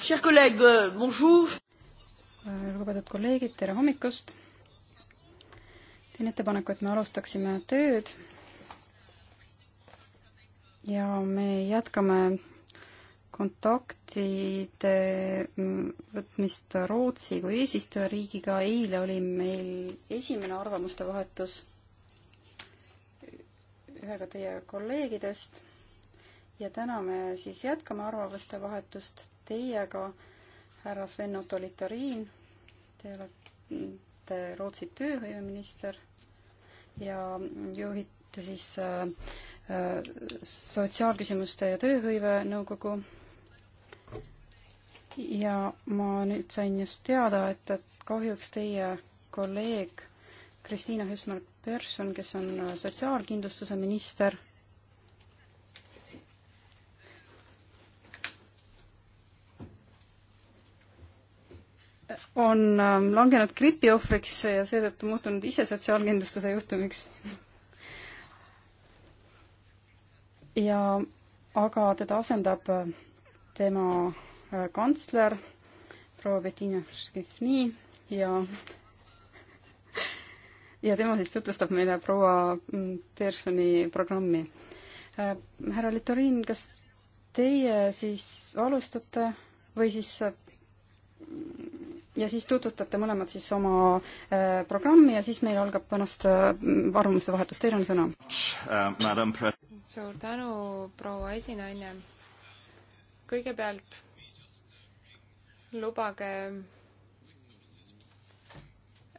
Euh, äh, lugupeetud kolleegid, tere hommikust! teen ettepaneku, et me alustaksime tööd. ja me jätkame kontaktide võtmist Rootsi kui eesistujariigiga. eile oli meil esimene arvamuste vahetus ühega teie kolleegidest ja täna me siis jätkame arvamuste vahetust teiega, härra Sven Otto Littorin, te olete Rootsi tööhõiveminister ja juhite siis äh, äh, sotsiaalküsimuste ja tööhõivenõukogu. ja ma nüüd sain just teada, et, et kahjuks teie kolleeg Kristiina Hüsmer Persson, kes on sotsiaalkindlustuse minister on ähm, langenud gripi ohvriks ja seetõttu muutunud ise sotsiaalkindlustuse juhtumiks. ja aga teda asendab äh, tema äh, kantsler proua Bettina Škefni ja ja tema siis tutvustab meile proua mm, Pearsoni programmi. Äh, härra Litorin, kas teie siis alustate või siis ja siis tutvustate mõlemad siis oma äh, programmi ja siis meil algab tänast äh, arvamuste vahetus. Teil on sõna. Äh, suur tänu, proua esinaine. kõigepealt lubage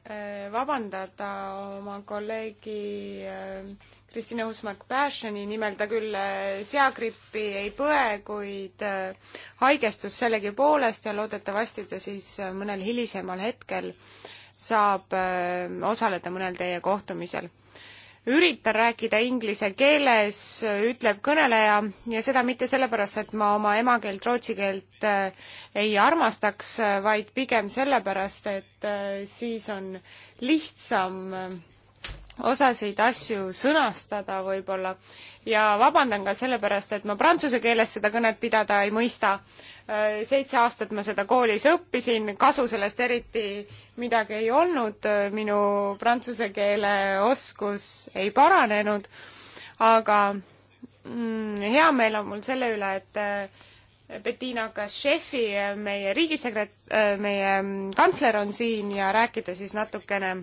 äh, vabandada oma kolleegi äh, Kristina Usmark Pääšeni nimel, ta küll äh, seagrippi ei põe, kuid äh, haigestus sellegipoolest ja loodetavasti ta siis äh, mõnel hilisemal hetkel saab osaleda mõnel teie kohtumisel. üritan rääkida inglise keeles, ütleb kõneleja, ja seda mitte sellepärast, et ma oma emakeelt, rootsi keelt ei armastaks, vaid pigem sellepärast, et siis on lihtsam osasid asju sõnastada võib-olla ja vabandan ka sellepärast, et ma prantsuse keeles seda kõnet pidada ei mõista. Äh, seitse aastat ma seda koolis õppisin, kasu sellest eriti midagi ei olnud, minu prantsuse keele oskus ei paranenud, aga mm, hea meel on mul selle üle, et äh, Bettina Kašefi, meie riigisekret-, äh, meie mm, kantsler on siin ja rääkida siis natukene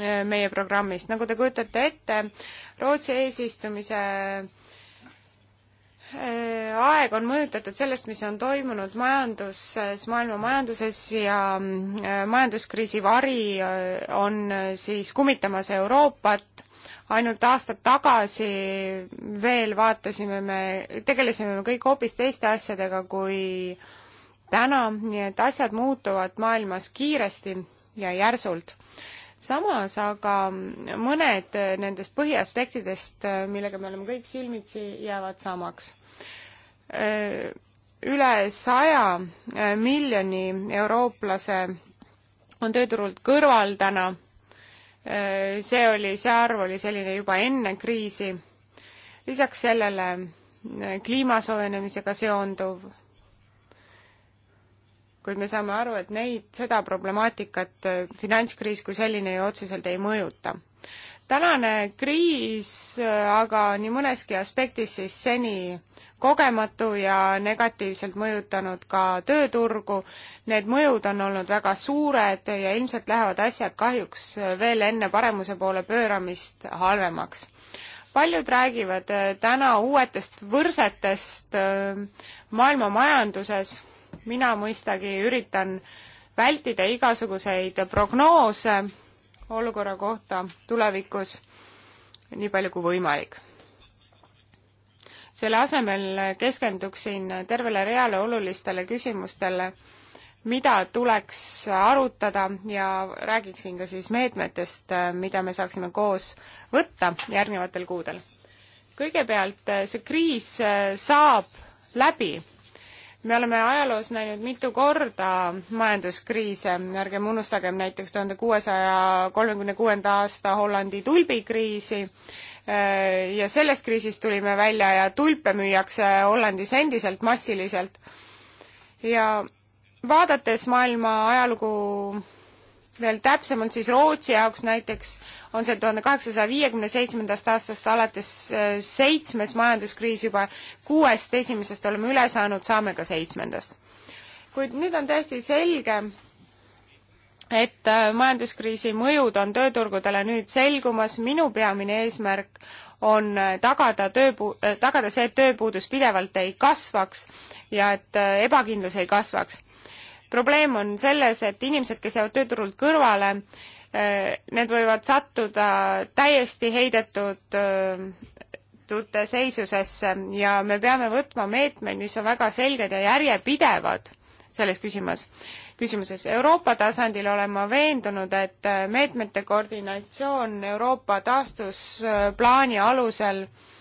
Äh, meie programmist. nagu te kujutate ette, Rootsi eesistumise äh, aeg on mõjutatud sellest, mis on toimunud majanduses, maailma majanduses ja äh, majanduskriisi vari on siis kummitamas Euroopat. ainult aastad tagasi veel vaatasime me, tegelesime me kõik hoopis teiste asjadega kui täna, nii et asjad muutuvad maailmas kiiresti ja järsult samas aga mõned nendest põhiaspektidest, millega me oleme kõik silmitsi, jäävad samaks. üle saja miljoni eurooplase on tööturult kõrval täna. see oli, see arv oli selline juba enne kriisi. lisaks sellele kliima soojenemisega seonduv kuid me saame aru, et neid, seda problemaatikat äh, finantskriis kui selline ju otseselt ei mõjuta. tänane kriis äh, aga nii mõneski aspektis siis seni kogematu ja negatiivselt mõjutanud ka tööturgu. Need mõjud on olnud väga suured ja ilmselt lähevad asjad kahjuks äh, veel enne paremuse poole pööramist halvemaks paljud räägivad täna uuetest võrsetest maailma majanduses mina mõistagi üritan vältida igasuguseid prognoose olukorra kohta tulevikus nii palju kui võimalik. selle asemel keskenduksin tervele reale olulistele küsimustele, mida tuleks arutada ja räägiksin ka siis meetmetest, mida me saaksime koos võtta järgnevatel kuudel. kõigepealt see kriis saab läbi me oleme ajaloos näinud mitu korda majanduskriise, ärgem unustagem näiteks tuhande kuuesaja kolmekümne kuuenda aasta Hollandi tulbikriisi äh, ja sellest kriisist tulime välja ja tulpe müüakse Hollandis endiselt massiliselt. ja vaadates maailma ajalugu veel täpsemalt, siis Rootsi jaoks näiteks on see tuhande kaheksasaja viiekümne seitsmendast aastast alates äh, seitsmes majanduskriis juba, kuuest esimesest oleme üle saanud, saame ka seitsmendast. kuid nüüd on täiesti selge, et äh, majanduskriisi mõjud on tööturgudele nüüd selgumas, minu peamine eesmärk on äh, tagada tööpu-, tagada see, et tööpuudus pidevalt ei kasvaks ja et ebakindlus ei kasvaks probleem on selles, et inimesed, kes jäävad tööturult kõrvale, eh, need võivad sattuda täiesti heidetud eh, tute seisusesse ja me peame võtma meetmeid, mis on väga selged ja järjepidevad selles küsimas, küsimuses. Euroopa tasandil olen ma veendunud, et eh, meetmete koordinatsioon Euroopa taastusplaani alusel äh,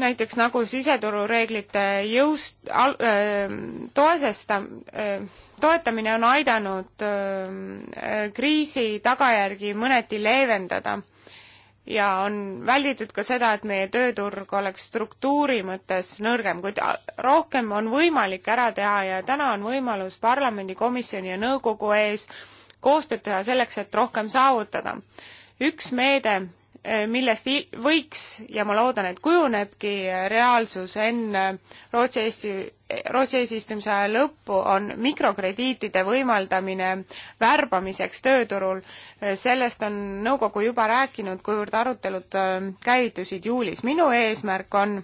näiteks nagu siseturureeglite jõust- al, äh,, toesesta- äh,, toetamine on aidanud äh, kriisi tagajärgi mõneti leevendada ja on välditud ka seda, et meie tööturg oleks struktuuri mõttes nõrgem, kuid rohkem on võimalik ära teha ja täna on võimalus parlamendi, komisjoni ja nõukogu ees koostööd teha selleks, et rohkem saavutada. üks meede, Äh, millest võiks ja ma loodan, et kujunebki äh, reaalsus enne äh, Rootsi-Eesti, Rootsi eesistumise aja lõppu, on mikrokrediitide võimaldamine värbamiseks tööturul. sellest on nõukogu juba rääkinud, kuivõrd arutelud käivitusid juulis. minu eesmärk on,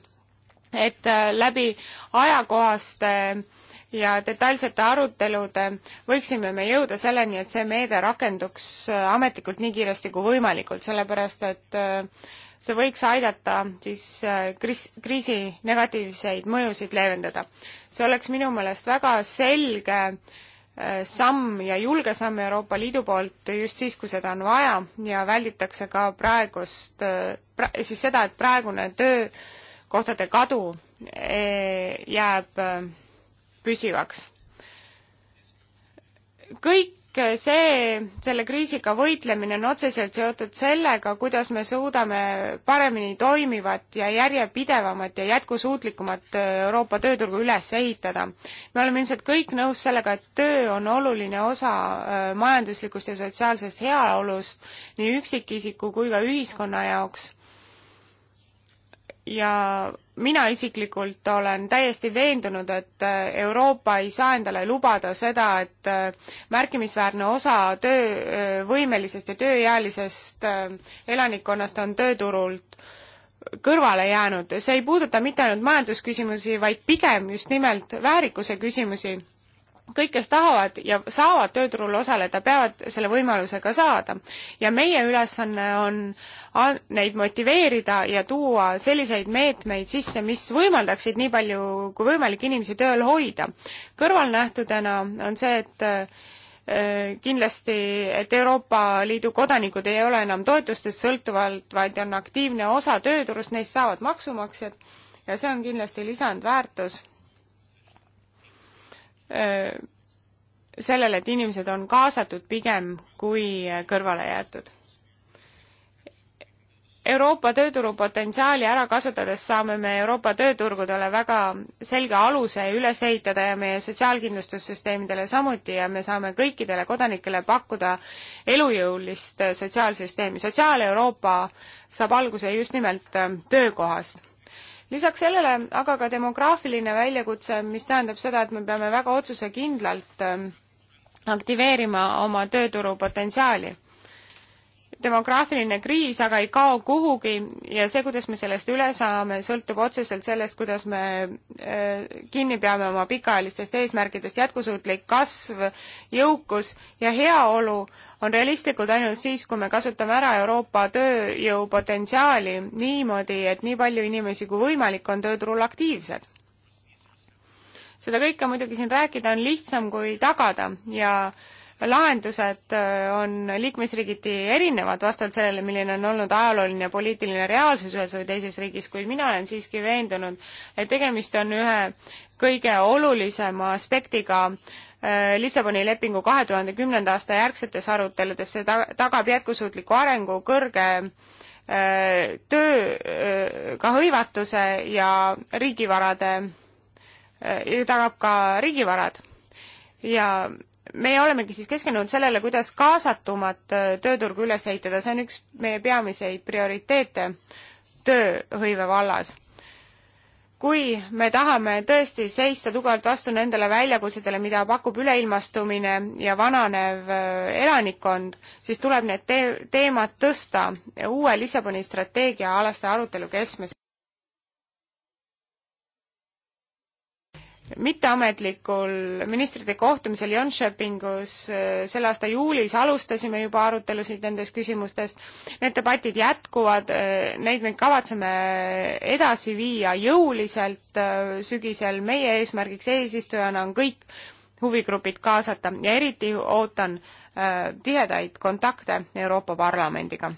et läbi ajakohaste äh, ja detailsete arutelude võiksime me jõuda selleni, et see meede rakenduks äh, ametlikult nii kiiresti kui võimalikult, sellepärast et äh, see võiks aidata siis äh, kriis, kriisi negatiivseid mõjusid leevendada. see oleks minu meelest väga selge samm ja julge samm Euroopa Liidu poolt just siis, kui seda on vaja ja välditakse ka praegust pra,, siis seda, et praegune töökohtade kadu jääb püsivaks. kõik see, selle kriisiga võitlemine on otseselt seotud sellega, kuidas me suudame paremini toimivat ja järjepidevamat ja jätkusuutlikumat Euroopa tööturgu üles ehitada. me oleme ilmselt kõik nõus sellega, et töö on oluline osa äh, majanduslikust ja sotsiaalsest heaolust nii üksikisiku kui ka ühiskonna jaoks ja mina isiklikult olen täiesti veendunud, et äh, Euroopa ei saa endale lubada seda, et äh, märkimisväärne osa töövõimelisest äh, ja tööealisest elanikkonnast on tööturult kõrvale jäänud. see ei puuduta mitte ainult majandusküsimusi, vaid pigem just nimelt väärikuse küsimusi kõik, kes tahavad ja saavad tööturul osaleda, peavad selle võimaluse ka saada. ja meie ülesanne on neid motiveerida ja tuua selliseid meetmeid sisse, mis võimaldaksid nii palju kui võimalik inimesi tööl hoida. kõrvalnähtudena on see, et äh, kindlasti, et Euroopa Liidu kodanikud ei ole enam toetustest sõltuvalt, vaid on aktiivne osa tööturust, neist saavad maksumaksjad ja see on kindlasti lisandväärtus sellele, et inimesed on kaasatud pigem kui kõrvale jäetud. Euroopa tööturu potentsiaali ära kasutades saame me Euroopa tööturgudele väga selge aluse üles ehitada ja meie sotsiaalkindlustussüsteemidele samuti ja me saame kõikidele kodanikele pakkuda elujõulist sotsiaalsüsteemi. sotsiaal-Euroopa saab alguse just nimelt töökohast lisaks sellele aga ka demograafiline väljakutse, mis tähendab seda, et me peame väga otsusekindlalt ähm, aktiveerima oma tööturu potentsiaali demograafiline kriis aga ei kao kuhugi ja see, kuidas me sellest üle saame, sõltub otseselt sellest, kuidas me äh, kinni peame oma pikaajalistest eesmärkidest, jätkusuutlik kasv, jõukus ja heaolu on realistlikud ainult siis, kui me kasutame ära Euroopa tööjõupotentsiaali niimoodi, et nii palju inimesi kui võimalik on tööturul aktiivsed. seda kõike muidugi siin rääkida on lihtsam kui tagada ja äh, lahendused äh, on liikmesriigiti erinevad vastavalt sellele, milline on olnud ajalooline ja poliitiline reaalsus ühes või teises riigis, kuid mina olen siiski veendunud, et tegemist on ühe kõige olulisema aspektiga äh, Lissaboni lepingu kahe tuhande kümnenda aasta järgsetes aruteludes, see ta-, tagab jätkusuutliku arengu, kõrge äh, tööga hõivatuse ja riigivarade, tagab ka riigivarad ja meie olemegi siis keskendunud sellele, kuidas kaasatumat äh, tööturgu üles ehitada, see on üks meie peamiseid prioriteete tööhõive vallas. kui me tahame tõesti seista tugevalt vastu nendele väljakutsedele, mida pakub üleilmastumine ja vananev äh, elanikkond, siis tuleb need te-, teemad tõsta uue Lissaboni strateegia alaste arutelu keskmesse. mitteametlikul ministrite kohtumisel Jönköpingus äh, selle aasta juulis alustasime juba arutelusid nendest küsimustest. Need debatid jätkuvad, äh, neid me kavatseme edasi viia jõuliselt äh, sügisel. meie eesmärgiks eesistujana on kõik huvigrupid kaasata ja eriti ootan tihedaid kontakte Euroopa Parlamendiga.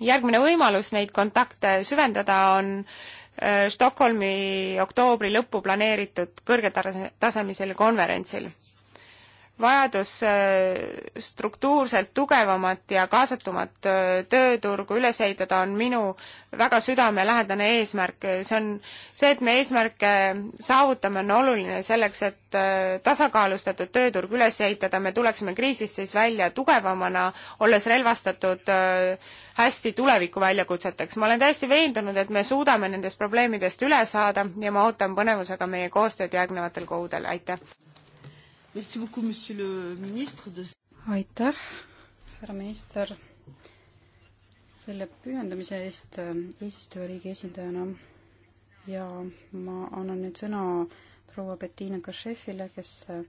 järgmine võimalus neid kontakte süvendada on Stockholmi oktoobri lõppu planeeritud kõrgetasemelisel konverentsil vajadus äh, struktuurselt tugevamat ja kaasatumat äh, tööturgu üles ehitada on minu väga südamelähedane eesmärk. see on, see, et me eesmärke saavutame, on oluline selleks, et äh, tasakaalustatud tööturg üles ehitada, me tuleksime kriisist siis välja tugevamana, olles relvastatud hästi tuleviku väljakutseteks. ma olen täiesti veendunud, et me suudame nendest probleemidest üle saada ja ma ootan põnevusega meie koostööd järgnevatel kuudel, aitäh! aitäh, härra minister, selle pühendamise eest äh, eesistujariigi esindajana ja ma annan nüüd sõna proua Bettina Kašefile, kes äh,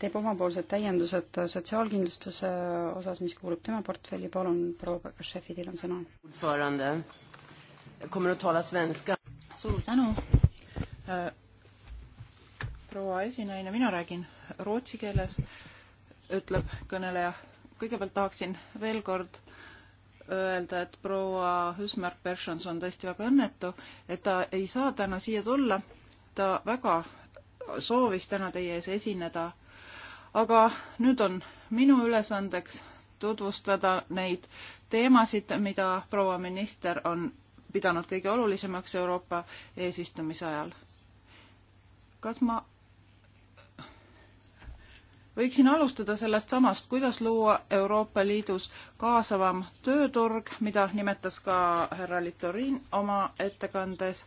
teeb omapoolsed täiendused sotsiaalkindlustuse osas, mis kuulub tema portfelli, palun, proua Kašefi, teil on sõna. suur tänu, äh, proua esinaine, mina räägin rootsi keeles, ütleb kõneleja. kõigepealt tahaksin veel kord öelda, et proua Hüsmark Persons on tõesti väga õnnetu, et ta ei saa täna siia tulla. ta väga soovis täna teie ees esineda. aga nüüd on minu ülesandeks tutvustada neid teemasid, mida proua minister on pidanud kõige olulisemaks Euroopa eesistumise ajal. kas ma võiksin alustada sellest samast, kuidas luua Euroopa Liidus kaasavam tööturg, mida nimetas ka härra Litorin oma ettekandes.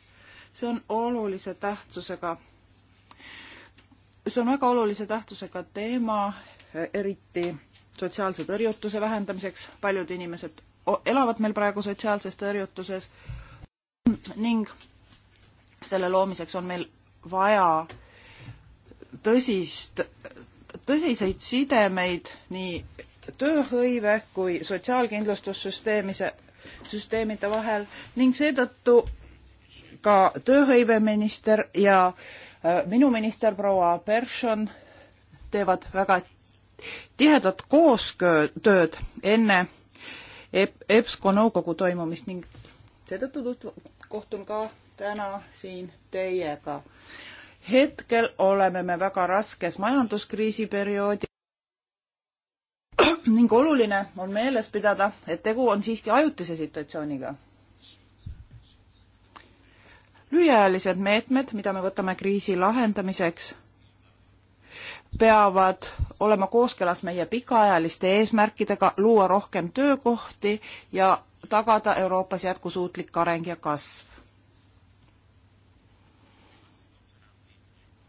see on olulise tähtsusega, see on väga olulise tähtsusega teema, eriti sotsiaalse tõrjutuse vähendamiseks. paljud inimesed elavad meil praegu sotsiaalses tõrjutuses ning selle loomiseks on meil vaja tõsist tõsiseid sidemeid nii tööhõive kui sotsiaalkindlustussüsteemise, süsteemide vahel ning seetõttu ka tööhõiveminister ja äh, minu minister proua Persson teevad väga tihedat koostööd enne EBSCO nõukogu toimumist ning seetõttu kohtun ka täna siin teiega hetkel oleme me väga raskes majanduskriisi perioodil ning oluline on meeles pidada, et tegu on siiski ajutise situatsiooniga. lühiajalised meetmed, mida me võtame kriisi lahendamiseks, peavad olema kooskõlas meie pikaajaliste eesmärkidega luua rohkem töökohti ja tagada Euroopas jätkusuutlik areng ja kasv.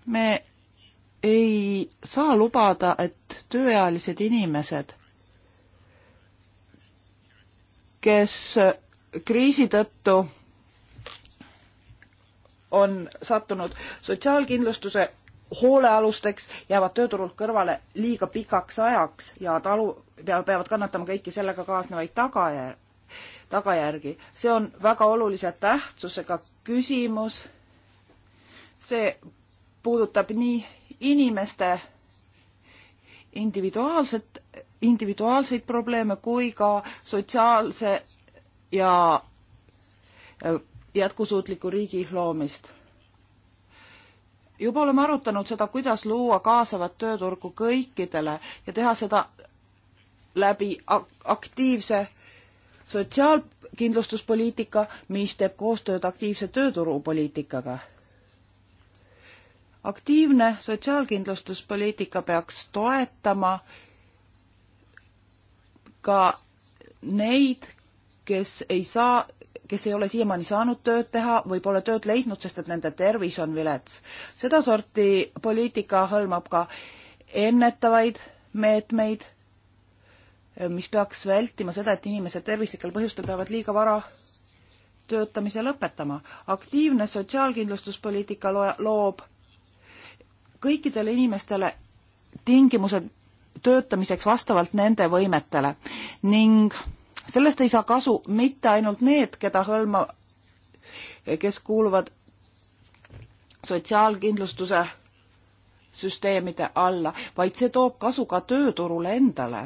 me ei saa lubada, et tööealised inimesed, kes kriisi tõttu on sattunud sotsiaalkindlustuse hoolealusteks, jäävad tööturult kõrvale liiga pikaks ajaks ja talu, peavad kannatama kõiki sellega kaasnevaid tagajär-, tagajärgi. see on väga olulise tähtsusega küsimus. see puudutab nii inimeste individuaalset, individuaalseid probleeme kui ka sotsiaalse ja jätkusuutliku riigi loomist. juba oleme arutanud seda, kuidas luua kaasavat tööturgu kõikidele ja teha seda läbi aktiivse sotsiaalkindlustuspoliitika, mis teeb koostööd aktiivse tööturupoliitikaga aktiivne sotsiaalkindlustuspoliitika peaks toetama ka neid, kes ei saa, kes ei ole siiamaani saanud tööd teha või pole tööd leidnud, sest et nende tervis on vilets. sedasorti poliitika hõlmab ka ennetavaid meetmeid, mis peaks vältima seda, et inimesed tervislikel põhjustel peavad liiga vara töötamise lõpetama. aktiivne sotsiaalkindlustuspoliitika loob kõikidele inimestele tingimused töötamiseks vastavalt nende võimetele ning sellest ei saa kasu mitte ainult need, keda hõlma, kes kuuluvad sotsiaalkindlustuse süsteemide alla, vaid see toob kasu ka tööturule endale.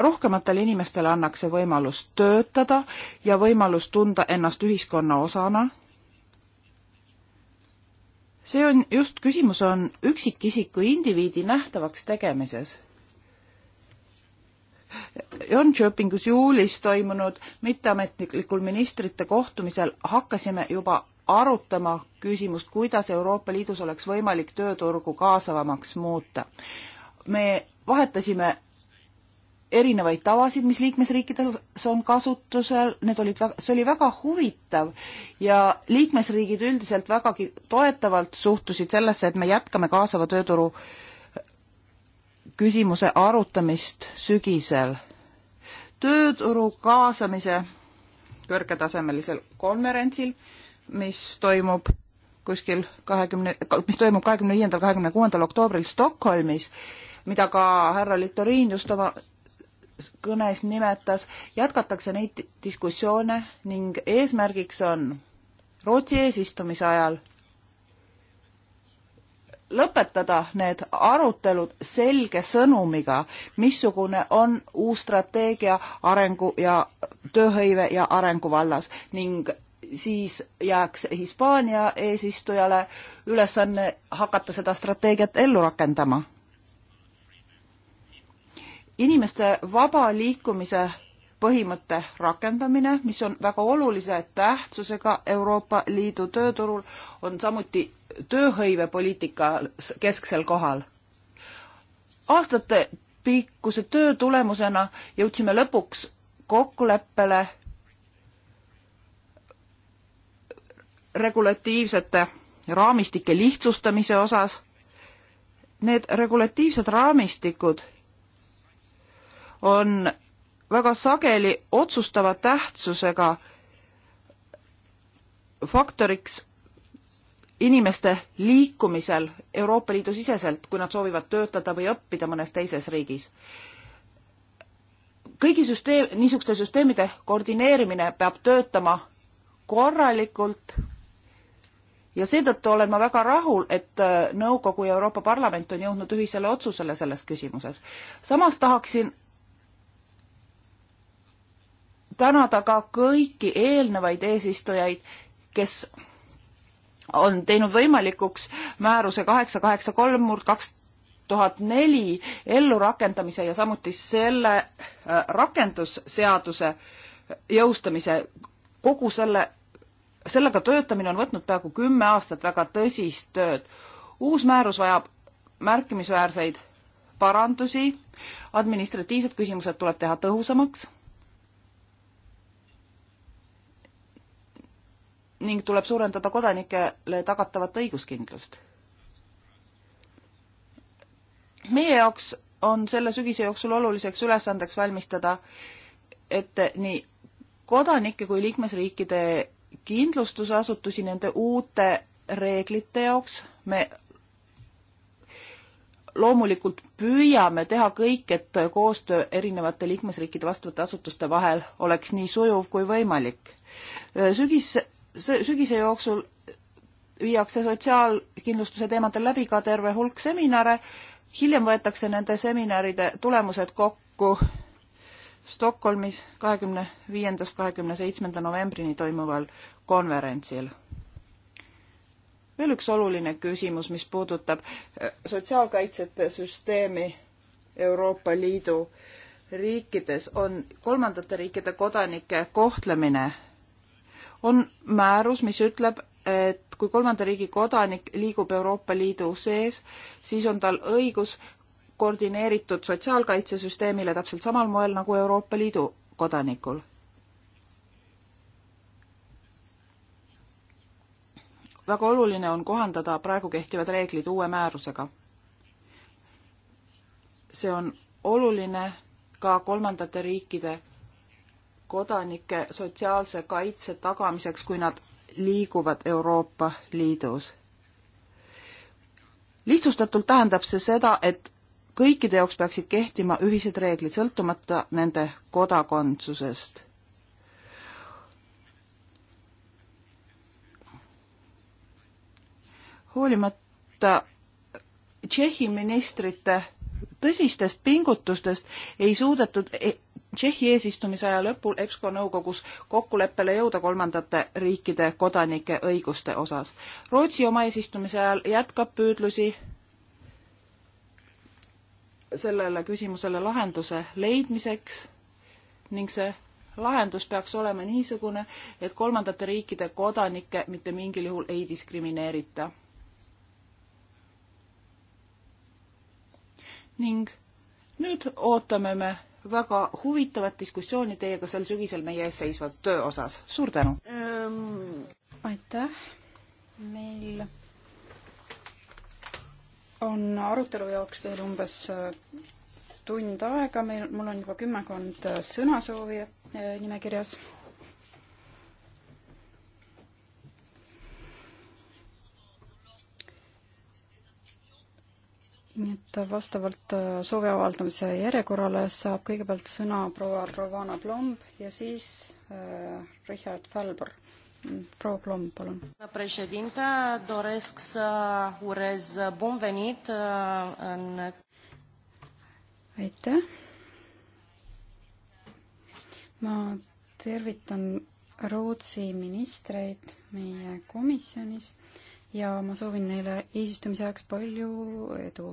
rohkematele inimestele annaks see võimalus töötada ja võimalus tunda ennast ühiskonna osana see on just, küsimus on üksikisiku indiviidi nähtavaks tegemises. Jönköpingus juulis toimunud mitteametlikul ministrite kohtumisel hakkasime juba arutama küsimust, kuidas Euroopa Liidus oleks võimalik tööturgu kaasavamaks muuta. me vahetasime erinevaid tavasid, mis liikmesriikides on kasutusel, need olid, see oli väga huvitav ja liikmesriigid üldiselt vägagi toetavalt suhtusid sellesse, et me jätkame kaasava tööturu äh, küsimuse arutamist sügisel. tööturu kaasamise kõrgetasemelisel konverentsil, mis toimub kuskil kahekümne, mis toimub kahekümne viiendal, kahekümne kuuendal oktoobril Stockholmis, mida ka härra Littorin just oma kõnes nimetas, jätkatakse neid diskussioone ning eesmärgiks on Rootsi eesistumise ajal lõpetada need arutelud selge sõnumiga, missugune on uus strateegia arengu ja tööhõive ja arengu vallas ning siis jääks Hispaania eesistujale ülesanne hakata seda strateegiat ellu rakendama inimeste vaba liikumise põhimõtte rakendamine, mis on väga olulise tähtsusega Euroopa Liidu tööturul, on samuti tööhõivepoliitika kesksel kohal. aastate pikkuse töö tulemusena jõudsime lõpuks kokkuleppele regulatiivsete raamistike lihtsustamise osas. Need regulatiivsed raamistikud on väga sageli otsustava tähtsusega faktoriks inimeste liikumisel Euroopa Liidu siseselt, kui nad soovivad töötada või õppida mõnes teises riigis. kõigi süsteem, niisuguste süsteemide koordineerimine peab töötama korralikult ja seetõttu olen ma väga rahul, et äh, Nõukogu ja Euroopa Parlament on jõudnud ühisele otsusele selles küsimuses. samas tahaksin tänada ka kõiki eelnevaid eesistujaid, kes on teinud võimalikuks määruse kaheksa kaheksa kolm murd kaks tuhat neli ellurakendamise ja samuti selle äh, rakendusseaduse jõustamise, kogu selle, sellega töötamine on võtnud peaaegu kümme aastat väga tõsist tööd. uus määrus vajab märkimisväärseid parandusi, administratiivsed küsimused tuleb teha tõhusamaks ning tuleb suurendada kodanikele tagatavat õiguskindlust. meie jaoks on selle sügise jooksul oluliseks ülesandeks valmistada ette nii kodanike kui liikmesriikide kindlustusasutusi nende uute reeglite jaoks. me loomulikult püüame teha kõik, et koostöö erinevate liikmesriikide vastavate asutuste vahel oleks nii sujuv kui võimalik. sügis sügise jooksul viiakse sotsiaalkindlustuse teemadel läbi ka terve hulk seminare, hiljem võetakse nende seminaride tulemused kokku Stockholmis kahekümne viiendast kahekümne seitsmenda novembrini toimuval konverentsil. veel üks oluline küsimus, mis puudutab eh, sotsiaalkaitsete süsteemi Euroopa Liidu riikides, on kolmandate riikide kodanike kohtlemine on määrus, mis ütleb, et kui kolmanda riigi kodanik liigub Euroopa Liidu sees, siis on tal õigus koordineeritud sotsiaalkaitsesüsteemile täpselt samal moel nagu Euroopa Liidu kodanikul. väga oluline on kohandada praegu kehtivad reeglid uue määrusega. see on oluline ka kolmandate riikide kodanike sotsiaalse kaitse tagamiseks, kui nad liiguvad Euroopa Liidus. lihtsustatult tähendab see seda, et kõikide jaoks peaksid kehtima ühised reeglid, sõltumata nende kodakondsusest. hoolimata Tšehhi ministrite tõsistest pingutustest ei suudetud e- Tšehhi eesistumise aja lõpul EBSCO nõukogus kokkuleppele jõuda kolmandate riikide kodanike õiguste osas. Rootsi oma eesistumise ajal jätkab püüdlusi sellele küsimusele lahenduse leidmiseks ning see lahendus peaks olema niisugune, et kolmandate riikide kodanikke mitte mingil juhul ei diskrimineerita. ning nüüd ootame me väga huvitavat diskussiooni teiega sel sügisel meie ees seisva töö osas. suur tänu ähm.! aitäh! meil on arutelu jaoks veel umbes äh, tund aega, meil, mul on juba kümmekond äh, sõnasoovijat äh, nimekirjas nii et vastavalt äh, soovi avaldamise järjekorrale saab kõigepealt sõna proua Rovana Plomb ja siis äh, Richard Fälber. Mm, proua Plomb, palun. Äh, aitäh. ma tervitan Rootsi ministreid meie komisjonis ja ma soovin neile eesistumise ajaks palju edu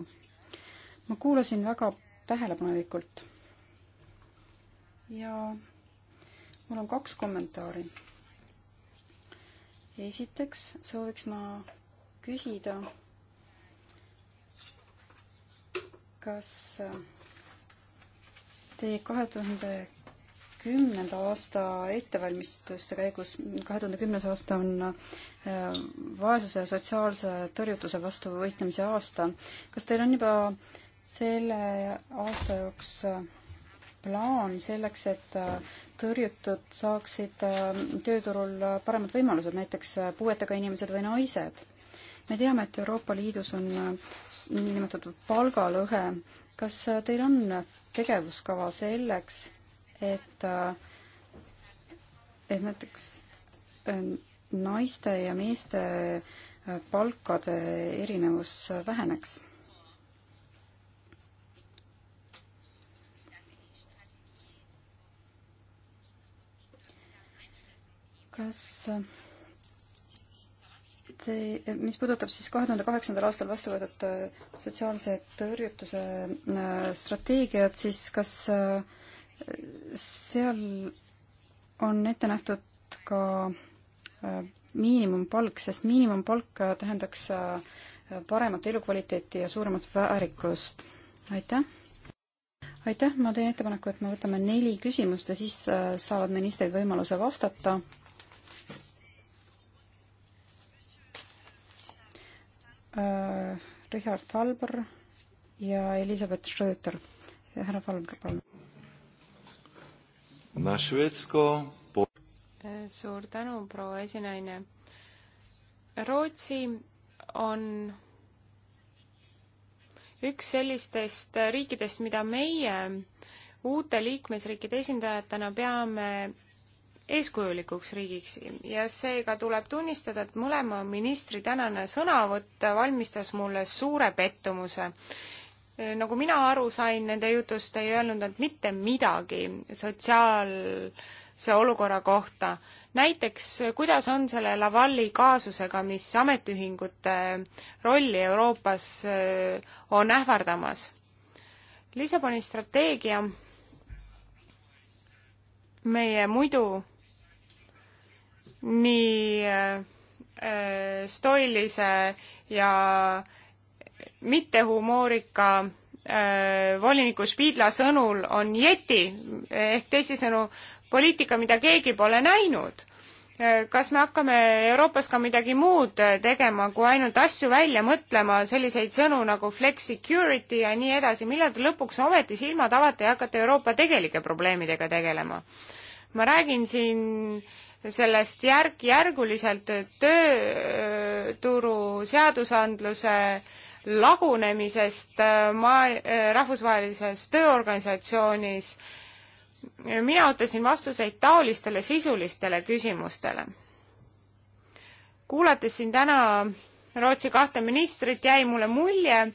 ma kuulasin väga tähelepanelikult. ja mul on kaks kommentaari. esiteks sooviks ma küsida, kas teie kahe tuhande kümnenda aasta ettevalmistuste käigus, kahe tuhande kümnes aasta on äh, vaesuse ja sotsiaalse tõrjutuse vastu võitlemise aasta. kas teil on juba äh, selle aasta jaoks äh, plaan selleks, et äh, tõrjutud saaksid äh, tööturul paremad võimalused, näiteks puuetega inimesed või naised. me teame, et Euroopa Liidus on niinimetatud palgalõhe. kas teil on tegevuskava selleks, et, et näiteks naiste ja meeste palkade erinevus väheneks? kas te, mis puudutab siis kahe tuhande kaheksandal aastal vastu võetud äh, sotsiaalse tõrjutuse äh, strateegiat, siis kas äh, seal on ette nähtud ka miinimumpalk, sest miinimumpalk tähendaks paremat elukvaliteeti ja suuremat väärikust. aitäh! aitäh, ma teen ettepaneku, et me võtame neli küsimust ja siis saavad ministrid võimaluse vastata Richard Falber ja Elizabeth Schröter. härra Falber, palun. suur tänu, proua esinaine. Rootsi on üks sellistest riikidest, mida meie uute liikmesriikide esindajatena peame eeskujulikuks riigiks ja seega tuleb tunnistada, et mõlema ministri tänane sõnavõtt valmistas mulle suure pettumuse. nagu mina aru sain nende jutust, ei öelnud nad mitte midagi sotsiaalse olukorra kohta. näiteks, kuidas on selle Lavalli kaasusega, mis ametiühingute rolli Euroopas äh, on ähvardamas? Lissaboni strateegia meie muidu nii äh, äh, stoilise ja mittehumoorika äh, voliniku Spiidla sõnul on jeti ehk teisisõnu poliitika, mida keegi pole näinud äh, kas me hakkame Euroopas ka midagi muud äh, tegema, kui ainult asju välja mõtlema, selliseid sõnu nagu flex security ja nii edasi, millal te lõpuks ometi silmad avate ja hakkate Euroopa tegelike probleemidega tegelema? ma räägin siin äh, sellest järk-järguliselt tööturu seadusandluse lagunemisest äh, maa-, äh, rahvusvahelises tööorganisatsioonis. mina ootasin vastuseid taolistele sisulistele küsimustele. kuulates siin täna Rootsi kahte ministrit, jäi mulle mulje,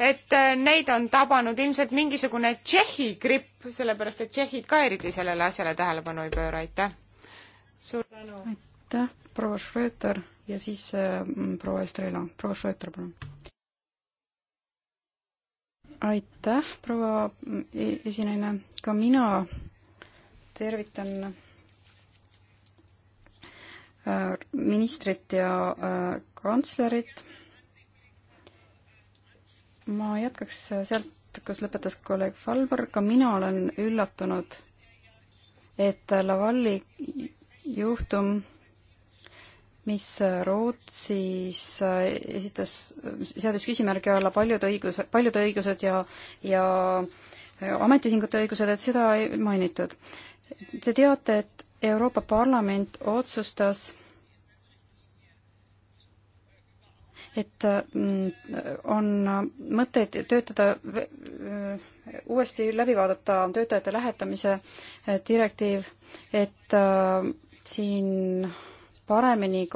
et äh, neid on tabanud ilmselt mingisugune Tšehhi gripp, sellepärast et tšehhid ka eriti sellele asjale tähelepanu ei pööra, aitäh suur tänu! aitäh, proua Schröter ja siis äh, proua Estrela. proua Schröter, palun. aitäh, proua mm, e, esinaine. ka mina tervitan äh, ministrit ja äh, kantslerit. ma jätkaks äh, sealt, kus lõpetas kolleeg Falber, ka mina olen üllatunud, et Lavalli juhtum, mis Rootsis äh, esitas, seadis küsimärgi alla paljud õigus, paljude õigused ja, ja äh, ametiühingute õigused, et seda ei mainitud. Te teate, et Euroopa Parlament otsustas et mm, on mõtteid töötada, äh, uuesti läbi vaadata töötajate lähetamise direktiiv, et siin paremini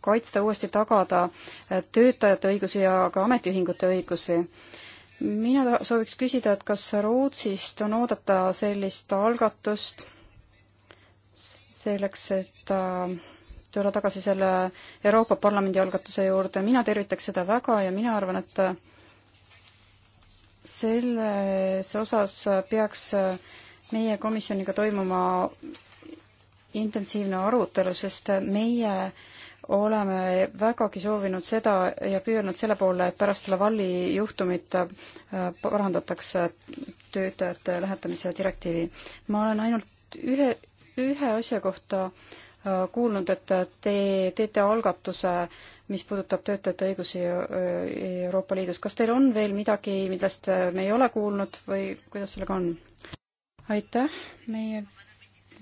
kaitsta, uuesti tagada äh, töötajate õigusi ja ka ametiühingute õigusi. mina sooviks küsida, et kas Rootsist on oodata sellist algatust selleks, et äh, tulla tagasi selle Euroopa Parlamendi algatuse juurde, mina tervitaks seda väga ja mina arvan, et äh, selles osas peaks meie komisjoniga toimuma intensiivne arutelu, sest meie oleme vägagi soovinud seda ja püüelnud selle poole, et pärast Lavalli juhtumit äh, parandatakse töötajate lähetamise direktiivi. ma olen ainult ühe, ühe asja kohta äh, kuulnud, et te teete algatuse, mis puudutab töötajate õigusi äh, Euroopa Liidus. kas teil on veel midagi, millest me ei ole kuulnud või kuidas sellega on? aitäh, meie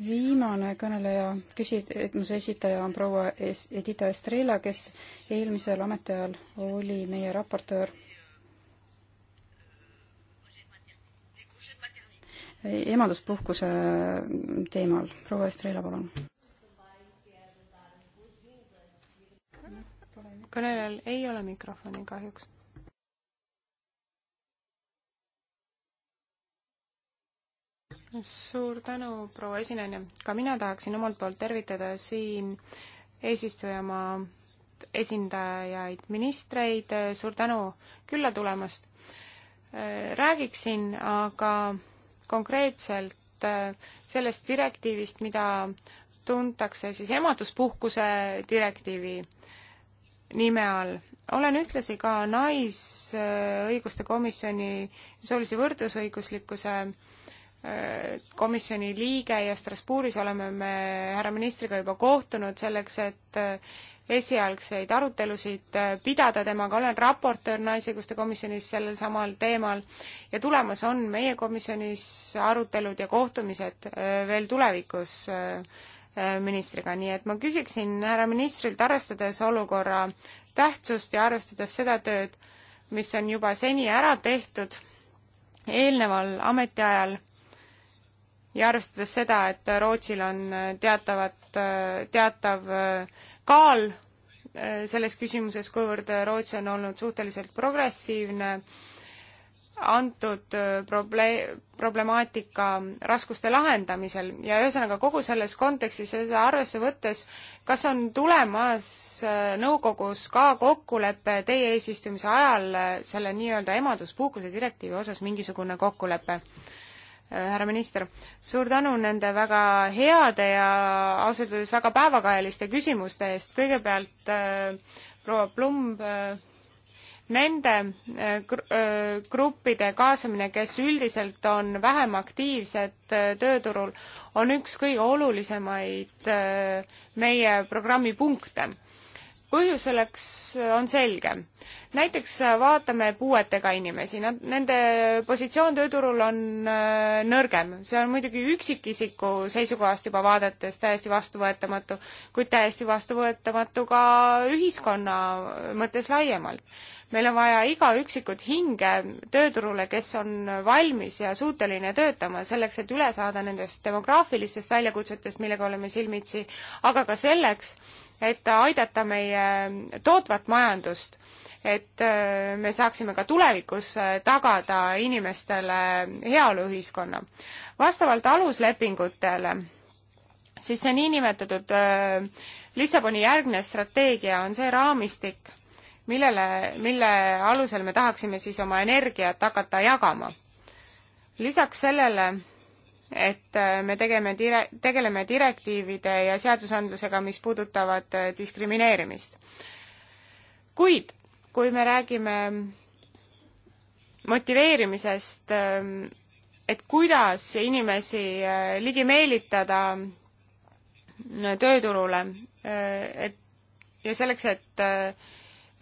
viimane kõneleja, küsimuse esitaja on proua Edita Estrela, kes eelmisel ametiajal oli meie raportöör emaduspuhkuse teemal. proua Estrela, palun. kõnelejal ei ole mikrofoni kahjuks. suur tänu, proua esinejana. ka mina tahaksin omalt poolt tervitada siin eesistujamaa esindajaid, ministreid, suur tänu külla tulemast. räägiksin aga konkreetselt äh, sellest direktiivist, mida tuntakse siis emaduspuhkuse direktiivi nime all. olen ühtlasi ka Naisõiguste äh, Komisjoni soolise võrdusõiguslikkuse äh, komisjoni liige ja Strasbourgis oleme me härra ministriga juba kohtunud selleks, et äh, esialgseid arutelusid äh, pidada temaga, olen raportöör Naisõiguste komisjonis sellel samal teemal ja tulemas on meie komisjonis arutelud ja kohtumised äh, veel tulevikus ministriga, nii et ma küsiksin härra ministrilt, arvestades olukorra tähtsust ja arvestades seda tööd, mis on juba seni ära tehtud eelneval ametiajal ja arvestades seda, et Rootsil on teatavat, teatav äh, kaal äh, selles küsimuses, kuivõrd Rootsi on olnud suhteliselt progressiivne, antud äh, proble-, problemaatika raskuste lahendamisel ja ühesõnaga kogu selles kontekstis ja seda arvesse võttes, kas on tulemas nõukogus ka kokkulepe teie eesistumise ajal selle nii-öelda emaduspuhkuse direktiivi osas mingisugune kokkulepe? Äh, härra minister, suur tänu nende väga heade ja ausalt öeldes väga päevakajaliste küsimuste eest, kõigepealt äh, proua Plumb äh, nende äh, äh, gruppide kaasamine, kes üldiselt on vähem aktiivsed tööturul, on üks kõige olulisemaid meie programmi punkte. põhjus selleks on selge näiteks äh, vaatame puuetega inimesi, nad, nende positsioon tööturul on äh, nõrgem, see on muidugi üksikisiku seisukohast juba vaadates täiesti vastuvõetamatu, kuid täiesti vastuvõetamatu ka ühiskonna mõttes laiemalt meil on vaja iga üksikut hinge tööturule, kes on valmis ja suuteline töötama selleks, et üle saada nendest demograafilistest väljakutsetest, millega oleme silmitsi, aga ka selleks, et aidata meie tootvat majandust et äh, me saaksime ka tulevikus äh, tagada inimestele heaoluühiskonna. vastavalt aluslepingutele siis see niinimetatud äh, Lissaboni järgne strateegia on see raamistik, millele, mille alusel me tahaksime siis oma energiat hakata jagama. lisaks sellele, et me tegeme dire-, tegeleme direktiivide ja seadusandlusega, mis puudutavad diskrimineerimist. kuid kui me räägime motiveerimisest, et kuidas inimesi äh, ligi meelitada äh, tööturule, äh, et ja selleks, et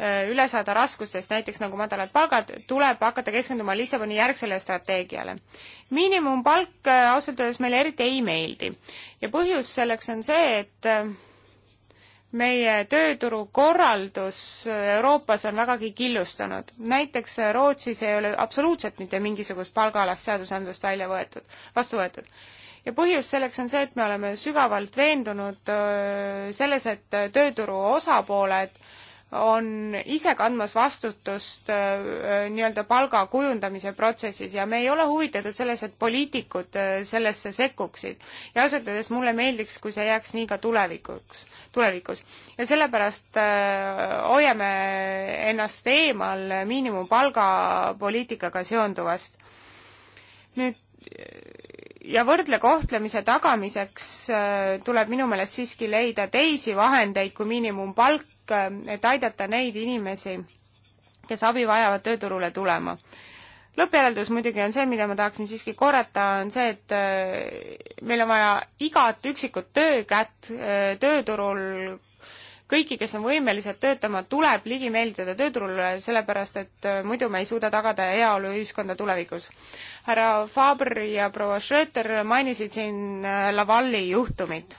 üle saada raskustest, näiteks nagu madalad palgad, tuleb hakata keskenduma Lissaboni järgsele strateegiale. miinimumpalk ausalt öeldes meile eriti ei meeldi ja põhjus selleks on see, et meie tööturukorraldus Euroopas on vägagi killustunud. näiteks Rootsis ei ole absoluutselt mitte mingisugust palgaalast seadusandlust välja võetud, vastu võetud. ja põhjus selleks on see, et me oleme sügavalt veendunud äh, selles, et tööturu osapooled on ise kandmas vastutust äh, nii-öelda palga kujundamise protsessis ja me ei ole huvitatud selles, et poliitikud äh, sellesse sekkuksid. ja ausalt öeldes mulle meeldiks, kui see jääks nii ka tulevikuks, tulevikus. ja sellepärast äh, hoiame ennast eemal miinimumpalga poliitikaga seonduvast. nüüd ja võrdle kohtlemise tagamiseks tuleb minu meelest siiski leida teisi vahendeid kui miinimumpalk, kõik, äh, et aidata neid inimesi, kes abi vajavad tööturule tulema. lõppjäreldus muidugi on see, mida ma tahaksin siiski korrata, on see, et äh, meil on vaja igat üksikut töökätt äh, tööturul, kõiki, kes on võimelised töötama, tuleb ligi meelitada tööturule, sellepärast et muidu me ei suuda tagada heaoluühiskonda tulevikus. härra Faber ja proua Schröter mainisid siin Lavalli juhtumit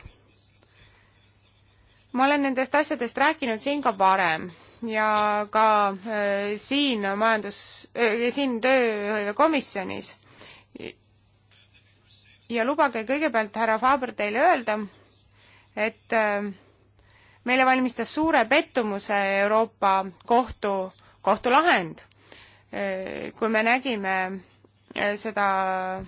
ma olen nendest asjadest rääkinud siin ka varem ja ka äh, siin majandus äh,, siin tööhõivekomisjonis. ja lubage kõigepealt, härra Faber, teile öelda, et äh, meile valmistas suure pettumuse Euroopa Kohtu, kohtulahend äh,, kui me nägime äh, seda äh,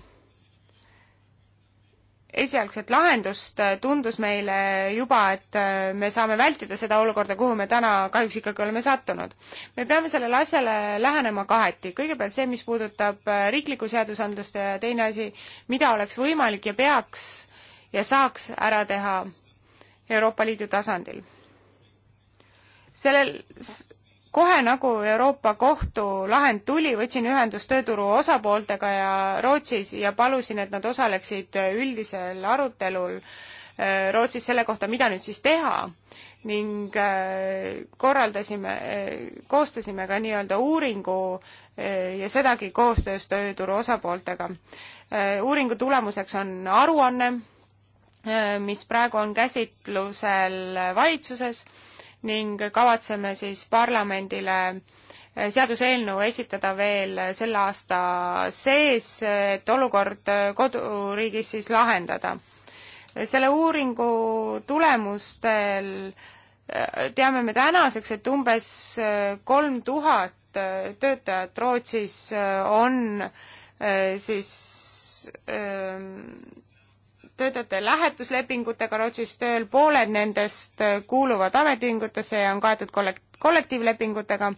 esialgset lahendust, äh, tundus meile juba, et äh, me saame vältida seda olukorda, kuhu me täna kahjuks ikkagi oleme sattunud. me peame sellele asjale lähenema kaheti. kõigepealt see, mis puudutab äh, riiklikku seadusandlust ja teine asi, mida oleks võimalik ja peaks ja saaks ära teha Euroopa Liidu tasandil. sellel kohe nagu Euroopa Kohtu lahend tuli, võtsin ühendust tööturu osapooltega ja Rootsis ja palusin, et nad osaleksid üldisel arutelul äh, Rootsis selle kohta, mida nüüd siis teha ning äh, korraldasime, äh, koostasime ka nii-öelda uuringu ja sedagi koostöös tööturu osapooltega. uuringu tulemuseks on aruanne, mis praegu on käsitlusel valitsuses ning kavatseme siis parlamendile eh, seaduseelnõu esitada veel selle aasta sees, et olukord koduriigis siis lahendada. selle uuringu tulemustel eh, teame me tänaseks, et umbes eh, kolm tuhat töötajat Rootsis on siis töötajate lähetuslepingutega Rootsis tööl, pooled nendest kuuluvad ametiühingutesse ja on kaetud kollek-, kollektiivlepingutega.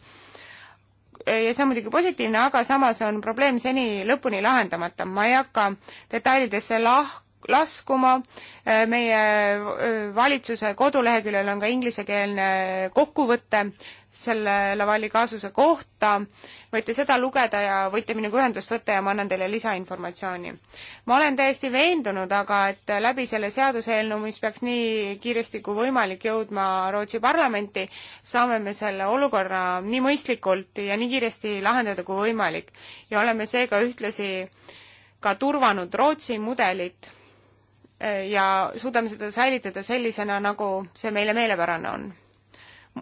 ja see on muidugi positiivne, aga samas on probleem seni lõpuni lahendamata. ma ei hakka detailidesse lah-, laskuma, äh, meie äh, valitsuse koduleheküljel on ka inglisekeelne kokkuvõte selle Lavali kaasuse kohta, võite seda lugeda ja võite minuga ühendust võtta ja ma annan teile lisainformatsiooni. ma olen täiesti veendunud aga, et läbi selle seaduseelnõu, mis peaks nii kiiresti kui võimalik jõudma Rootsi parlamenti, saame me selle olukorra nii mõistlikult ja nii kiiresti lahendada kui võimalik ja oleme seega ühtlasi ka turvanud Rootsi mudelit ja suudame seda säilitada sellisena, nagu see meile meelepärane on.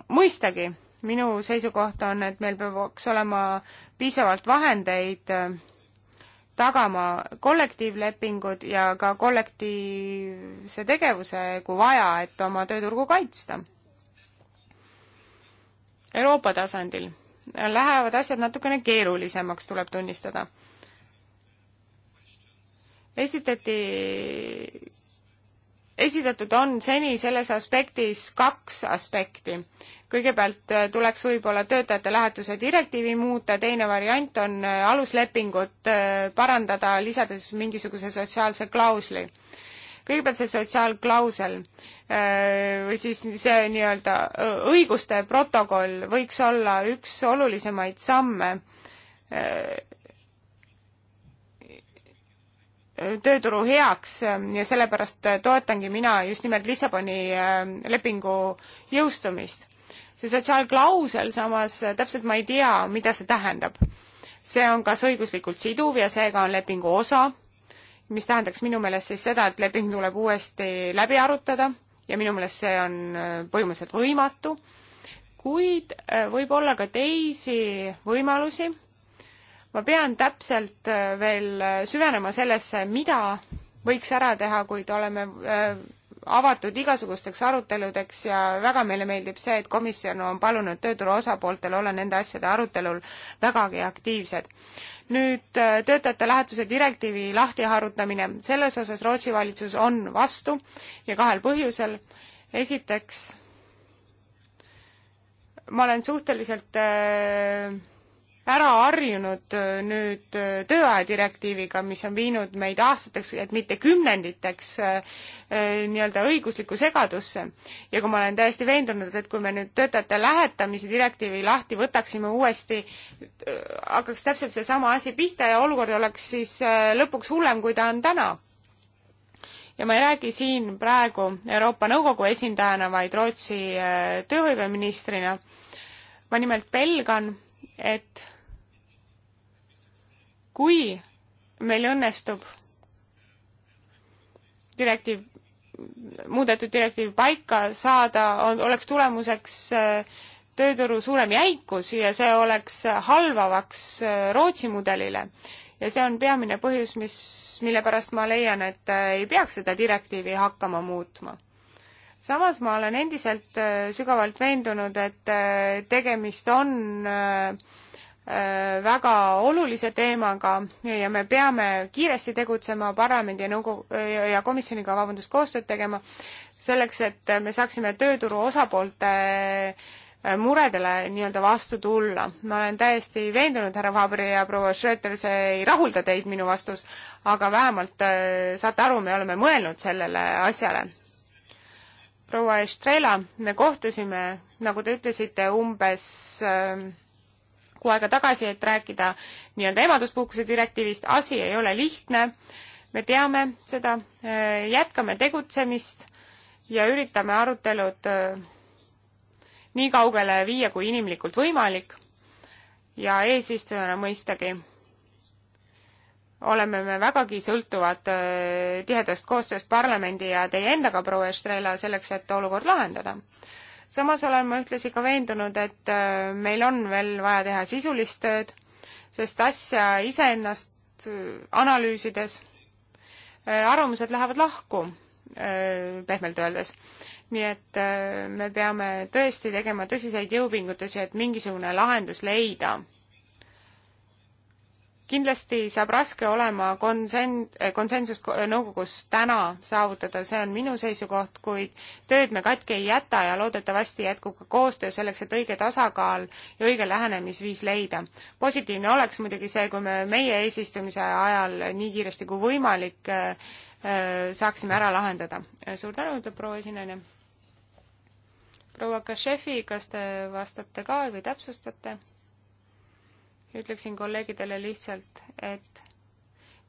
mõistagi, minu seisukoht on, et meil peaks olema piisavalt vahendeid äh, tagama kollektiivlepingud ja ka kollektiivse tegevuse, kui vaja, et oma tööturgu kaitsta. Euroopa tasandil lähevad asjad natukene keerulisemaks, tuleb tunnistada esitati, esitatud on seni selles aspektis kaks aspekti. kõigepealt äh, tuleks võib-olla töötajate lähetuse direktiivi muuta, teine variant on äh, aluslepingut äh, parandada, lisades mingisuguse sotsiaalse klausli kõigepealt see sotsiaalklausel või siis see nii-öelda õiguste protokoll võiks olla üks olulisemaid samme tööturu heaks ja sellepärast toetangi mina just nimelt Lissaboni äh, lepingu jõustumist. see sotsiaalklausel samas, äh, täpselt ma ei tea, mida see tähendab. see on kas õiguslikult siduv ja seega on lepingu osa, mis tähendaks minu meelest siis seda, et leping tuleb uuesti läbi arutada ja minu meelest see on äh, põhimõtteliselt võimatu, kuid võib olla ka teisi võimalusi ma pean täpselt äh, veel äh, süvenema sellesse, mida võiks ära teha, kuid oleme äh, avatud igasugusteks aruteludeks ja väga meile meeldib see, et komisjon on palunud tööturu osapooltel olla nende asjade arutelul vägagi aktiivsed. nüüd töötajate lähetuse direktiivi lahtiharutamine, selles osas Rootsi valitsus on vastu ja kahel põhjusel. esiteks, ma olen suhteliselt äh, ära harjunud äh, nüüd äh, tööaja direktiiviga, mis on viinud meid aastateks, et mitte kümnenditeks äh, nii-öelda õiguslikku segadusse. ja kui ma olen täiesti veendunud, et kui me nüüd töötajate lähetamise direktiivi lahti võtaksime uuesti, hakkaks täpselt seesama asi pihta ja olukord oleks siis lõpuks hullem, kui ta on täna ja ma ei räägi siin praegu Euroopa Nõukogu esindajana, vaid Rootsi tööhõiveministrina. ma nimelt pelgan, et kui meil õnnestub direktiiv, muudetud direktiiv paika saada, on, oleks tulemuseks äh, tööturu suurem jäikus ja see oleks halvavaks äh, Rootsi mudelile. ja see on peamine põhjus, mis, mille pärast ma leian, et äh, ei peaks seda direktiivi hakkama muutma. samas ma olen endiselt sügavalt veendunud, et tegemist on äh, Äh, väga olulise teemaga ja me peame kiiresti tegutsema parlamendi ja nõukogu ja komisjoniga, vabandust, koostööd tegema, selleks et me saaksime tööturu osapoolte äh, muredele nii-öelda vastu tulla. ma olen täiesti veendunud, härra Fabri ja proua Schröter, see ei rahulda teid, minu vastus, aga vähemalt äh, saate aru, me oleme mõelnud sellele asjale. proua Estrela, me kohtusime, nagu te ütlesite, umbes äh, kuu aega tagasi, et rääkida nii-öelda emaduspuhkuse direktiivist, asi ei ole lihtne, me teame seda, äh, jätkame tegutsemist ja üritame arutelud äh, nii kaugele viia kui inimlikult võimalik ja eesistujana mõistagi oleme me vägagi sõltuvad äh, tihedast koostööst parlamendi ja teie endaga, proua Estrela, selleks, et olukord lahendada samas olen ma ühtlasi ka veendunud, et äh, meil on veel vaja teha sisulist tööd, sest asja iseennast äh, analüüsides äh, arvamused lähevad lahku, pehmelt öeldes. nii et me peame tõesti tegema tõsiseid jõupingutusi, et mingisugune lahendus leida kindlasti saab raske olema konsen-, konsensust nõukogus täna saavutada, see on minu seisukoht, kuid tööd me katki ei jäta ja loodetavasti jätkub ka koostöö selleks, et õige tasakaal ja õige lähenemisviis leida. positiivne oleks muidugi see, kui me meie eesistumise ajal nii kiiresti kui võimalik äh, äh, saaksime ära lahendada. suur tänu, ütleb proua esinaine. proua Kašefi, kas te vastate ka või täpsustate? ütleksin kolleegidele lihtsalt, et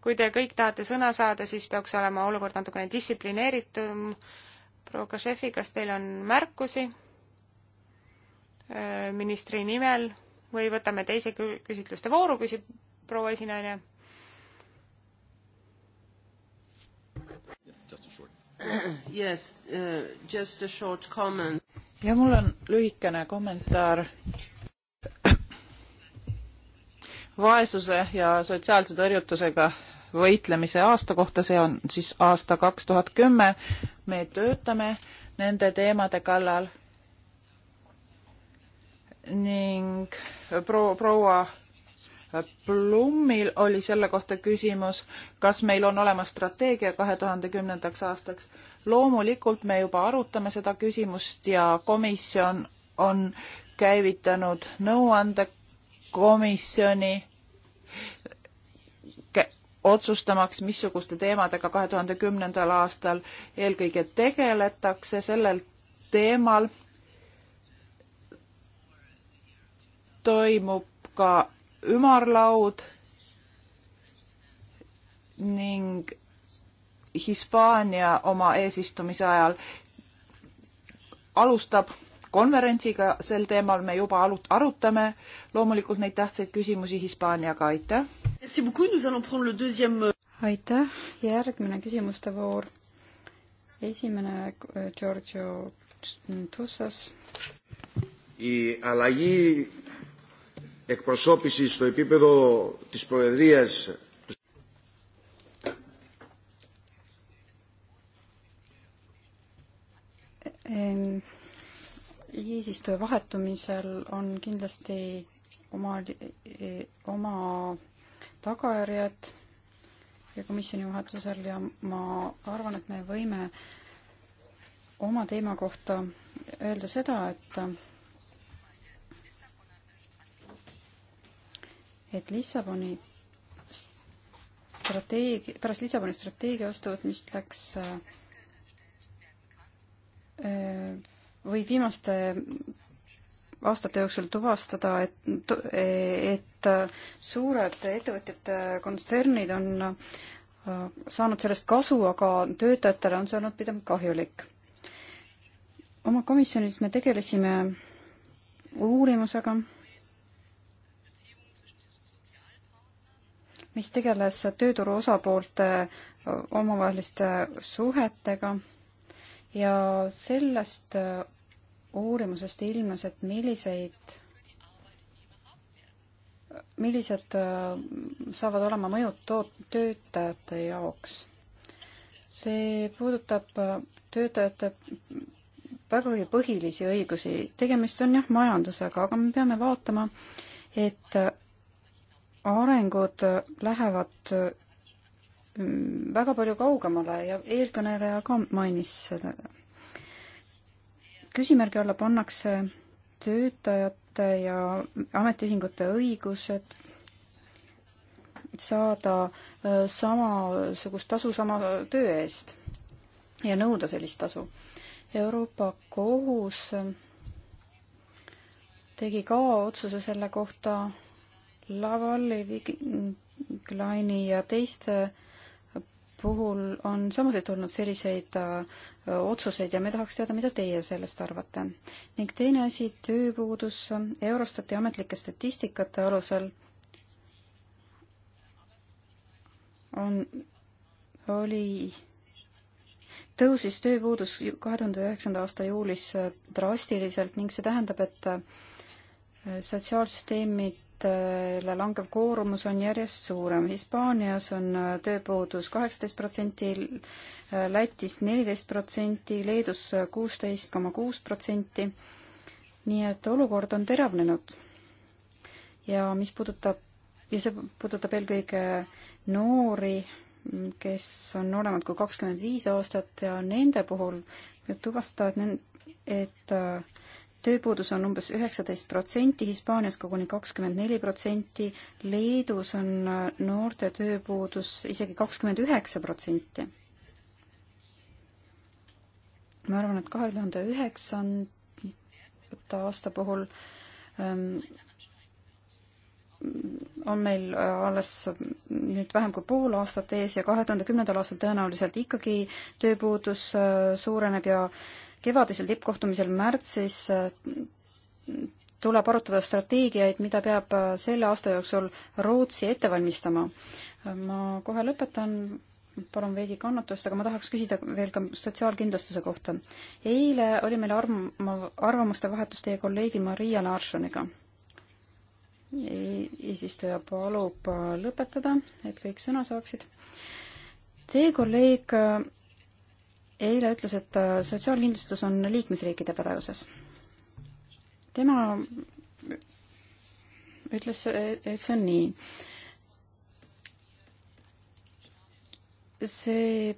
kui te kõik tahate sõna saada, siis peaks olema olukord natukene distsiplineeritum. proua Kašefi, kas teil on märkusi äh, ministri nimel või võtame teise küsitluste vooru, küsib proua esinaine. Yes, uh, just a short comment. ja mul on lühikene kommentaar vaesuse ja sotsiaalse tõrjutusega võitlemise aasta kohta, see on siis aasta kaks tuhat kümme. me töötame nende teemade kallal ning proua, proua Plummil oli selle kohta küsimus, kas meil on olemas strateegia kahe tuhande kümnendaks aastaks. loomulikult me juba arutame seda küsimust ja komisjon on käivitanud nõuande komisjoni otsustamaks, missuguste teemadega kahe tuhande kümnendal aastal eelkõige tegeletakse sellel teemal toimub ka ümarlaud ning Hispaania oma eesistumise ajal alustab konverentsiga sel teemal me juba arutame loomulikult neid tähtsaid küsimusi Hispaaniaga, aitäh! aitäh, järgmine küsimuste voor. esimene eh, Giorgio Tussas. Η αλλαγή εκπροσώπησης στο επίπεδο της Προεδρίας eesistuja vahetumisel on kindlasti oma, oma tagajärjed ja komisjoni vahetusel ja ma arvan, et me võime oma teema kohta öelda seda, et et Lissaboni strateegia, pärast Lissaboni strateegia vastuvõtmist läks äh, võib viimaste aastate jooksul tuvastada, et, et suured ettevõtjate kontsernid on äh, saanud sellest kasu, aga töötajatele on see olnud pigem kahjulik. oma komisjonis me tegelesime uurimusega, mis tegeles tööturu osapoolte äh, omavaheliste suhetega ja sellest äh, uurimusest ilmnes, et milliseid, millised äh, saavad olema mõjud toot-, töötajate jaoks. see puudutab äh, töötajate vägagi põhilisi õigusi. tegemist on jah, majandusega, aga me peame vaatama, et äh, arengud lähevad väga palju kaugemale ja eelkõneleja ka mainis seda küsimärgi alla pannakse töötajate ja ametiühingute õigused saada äh, samasugust tasu sama töö eest ja nõuda sellist tasu. Euroopa Kohus tegi ka otsuse selle kohta Lavalli, Kleini ja teiste puhul on samuti tulnud selliseid äh, otsuseid ja me tahaks teada, mida teie sellest arvate. ning teine asi, tööpuudus Eurostati ametlike statistikate alusel on, oli, tõusis tööpuudus kahe tuhande üheksanda aasta juulis drastiliselt ning see tähendab, et äh, sotsiaalsüsteemid töötajatele langev koormus on järjest suurem. Hispaanias on äh, tööpuudus kaheksateist protsenti, Lätis neliteist protsenti, Leedus kuusteist koma kuus protsenti. nii et olukord on teravnenud. ja mis puudutab, ja see puudutab eelkõige noori, kes on nooremad kui kakskümmend viis aastat ja nende puhul võib tuvastada, et, et äh, tööpuudus on umbes üheksateist protsenti, Hispaanias koguni kakskümmend neli protsenti, Leedus on äh, noorte tööpuudus isegi kakskümmend üheksa protsenti. ma arvan, et kahe tuhande üheksanda aasta puhul ähm, on meil äh, alles nüüd vähem kui pool aastat ees ja kahe tuhande kümnendal aastal tõenäoliselt ikkagi tööpuudus äh, suureneb ja äh, kevadisel tippkohtumisel märtsis äh, tuleb arutada strateegiaid, mida peab äh, selle aasta jooksul Rootsi ette valmistama. ma kohe lõpetan, palun veidi kannatust, aga ma tahaks küsida veel ka sotsiaalkindlustuse kohta. eile oli meil arm-, arvamuste vahetus teie kolleegi Maria Larssoniga. E-, eesistuja palub äh, lõpetada, et kõik sõna saaksid. Teie kolleeg eile ütles, et äh, sotsiaalkindlustus on liikmesriikide pädevuses. tema ütles, et see on nii. see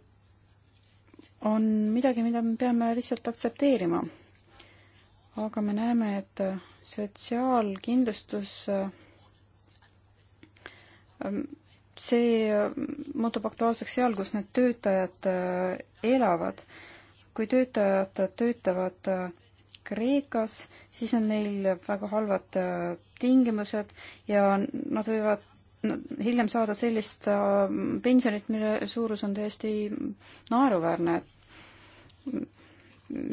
on midagi, mida me peame lihtsalt aktsepteerima. aga me näeme, et sotsiaalkindlustus äh, see muutub aktuaalseks seal, kus need töötajad äh, elavad. kui töötajad töötavad äh, Kreekas, siis on neil väga halvad äh, tingimused ja nad võivad hiljem saada sellist pensionit, mille suurus on täiesti naeruväärne.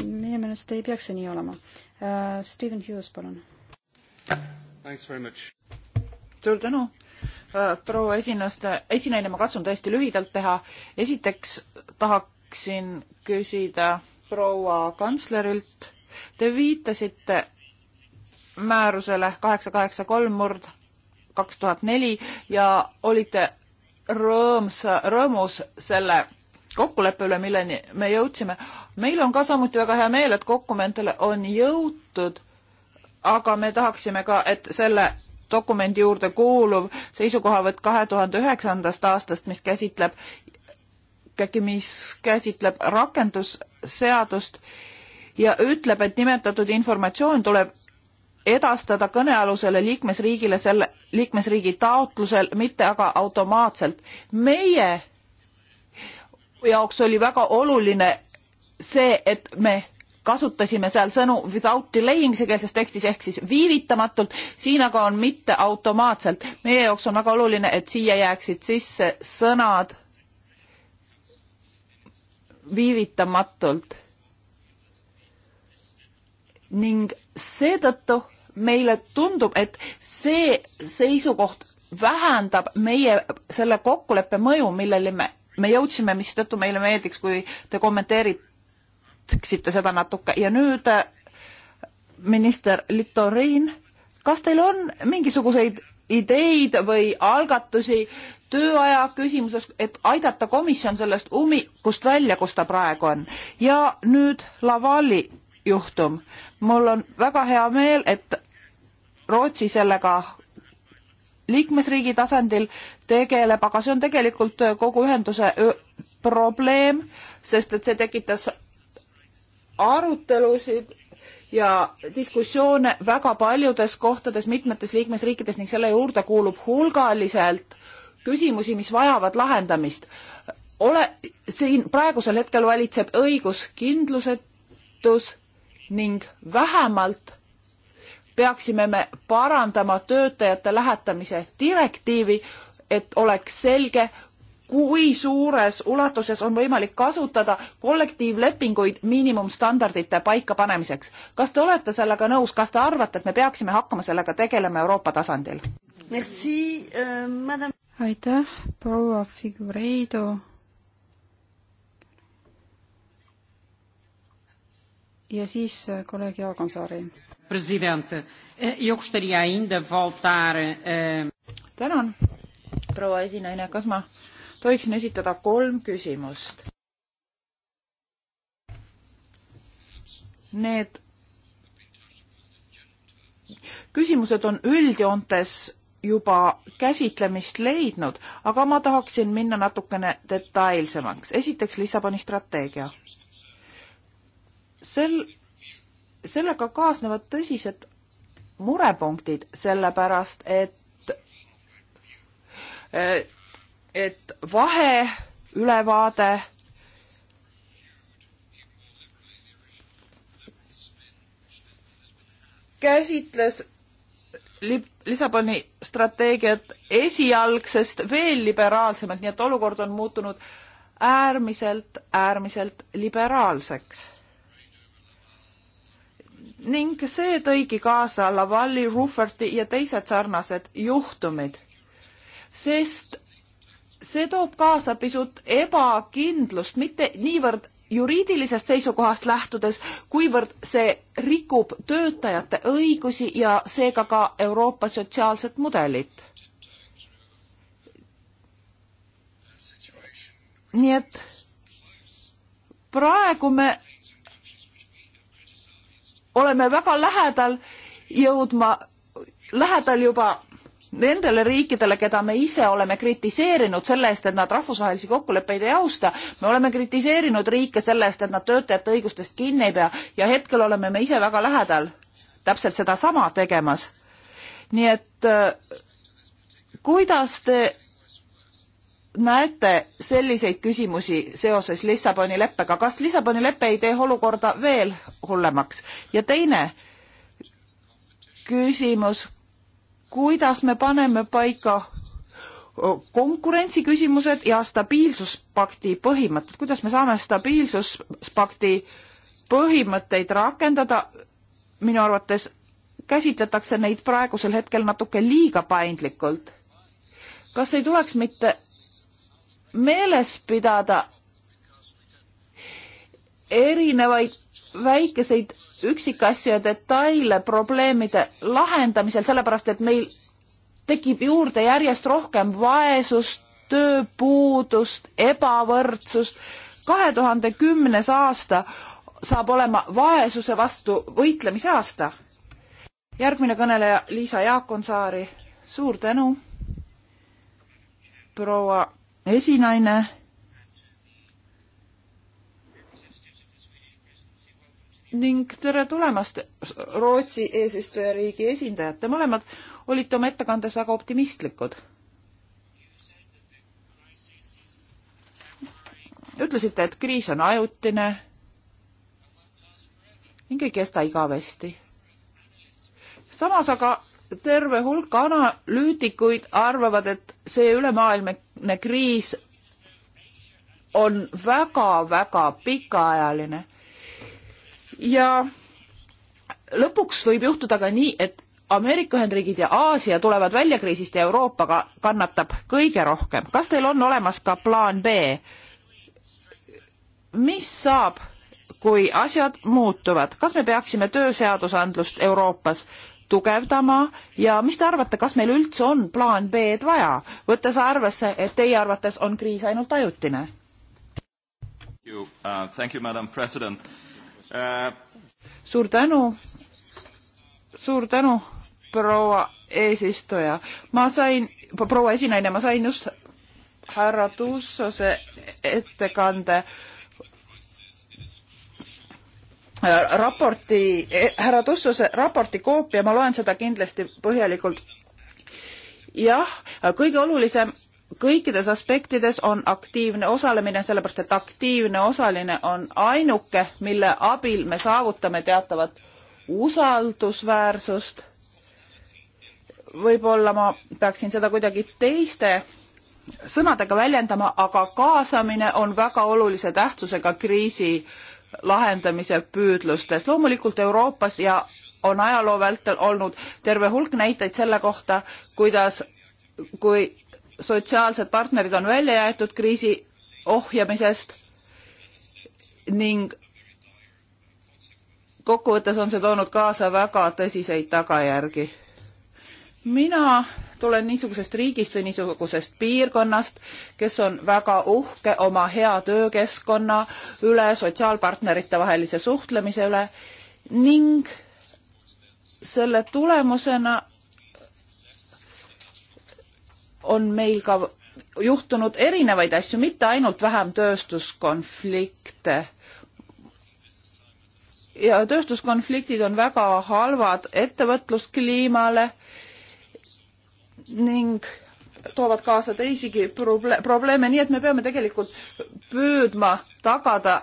meie meelest ei peaks see nii olema. Steven Hughes, palun. suur tänu Äh, proua esinaste, esinaine, ma katsun tõesti lühidalt teha. esiteks tahaksin küsida proua kantslerilt. Te viitasite määrusele kaheksa kaheksa kolm murd kaks tuhat neli ja olite rõõmsa, rõõmus selle kokkuleppe üle, milleni me jõudsime. meil on ka samuti väga hea meel, et dokumentile on jõutud, aga me tahaksime ka, et selle dokumendi juurde kuuluv seisukohavõtt kahe tuhande üheksandast aastast, mis käsitleb ikkagi, mis käsitleb rakendusseadust ja ütleb, et nimetatud informatsioon tuleb edastada kõnealusele liikmesriigile selle liikmesriigi taotlusel, mitte aga automaatselt. meie jaoks oli väga oluline see, et me kasutasime seal sõnu without delay inglisekeelses tekstis ehk siis viivitamatult, siin aga on mitte automaatselt. meie jaoks on väga oluline, et siia jääksid sisse sõnad viivitamatult. ning seetõttu meile tundub, et see seisukoht vähendab meie selle kokkuleppe mõju, millele me, me jõudsime, mistõttu meile meeldiks, kui te kommenteerite selgitaksite seda natuke ja nüüd äh, minister Litorin, kas teil on mingisuguseid ideid või algatusi tööaja küsimuses, et aidata komisjon sellest ummikust välja, kus ta praegu on. ja nüüd Lavali juhtum. mul on väga hea meel, et Rootsi sellega liikmesriigi tasandil tegeleb, aga see on tegelikult kogu ühenduse probleem, sest et see tekitas arutelusid ja diskussioone väga paljudes kohtades mitmetes liikmesriikides ning selle juurde kuulub hulgaliselt küsimusi, mis vajavad lahendamist. ole, siin praegusel hetkel valitseb õiguskindlusetus ning vähemalt peaksime me parandama töötajate lähetamise direktiivi, et oleks selge, kui suures ulatuses on võimalik kasutada kollektiivlepinguid miinimumstandardite paikapanemiseks. kas te olete sellega nõus, kas te arvate, et me peaksime hakkama sellega tegelema Euroopa tasandil? Äh, aitäh, proua Figureido. ja siis äh, kolleeg Jaak Ansaari. president, eh, eu gostaria ainda voltar äh.... tänan, proua esinaine, kas ma tohiksin esitada kolm küsimust. Need küsimused on üldjoontes juba käsitlemist leidnud, aga ma tahaksin minna natukene detailsemaks. esiteks Lissaboni strateegia. sel, sellega kaasnevad tõsised murepunktid, sellepärast et et vahe ülevaade käsitles lib-, Lissaboni strateegiat esialgsest veel liberaalsemalt, nii et olukord on muutunud äärmiselt, äärmiselt liberaalseks. ning see tõigi kaasa Lavalli, Rufferti ja teised sarnased juhtumid, sest see toob kaasa pisut ebakindlust, mitte niivõrd juriidilisest seisukohast lähtudes, kuivõrd see rikub töötajate õigusi ja seega ka Euroopa sotsiaalset mudelit. nii et praegu me oleme väga lähedal jõudma, lähedal juba nendele riikidele, keda me ise oleme kritiseerinud selle eest, et nad rahvusvahelisi kokkuleppeid ei austa, me oleme kritiseerinud riike selle eest, et nad töötajate õigustest kinni ei pea ja hetkel oleme me ise väga lähedal täpselt sedasama tegemas. nii et äh, kuidas te näete selliseid küsimusi seoses Lissaboni leppega, kas Lissaboni lepe ei tee olukorda veel hullemaks? ja teine küsimus, kuidas me paneme paika konkurentsi küsimused ja stabiilsuspakti põhimõtted, kuidas me saame stabiilsuspakti põhimõtteid rakendada, minu arvates käsitletakse neid praegusel hetkel natuke liiga paindlikult. kas ei tuleks mitte meeles pidada erinevaid väikeseid üksikasju ja detaile probleemide lahendamisel, sellepärast et meil tekib juurde järjest rohkem vaesust, tööpuudust, ebavõrdsust. kahe tuhande kümnes aasta saab olema vaesuse vastu võitlemise aasta. järgmine kõneleja Liisa Jaakonsaari, suur tänu, proua esinaine ning tere tulemast Rootsi eesistujariigi esindajad. Te mõlemad olite oma ettekandes väga optimistlikud. ütlesite, et kriis on ajutine ning ei kesta igavesti. samas aga terve hulk analüütikuid arvavad, et see ülemaailmne kriis on väga-väga pikaajaline ja lõpuks võib juhtuda ka nii, et Ameerika Ühendriigid ja Aasia tulevad välja kriisist ja Euroopa ka kannatab kõige rohkem. kas teil on olemas ka plaan B? mis saab, kui asjad muutuvad, kas me peaksime tööseadusandlust Euroopas tugevdama ja mis te arvate, kas meil üldse on plaan B-d vaja, võttes arvesse, et teie arvates on kriis ainult ajutine? Uh, thank you, madam president uh,. Äh, suur tänu, suur tänu, proua eesistuja. ma sain, proua esinaine, ma sain just härra Tuussose ettekande äh, raporti, eh, härra Tussuse raporti koopia, ma loen seda kindlasti põhjalikult. jah, kõige olulisem kõikides aspektides on aktiivne osalemine, sellepärast et aktiivne osaline on ainuke, mille abil me saavutame teatavat usaldusväärsust. võib-olla ma peaksin seda kuidagi teiste sõnadega väljendama, aga kaasamine on väga olulise tähtsusega kriisi lahendamise püüdlustes. loomulikult Euroopas ja on ajaloo vältel olnud terve hulk näiteid selle kohta, kuidas, kui sotsiaalsed partnerid on välja jäetud kriisi ohjamisest ning kokkuvõttes on see toonud kaasa väga tõsiseid tagajärgi. mina tulen niisugusest riigist või niisugusest piirkonnast, kes on väga uhke oma hea töökeskkonna üle, sotsiaalpartnerite vahelise suhtlemise üle ning selle tulemusena on meil ka juhtunud erinevaid asju, mitte ainult vähem tööstuskonflikte. ja tööstuskonfliktid on väga halvad ettevõtluskliimale ning toovad kaasa teisigi proble probleeme, nii et me peame tegelikult püüdma tagada,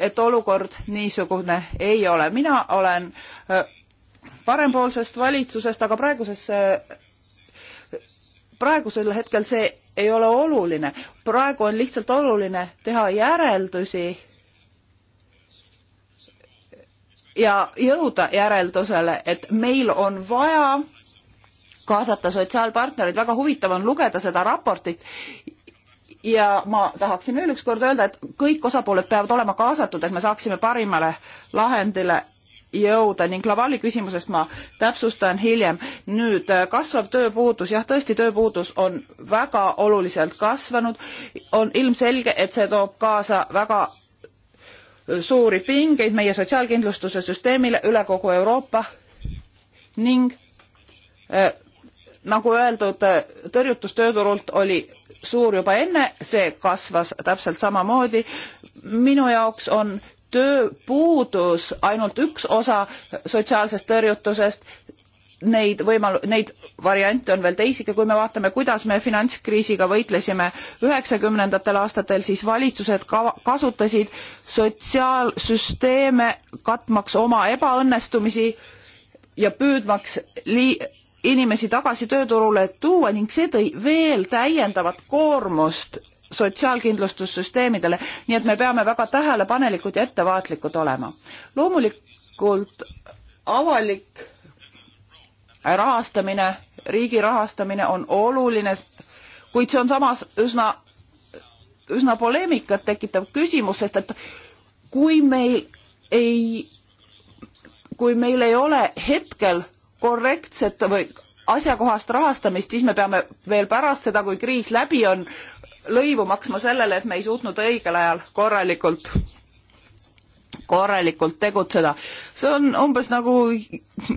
et olukord niisugune ei ole. mina olen äh, parempoolsest valitsusest, aga praeguses praegusel hetkel see ei ole oluline, praegu on lihtsalt oluline teha järeldusi ja jõuda järeldusele, et meil on vaja kaasata sotsiaalpartnereid, väga huvitav on lugeda seda raportit ja ma tahaksin veel ükskord öelda, et kõik osapooled peavad olema kaasatud, et me saaksime parimale lahendile jõuda ning Lavali küsimusest ma täpsustan hiljem. nüüd äh, kasvav tööpuudus, jah, tõesti, tööpuudus on väga oluliselt kasvanud, on ilmselge, et see toob kaasa väga äh, suuri pingeid meie sotsiaalkindlustuse süsteemile üle kogu Euroopa ning äh, nagu öeldud, äh, tõrjutus tööturult oli suur juba enne, see kasvas täpselt samamoodi. minu jaoks on tööpuudus ainult üks osa sotsiaalsest tõrjutusest, neid võimal-, neid variante on veel teisigi, kui me vaatame, kuidas me finantskriisiga võitlesime üheksakümnendatel aastatel, siis valitsused ka-, kasutasid sotsiaalsüsteeme katmaks oma ebaõnnestumisi ja püüdmaks lii-, inimesi tagasi tööturule tuua ning see tõi veel täiendavat koormust sotsiaalkindlustussüsteemidele, nii et me peame väga tähelepanelikud ja ettevaatlikud olema. loomulikult avalik rahastamine, riigi rahastamine on oluline, kuid see on samas üsna, üsna poleemikat tekitav küsimus, sest et kui meil ei, kui meil ei ole hetkel korrektset või asjakohast rahastamist, siis me peame veel pärast seda, kui kriis läbi on, lõivu maksma sellele, et me ei suutnud õigel ajal korralikult korralikult tegutseda. see on umbes nagu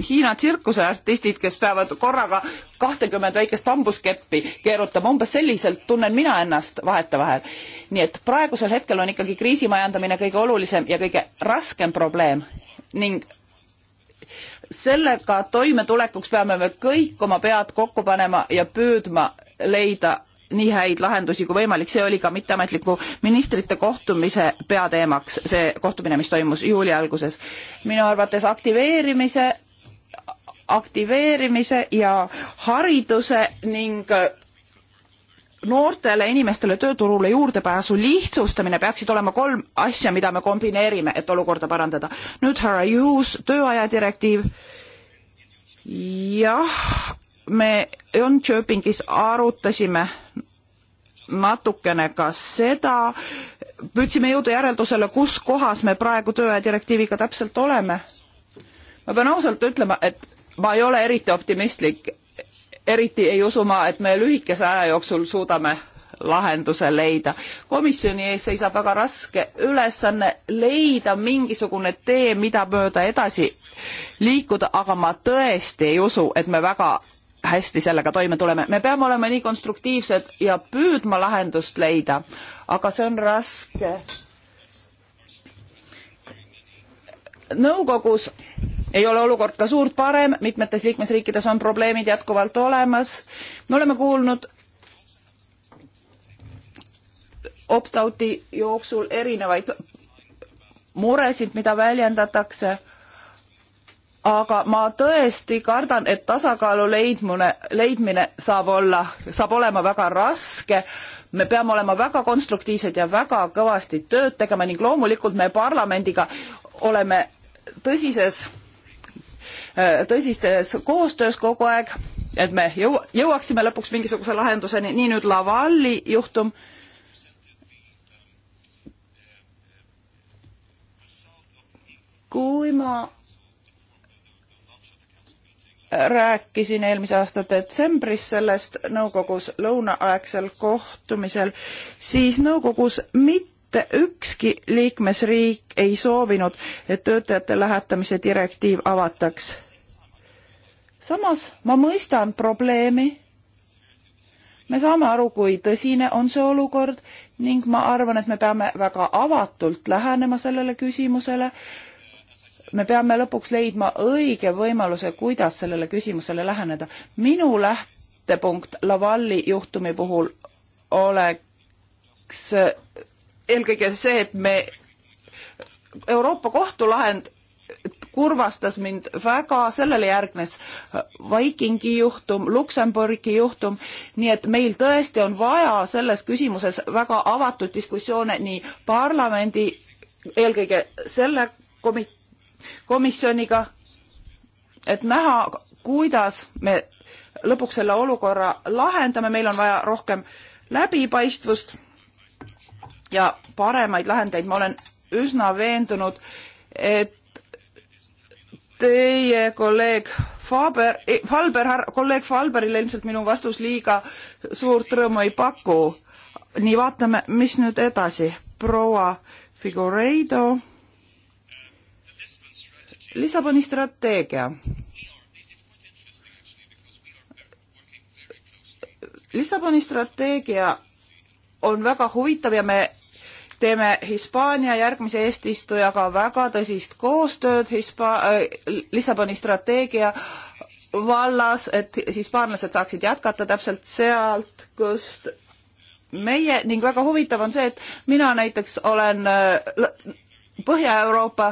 Hiina tsirkuseartistid, kes peavad korraga kahtekümmend väikest bambuskeppi keerutama, umbes selliselt tunnen mina ennast vahetevahel. nii et praegusel hetkel on ikkagi kriisimajandamine kõige olulisem ja kõige raskem probleem ning sellega toimetulekuks peame me kõik oma pead kokku panema ja püüdma leida nii häid lahendusi kui võimalik, see oli ka mitteametliku ministrite kohtumise peateemaks, see kohtumine, mis toimus juuli alguses. minu arvates aktiveerimise, aktiveerimise ja hariduse ning noortele inimestele tööturule juurdepääsu lihtsustamine peaksid olema kolm asja, mida me kombineerime, et olukorda parandada. nüüd härra Hughes, tööaja direktiiv. jah, me Jönköpingis arutasime natukene ka seda, püüdsime jõuda järeldusele, kus kohas me praegu tööaja direktiiviga täpselt oleme. ma pean ausalt ütlema, et ma ei ole eriti optimistlik, eriti ei usu ma, et me lühikese aja jooksul suudame lahenduse leida. komisjoni ees seisab väga raske ülesanne leida mingisugune tee, mida mööda edasi liikuda, aga ma tõesti ei usu, et me väga hästi sellega toime tuleme. me peame olema nii konstruktiivsed ja püüdma lahendust leida, aga see on raske. nõukogus ei ole olukord ka suurt parem, mitmetes liikmesriikides on probleemid jätkuvalt olemas. me oleme kuulnud opt-out'i jooksul erinevaid muresid, mida väljendatakse aga ma tõesti kardan, et tasakaalu leidmine, leidmine saab olla, saab olema väga raske. me peame olema väga konstruktiivsed ja väga kõvasti tööd tegema ning loomulikult me parlamendiga oleme tõsises, äh, tõsises koostöös kogu aeg, et me jõu-, jõuaksime lõpuks mingisuguse lahenduseni, nii nüüd Lavalli juhtum kui ma rääkisin eelmise aasta detsembris sellest nõukogus lõunaaegsel kohtumisel, siis nõukogus mitte ükski liikmesriik ei soovinud, et töötajate lähetamise direktiiv avataks. samas ma mõistan probleemi. me saame aru, kui tõsine on see olukord ning ma arvan, et me peame väga avatult lähenema sellele küsimusele me peame lõpuks leidma õige võimaluse, kuidas sellele küsimusele läheneda. minu lähtepunkt Lavalli juhtumi puhul oleks eelkõige see, et me, Euroopa Kohtu lahend kurvastas mind väga, sellele järgnes Vikingi juhtum, Luksemburgi juhtum, nii et meil tõesti on vaja selles küsimuses väga avatud diskussioone nii parlamendi, eelkõige selle komitee, komisjoniga, et näha, kuidas me lõpuks selle olukorra lahendame, meil on vaja rohkem läbipaistvust ja paremaid lahendeid, ma olen üsna veendunud, et teie kolleeg Faber, eh, Falber, kolleeg Falberile ilmselt minu vastus liiga suurt rõõmu ei paku. nii, vaatame, mis nüüd edasi. proua Figureido Lissaboni strateegia. Lissaboni strateegia on väga huvitav ja me teeme Hispaania järgmise eestistujaga väga tõsist koostööd Hispa- äh,, Lissaboni strateegia vallas, et hispaanlased saaksid jätkata täpselt sealt, kust meie ning väga huvitav on see, et mina näiteks olen äh, Põhja-Euroopa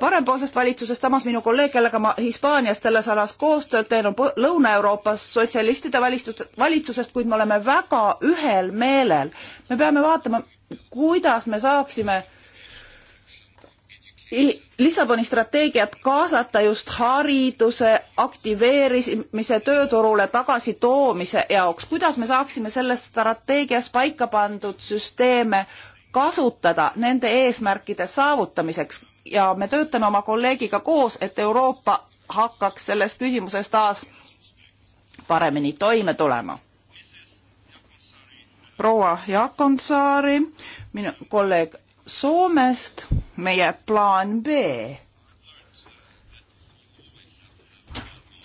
parempoolsest valitsusest, samas minu kolleeg, kellega ma Hispaaniast selles alas koostööd teen, on Lõuna-Euroopas sotsialistide valitsusest, valitsusest, kuid me oleme väga ühel meelel. me peame vaatama, kuidas me saaksime Lissaboni strateegiat kaasata just hariduse aktiveerimise tööturule tagasitoomise jaoks, kuidas me saaksime selles strateegias paika pandud süsteeme kasutada nende eesmärkide saavutamiseks ja me töötame oma kolleegiga koos, et Euroopa hakkaks selles küsimuses taas paremini toime tulema. proua Jakonsaari, minu kolleeg Soomest, meie plaan B.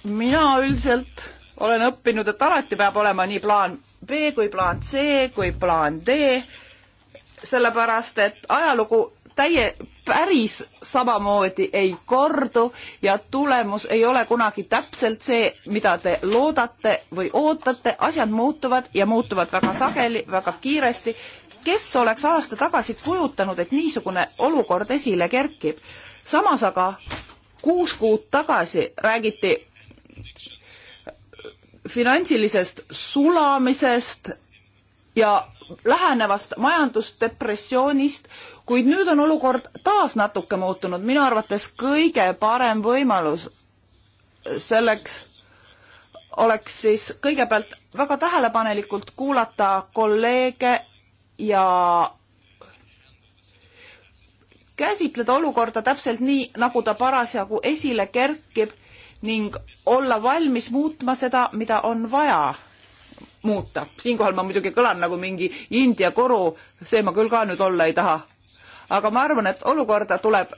mina üldiselt olen õppinud, et alati peab olema nii plaan B kui plaan C kui plaan D sellepärast et ajalugu täie, päris samamoodi ei kordu ja tulemus ei ole kunagi täpselt see, mida te loodate või ootate, asjad muutuvad ja muutuvad väga sageli, väga kiiresti. kes oleks aasta tagasi kujutanud, et niisugune olukord esile kerkib? samas aga kuus kuud tagasi räägiti finantsilisest sulamisest ja lähenevast majandusdepressioonist, kuid nüüd on olukord taas natuke muutunud, minu arvates kõige parem võimalus selleks oleks siis kõigepealt väga tähelepanelikult kuulata kolleege ja käsitleda olukorda täpselt nii, nagu ta parasjagu esile kerkib ning olla valmis muutma seda, mida on vaja muuta. siinkohal ma muidugi kõlan nagu mingi India koru, see ma küll ka nüüd olla ei taha. aga ma arvan, et olukorda tuleb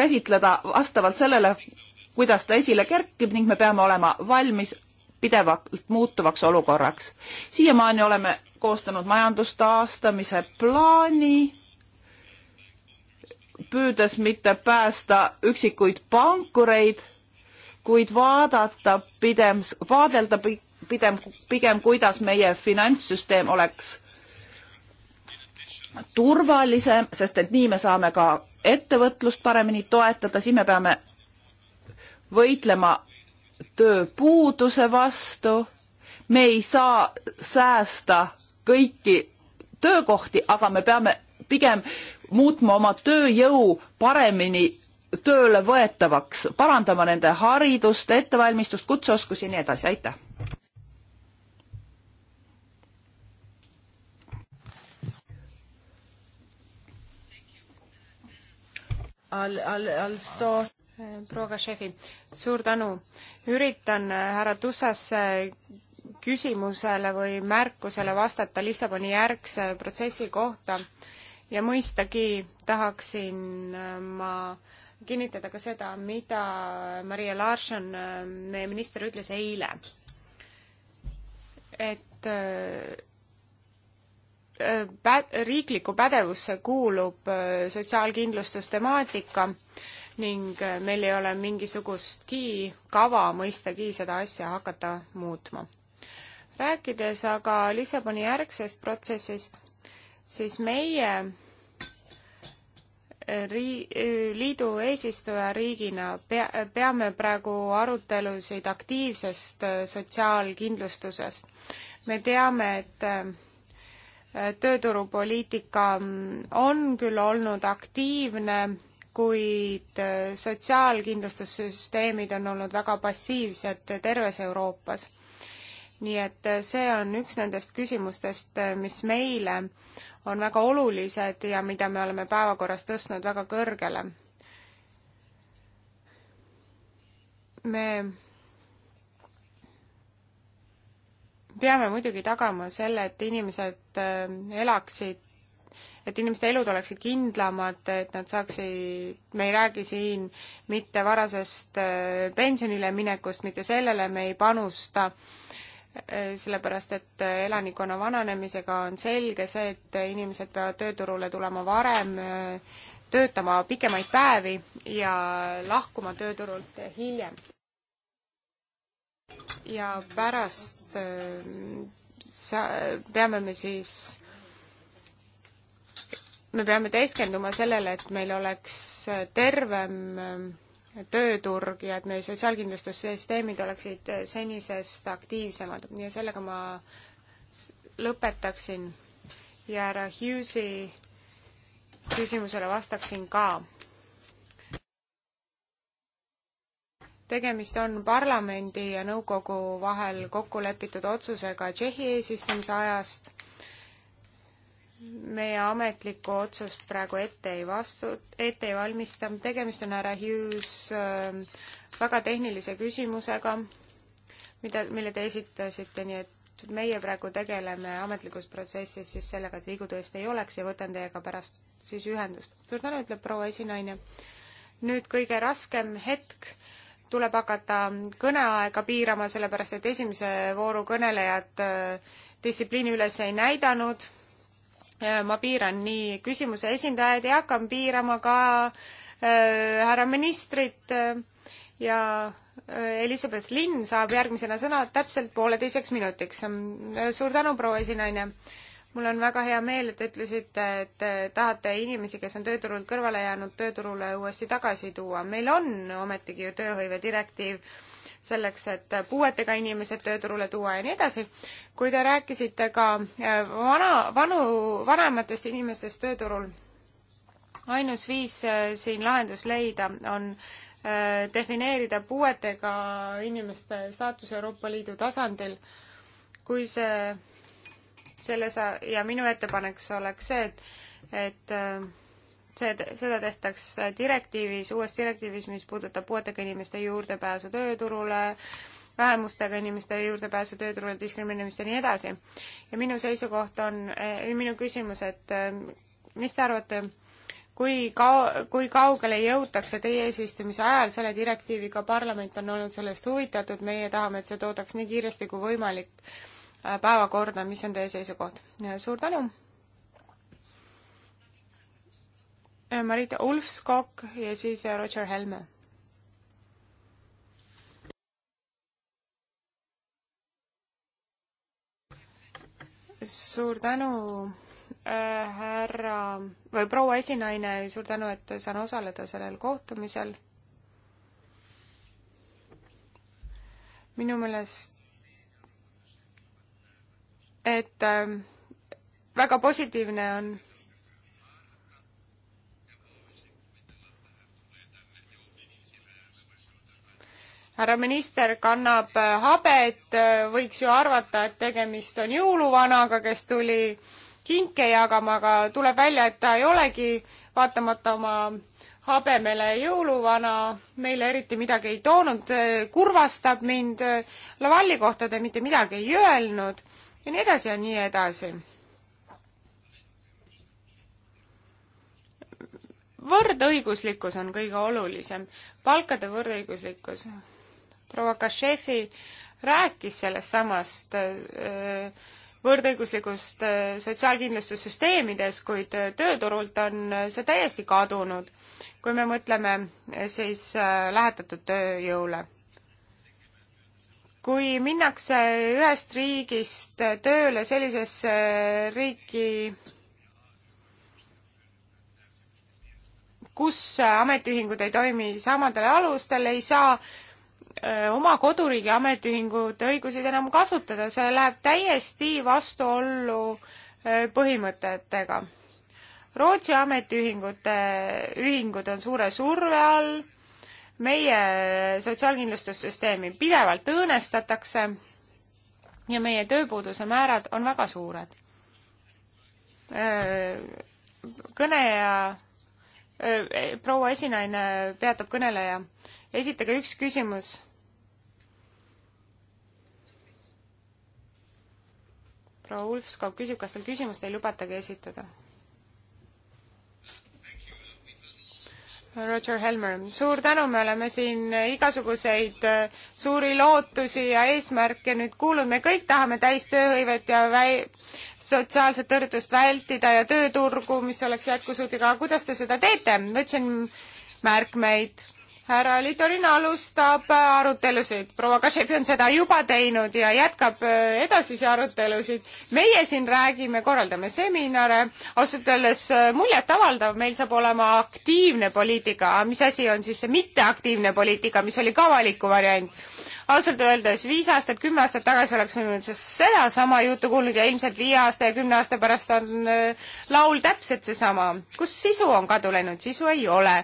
käsitleda vastavalt sellele, kuidas ta esile kerkib ning me peame olema valmis pidevalt muutuvaks olukorraks. siiamaani oleme koostanud majandustaastamise plaani, püüdes mitte päästa üksikuid pankureid, kuid vaadata pidem, vaadelda pigem, pigem kuidas meie finantssüsteem oleks turvalisem, sest et nii me saame ka ettevõtlust paremini toetada, siis me peame võitlema tööpuuduse vastu. me ei saa säästa kõiki töökohti, aga me peame pigem muutma oma tööjõu paremini tööle võetavaks, parandama nende haridust, ettevalmistust, kutseoskusi ja nii edasi, aitäh! għal start. proua Šefi, suur tänu. üritan härra Tussasse küsimusele või märkusele vastata Lissaboni järgse protsessi kohta ja mõistagi tahaksin äh, ma kinnitada ka seda, mida Maria Larson, äh, meie minister, ütles eile. et äh, pä-, riiklikku pädevusse kuulub äh, sotsiaalkindlustustemaatika ning äh, meil ei ole mingisugustki kava mõistagi seda asja hakata muutma. rääkides aga Lissaboni järgsest protsessist, siis meie äh, rii-, liidu eesistujariigina pea, peame praegu arutelusid aktiivsest sotsiaalkindlustusest. me teame, et tööturupoliitika mm, on küll olnud aktiivne, kuid äh, sotsiaalkindlustussüsteemid on olnud väga passiivsed terves Euroopas. nii et äh, see on üks nendest küsimustest, äh, mis meile on väga olulised ja mida me oleme päevakorras tõstnud väga kõrgele. me peame muidugi tagama selle, et inimesed äh, elaksid, et inimeste elud oleksid kindlamad, et nad saaksid, me ei räägi siin mitte varasest äh, pensionile minekust, mitte sellele me ei panusta, äh, sellepärast et elanikkonna vananemisega on selge see, et inimesed peavad tööturule tulema varem, töötama pikemaid päevi ja lahkuma tööturult hiljem. ja pärast sellepärast ähm, sa-, peame me siis, me peame keskenduma sellele, et meil oleks tervem ähm, tööturg ja et meie sotsiaalkindlustussüsteemid oleksid äh, senisest aktiivsemad ja sellega ma lõpetaksin ja härra Hughes'i küsimusele vastaksin ka. tegemist on parlamendi ja nõukogu vahel kokku lepitud otsusega Tšehhi eesistumise ajast. meie ametlikku otsust praegu ette ei vastu, ette ei valmista, tegemist on härra Hughes ähm, väga tehnilise küsimusega, mida, mille te esitasite, nii et meie praegu tegeleme ametlikus protsessis siis sellega, et vigu tõesti ei oleks ja võtan teiega pärast siis ühendust. suur tänu, ütleb proua esinaine. nüüd kõige raskem hetk tuleb hakata kõneaega piirama, sellepärast et esimese vooru kõnelejad äh, distsipliini üles ei näidanud. Äh, ma piiran nii küsimuse esindajaid ja hakkan piirama ka äh, härra ministrit äh, ja Elizabeth Linn saab järgmisena sõna täpselt pooleteiseks minutiks. suur tänu, proua esinaine mul on väga hea meel, et te ütlesite, et tahate inimesi, kes on tööturult kõrvale jäänud, tööturule uuesti tagasi tuua. meil on ometigi ju tööhõive direktiiv selleks, et puuetega inimesed tööturule tuua ja nii edasi. kui te rääkisite ka äh, vana, vanu, vanematest inimestest tööturul, ainus viis äh, siin lahendus leida on äh, defineerida puuetega inimeste staatus Euroopa Liidu tasandil. kui see selles ja minu ettepanek oleks see, et, et äh, see, seda tehtaks direktiivis, uues direktiivis, mis puudutab puuetega inimeste juurdepääsu tööturule, vähemustega inimeste juurdepääsu tööturule, diskrimineerimist ja nii edasi. ja minu seisukoht on, eh, minu küsimus, et äh, mis te arvate, kui kao-, kui kaugele jõutakse teie eesistumise ajal selle direktiiviga, parlament on olnud sellest huvitatud, meie tahame, et see toodaks nii kiiresti kui võimalik Äh, päevakorda, mis on teie seisukoht? suur tänu! Äh, Marita Ulfskog ja siis äh, Roger Helme. suur tänu äh,, härra või proua esinaine, suur tänu, et saan osaleda sellel kohtumisel. minu meelest et ähm, väga positiivne on härra minister kannab äh, habet, äh, võiks ju arvata, et tegemist on jõuluvanaga, kes tuli kinke jagama, aga tuleb välja, et ta ei olegi vaatamata oma habemele jõuluvana, meile eriti midagi ei toonud, äh, kurvastab mind, Lavalli kohta te mitte midagi ei öelnud ja nii edasi ja nii edasi. võrdõiguslikkus on kõige olulisem, palkade võrdõiguslikkus. proua Kašefi rääkis sellest samast äh, võrdõiguslikust äh, sotsiaalkindlustussüsteemides, kuid äh, tööturult on see täiesti kadunud, kui me mõtleme siis lähetatud tööjõule kui minnakse ühest riigist tööle sellisesse riiki, kus ametiühingud ei toimi samadel alustel, ei saa oma koduriigi ametiühingud õiguseid enam kasutada, see läheb täiesti vastuollu põhimõtetega. Rootsi ametiühingute, ühingud on suure surve all meie sotsiaalkindlustussüsteemi pidevalt õõnestatakse ja meie tööpuuduse määrad on väga suured. kõneja, e, proua esinaine peatab kõneleja. esitage üks küsimus. proua Ulfskog küsib, kas tal küsimust ei lubatagi esitada Roger Helmer, suur tänu, me oleme siin igasuguseid äh, suuri lootusi ja eesmärke nüüd kuulnud, me kõik tahame täistööhõivet ja väi-, sotsiaalset tõrjutust vältida ja tööturgu, mis oleks jätkusuutlik, aga kuidas te seda teete? võtsin märkmeid härra Litorin alustab äh, arutelusid, proua Kašefi on seda juba teinud ja jätkab äh, edasisi arutelusid. meie siin räägime, korraldame seminare, ausalt öeldes äh, muljetavaldav, meil saab olema aktiivne poliitika, mis asi on siis see mitteaktiivne poliitika, mis oli ka valiku variant? ausalt öeldes viis aastat, kümme aastat tagasi oleks võinud sedasama juttu kuulnud ja ilmselt viie aasta ja kümne aasta pärast on laul täpselt seesama, kus sisu on kadu läinud, sisu ei ole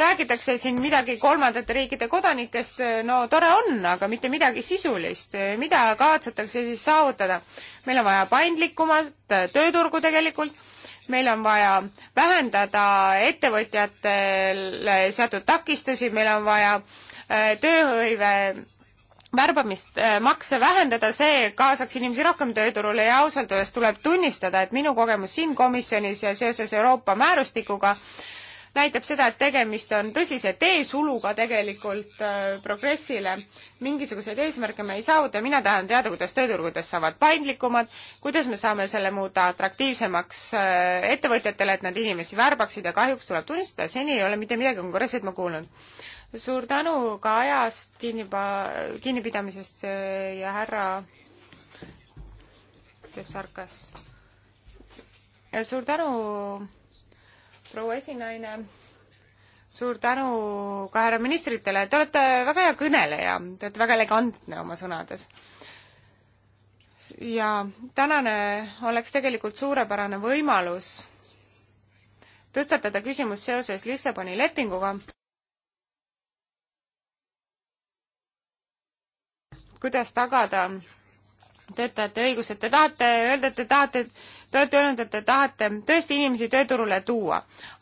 räägitakse siin midagi kolmandate riikide kodanikest, no tore on, aga mitte midagi sisulist. mida kavatsetakse siis saavutada? meil on vaja paindlikumat tööturgu tegelikult, meil on vaja vähendada ettevõtjatele seatud takistusi, meil on vaja eh, tööhõive värbamist, eh, makse vähendada, see kaasaks inimesi rohkem tööturule ja ausalt öeldes tuleb tunnistada, et minu kogemus siin komisjonis ja seoses Euroopa määrustikuga äh, näitab seda, et tegemist on tõsise teesuluga tegelikult äh, progressile. mingisuguseid eesmärke me ei saavuta, mina tahan teada, kuidas tööturgudest saavad paindlikumad, kuidas me saame selle muuta atraktiivsemaks äh, ettevõtjatele, et nad inimesi värbaksid ja kahjuks tuleb tunnistada, seni ei ole mitte midagi konkreetset ma kuulnud. suur tänu ka ajast kinni, kinnipidamisest äh, ja härra kes sarkas. suur tänu proua esinaine, suur tänu ka härra ministritele, te olete väga hea kõneleja, te olete väga elegantne oma sõnades. ja tänane oleks tegelikult suurepärane võimalus tõstatada küsimus seoses Lissaboni lepinguga. kuidas tagada töötajate õigused, te tahate öelda, et te tahate Te olete öelnud, et te tahate tõesti inimesi tööturule tuua,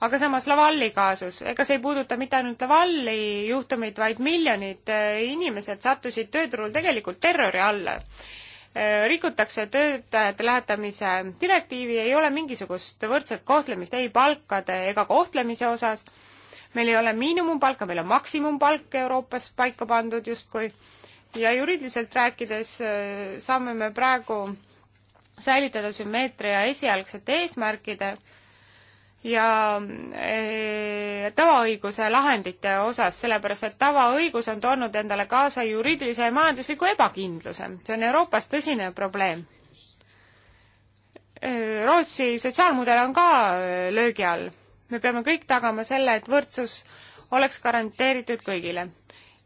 aga samas Lavalli kaasus, ega see ei puuduta mitte ainult Lavalli juhtumit, vaid miljonid eh, inimesed sattusid tööturul tegelikult terrori alla eh, rikutakse töötajate lähetamise direktiivi, ei ole mingisugust võrdset kohtlemist ei palkade ega kohtlemise osas. meil ei ole miinimumpalka, meil on maksimumpalk Euroopas paika pandud justkui ja juriidiliselt rääkides eh, saame me praegu säilitada sümmeetria esialgsete eesmärkide ja eh, tavaõiguse lahendite osas, sellepärast et tavaõigus on toonud endale kaasa juriidilise ja majandusliku ebakindluse. see on Euroopas tõsine probleem. Eh, Rootsi sotsiaalmudel on ka eh, löögi all. me peame kõik tagama selle, et võrdsus oleks garanteeritud kõigile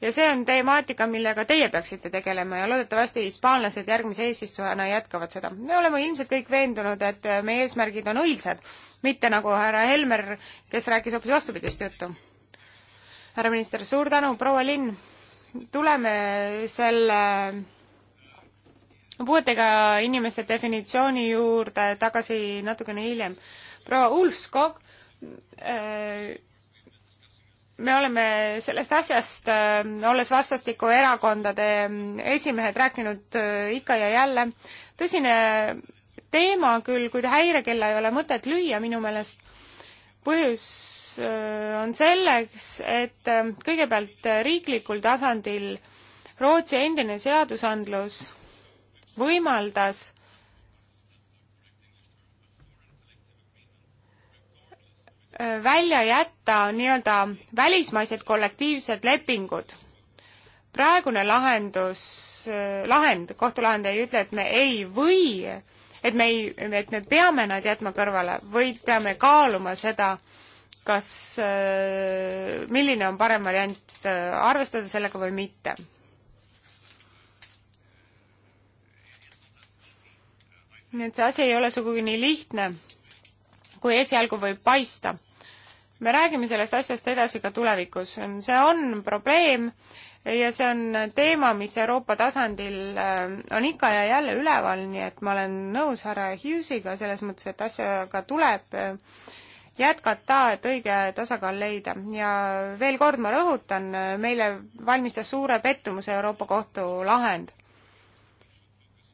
ja see on temaatika, millega teie peaksite tegelema ja loodetavasti hispaanlased järgmise eesistujana jätkavad seda. me oleme ilmselt kõik veendunud, et meie eesmärgid on õilsad, mitte nagu härra Helmer, kes rääkis hoopis vastupidist juttu. härra minister, suur tänu, proua Linn, tuleme selle puuetega inimeste definitsiooni juurde tagasi natukene hiljem. proua Ulfskog äh, me oleme sellest asjast, äh, olles vastastikku erakondade ähm, esimehed, rääkinud äh, ikka ja jälle. tõsine teema küll, kuid häirekella ei ole mõtet lüüa minu meelest. põhjus äh, on selleks, et kõigepealt riiklikul tasandil Rootsi endine seadusandlus võimaldas välja jätta nii-öelda välismaised kollektiivsed lepingud. praegune lahendus, lahend, kohtulahend ei ütle, et me ei või, et me ei, et me peame nad jätma kõrvale, vaid peame kaaluma seda, kas, milline on parem variant, arvestada sellega või mitte nii et see asi ei ole sugugi nii lihtne, kui esialgu võib paista me räägime sellest asjast edasi ka tulevikus, see on probleem ja see on teema, mis Euroopa tasandil äh, on ikka ja jälle üleval, nii et ma olen nõus härra Hughesiga selles mõttes, et asjaga tuleb äh, jätkata, et õige tasakaal leida ja veel kord ma rõhutan, meile valmistas suure pettumuse Euroopa Kohtu lahend.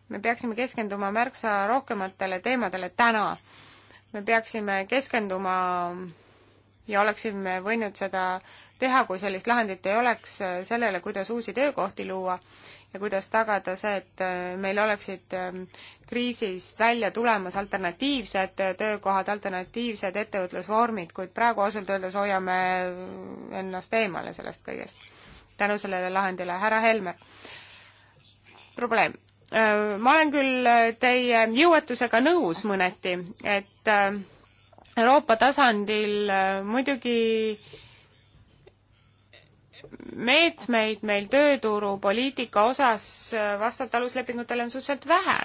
me peaksime keskenduma märksa rohkematele teemadele täna. me peaksime keskenduma ja oleksime võinud seda teha, kui sellist lahendit ei oleks äh, sellele, kuidas uusi töökohti luua ja kuidas tagada see, et äh, meil oleksid ähm, kriisist välja tulemas alternatiivsed äh, töökohad, alternatiivsed ettevõtlusvormid, kuid praegu ausalt öeldes hoiame ennast eemale sellest kõigest. tänu sellele lahendile, härra Helmer. probleem. ma olen küll teie jõuetusega nõus mõneti, et Euroopa tasandil äh, muidugi meetmeid meil tööturupoliitika osas äh, vastavalt aluslepingutele on suhteliselt vähe,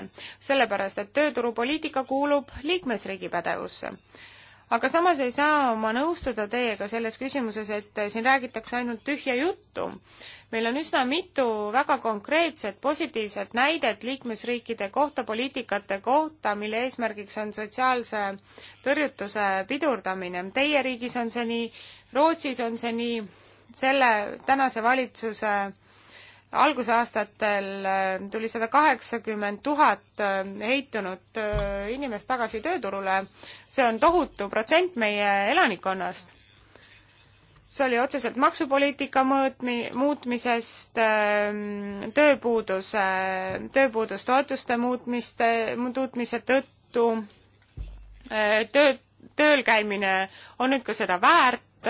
sellepärast et tööturupoliitika kuulub liikmesriigi pädevusse aga samas ei saa ma nõustuda teiega selles küsimuses, et siin räägitakse ainult tühja juttu. meil on üsna mitu väga konkreetset positiivset näidet liikmesriikide kohta, poliitikate kohta, mille eesmärgiks on sotsiaalse tõrjutuse pidurdamine. Teie riigis on see nii, Rootsis on see nii, selle tänase valitsuse algusaastatel äh, tuli sada kaheksakümmend tuhat äh, heitunud äh, inimest tagasi tööturule. see on tohutu protsent meie elanikkonnast. see oli otseselt maksupoliitika mõõtmi-, muutmisest, ähm, tööpuuduse, tööpuudustoetuste muutmiste, muutmise tõttu, töö, tööl käimine on nüüd ka seda väärt,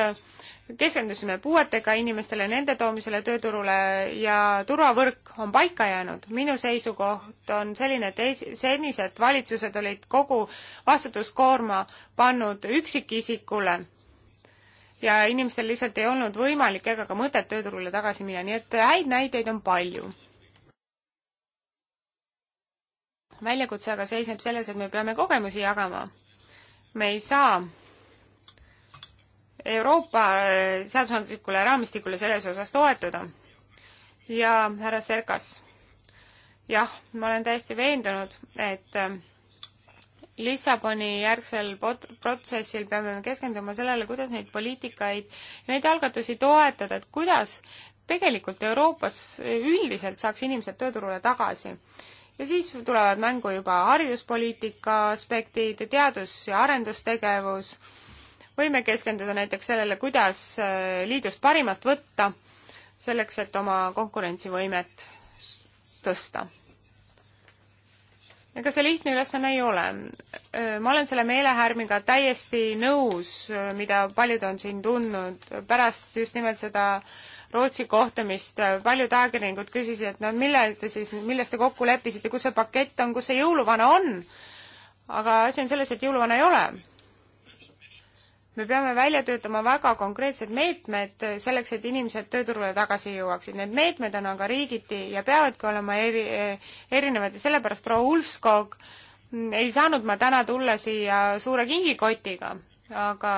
keskendusime puuetega inimestele, nende toomisele tööturule ja turvavõrk on paika jäänud. minu seisukoht on selline, et es-, senised valitsused olid kogu vastutuskoorma pannud üksikisikule ja inimestel lihtsalt ei olnud võimalik ega ka mõtet tööturule tagasi minna, nii et häid näiteid on palju. väljakutse aga seisneb selles, et me peame kogemusi jagama. me ei saa Euroopa äh, seadusandlikule raamistikule selles osas toetuda. ja härra Serkas, jah, ma olen täiesti veendunud, et äh, Lissaboni järgsel pot-, protsessil peame me keskenduma sellele, kuidas neid poliitikaid, neid algatusi toetada, et kuidas tegelikult Euroopas äh, üldiselt saaks inimesed tööturule tagasi. ja siis tulevad mängu juba hariduspoliitika aspektid, teadus- ja arendustegevus, võime keskenduda näiteks sellele, kuidas äh, liidust parimat võtta, selleks et oma konkurentsivõimet tõsta. ega see lihtne ülesanne ei ole. Äh, ma olen selle meelehärmiga täiesti nõus, äh, mida paljud on siin tundnud pärast just nimelt seda Rootsi kohtumist paljud ajakirjanikud küsisid, et no millal te siis, milles te kokku leppisite, kus see pakett on, kus see jõuluvana on? aga asi on selles, et jõuluvana ei ole me peame välja töötama väga konkreetsed meetmed selleks, et inimesed tööturule tagasi jõuaksid. Need meetmed on aga riigiti ja peavadki olema eri, erinevad ja sellepärast proua Ulfskog mm, ei saanud ma täna tulla siia suure kingikotiga, aga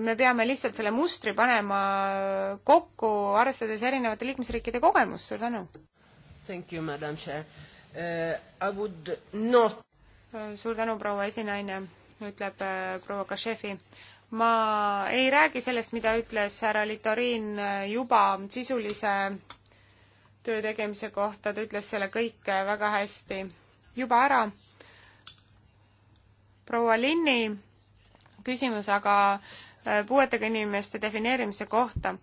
me peame lihtsalt selle mustri panema kokku, arvestades erinevate liikmesriikide kogemust. suur tänu! Thank you, madam chair uh,. I would not suur tänu, proua esinaine ütleb äh, proua Kašefi. ma ei räägi sellest, mida ütles härra Litorin äh, juba sisulise töö tegemise kohta, ta ütles selle kõik äh, väga hästi juba ära. proua Linni küsimus aga puuetega inimeste defineerimise kohta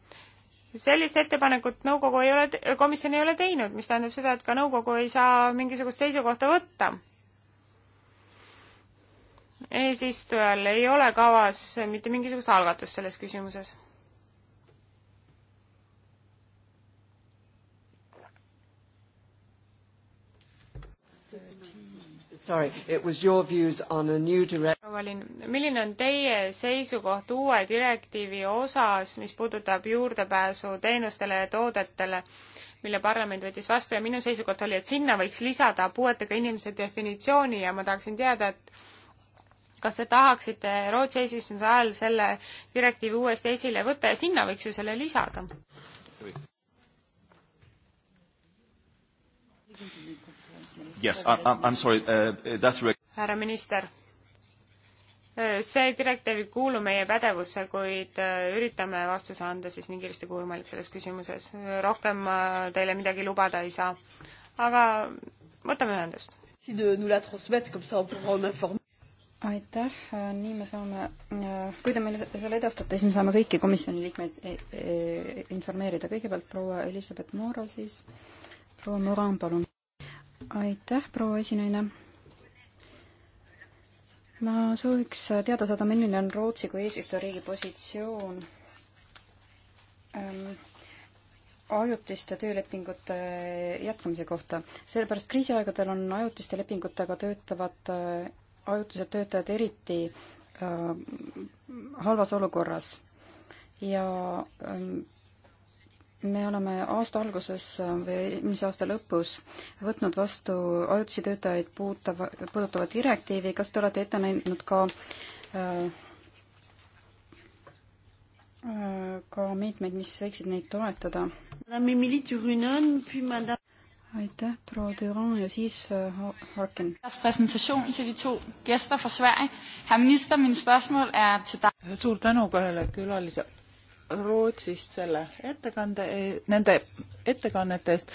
sellist ettepanekut nõukogu ei ole, komisjon ei ole teinud, mis tähendab seda, et ka nõukogu ei saa mingisugust seisukohta võtta eesistujal ei ole kavas mitte mingisugust algatust selles küsimuses. Sorry, it was your views on a new direct-. milline on teie seisukoht uue direktiivi osas, mis puudutab juurdepääsu teenustele ja toodetele, mille parlament võttis vastu ja minu seisukoht oli, et sinna võiks lisada puuetega inimese definitsiooni ja ma tahaksin teada, et kas te tahaksite Rootsi eesistumise ajal selle direktiivi uuesti esile võtta ja sinna võiks ju selle lisada? Yes, I, I, I'm sorry uh,, that härra minister, äh, see direktiiv ei kuulu meie pädevusse, kuid äh, üritame vastuse anda siis nii kiiresti kui võimalik selles küsimuses. rohkem äh, teile midagi lubada ei saa. aga võtame ühendust aitäh, nii me saame, äh, kui te meile selle edastate, siis me saame kõiki komisjoni liikmeid äh, äh, informeerida. kõigepealt proua Elizabeth Moora siis. proua Moran, palun. aitäh, proua esinaine. ma sooviks teada saada, milline on Rootsi kui eesistujariigi positsioon ähm, ajutiste töölepingute jätkamise kohta. sellepärast kriisiaegadel on ajutiste lepingutega töötavad äh, ajutised töötajad eriti äh, halvas olukorras ja ähm, me oleme aasta alguses äh, või eelmise aasta lõpus võtnud vastu ajutisi töötajaid puutava, puudutava direktiivi, kas te olete ette näinud ka äh, äh ka meetmeid, mis võiksid neid toetada? aitäh, proua Düran ja siis äh, Harkin. Er suur tänu kahele külalisele Rootsist selle ettekande, e-, nende ettekannete eest.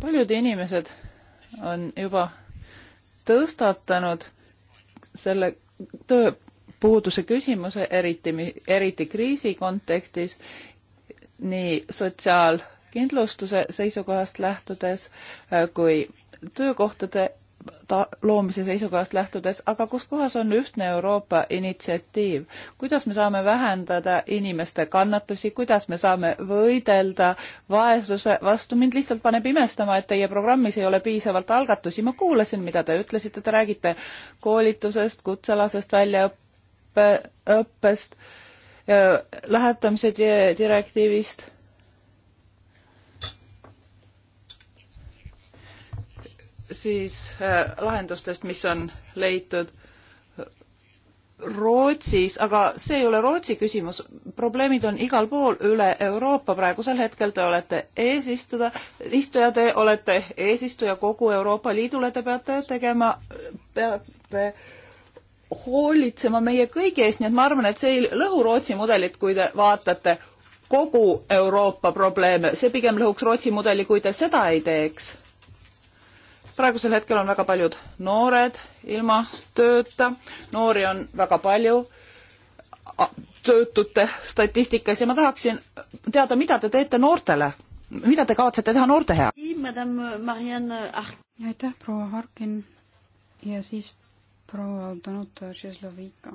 paljud inimesed on juba tõstatanud selle tööpuuduse küsimuse, eriti, eriti kriisi kontekstis, nii sotsiaal- kindlustuse seisukohast lähtudes äh, kui töökohtade ta loomise seisukohast lähtudes, aga kus kohas on ühtne Euroopa initsiatiiv, kuidas me saame vähendada inimeste kannatusi, kuidas me saame võidelda vaesuse vastu, mind lihtsalt paneb imestama, et teie programmis ei ole piisavalt algatusi, ma kuulasin, mida te ütlesite, te räägite koolitusest, kutsealasest väljaõppe, õppest, äh, lähetamise direktiivist siis äh, lahendustest, mis on leitud Rootsis, aga see ei ole Rootsi küsimus, probleemid on igal pool üle Euroopa, praegusel hetkel te olete eesistuda, istuja, te olete eesistuja kogu Euroopa Liidule, te peate tegema, peate hoolitsema meie kõigi eest, nii et ma arvan, et see ei lõhu Rootsi mudelit, kui te vaatate kogu Euroopa probleeme, see pigem lõhuks Rootsi mudeli, kui te seda ei teeks praegusel hetkel on väga paljud noored ilma tööta, noori on väga palju töötute statistikas ja ma tahaksin teada, mida te teete noortele, mida te kavatsete teha noorte heaks? aitäh, proua Harkin ja siis proua Danuta Šeslovika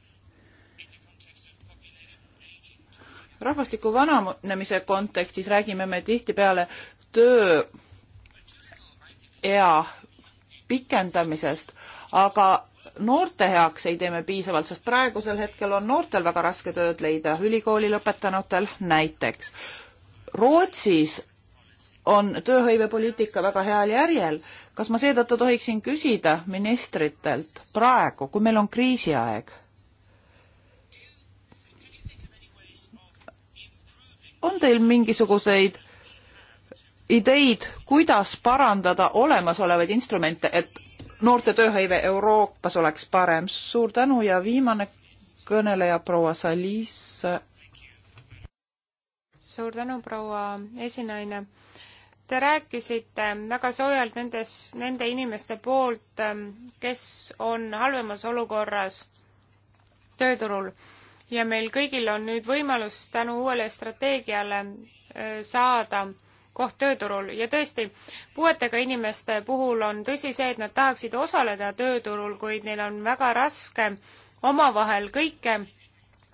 rahvastiku vananemise kontekstis räägime me tihtipeale tööea pikendamisest, aga noorte heaks ei tee me piisavalt, sest praegusel hetkel on noortel väga raske tööd leida, ülikooli lõpetanutel näiteks. Rootsis on tööhõivepoliitika väga heal järjel. kas ma seetõttu tohiksin küsida ministritelt praegu, kui meil on kriisiaeg, on teil mingisuguseid ideid, kuidas parandada olemasolevaid instrumente, et noorte tööhõive Euroopas oleks parem? suur tänu ja viimane kõneleja, proua Salis. suur tänu, proua esinaine. Te rääkisite väga soojalt nendes, nende inimeste poolt, kes on halvemas olukorras tööturul ja meil kõigil on nüüd võimalus tänu uuele strateegiale äh, saada koht tööturul ja tõesti, puuetega inimeste puhul on tõsi see, et nad tahaksid osaleda tööturul, kuid neil on väga raske omavahel kõike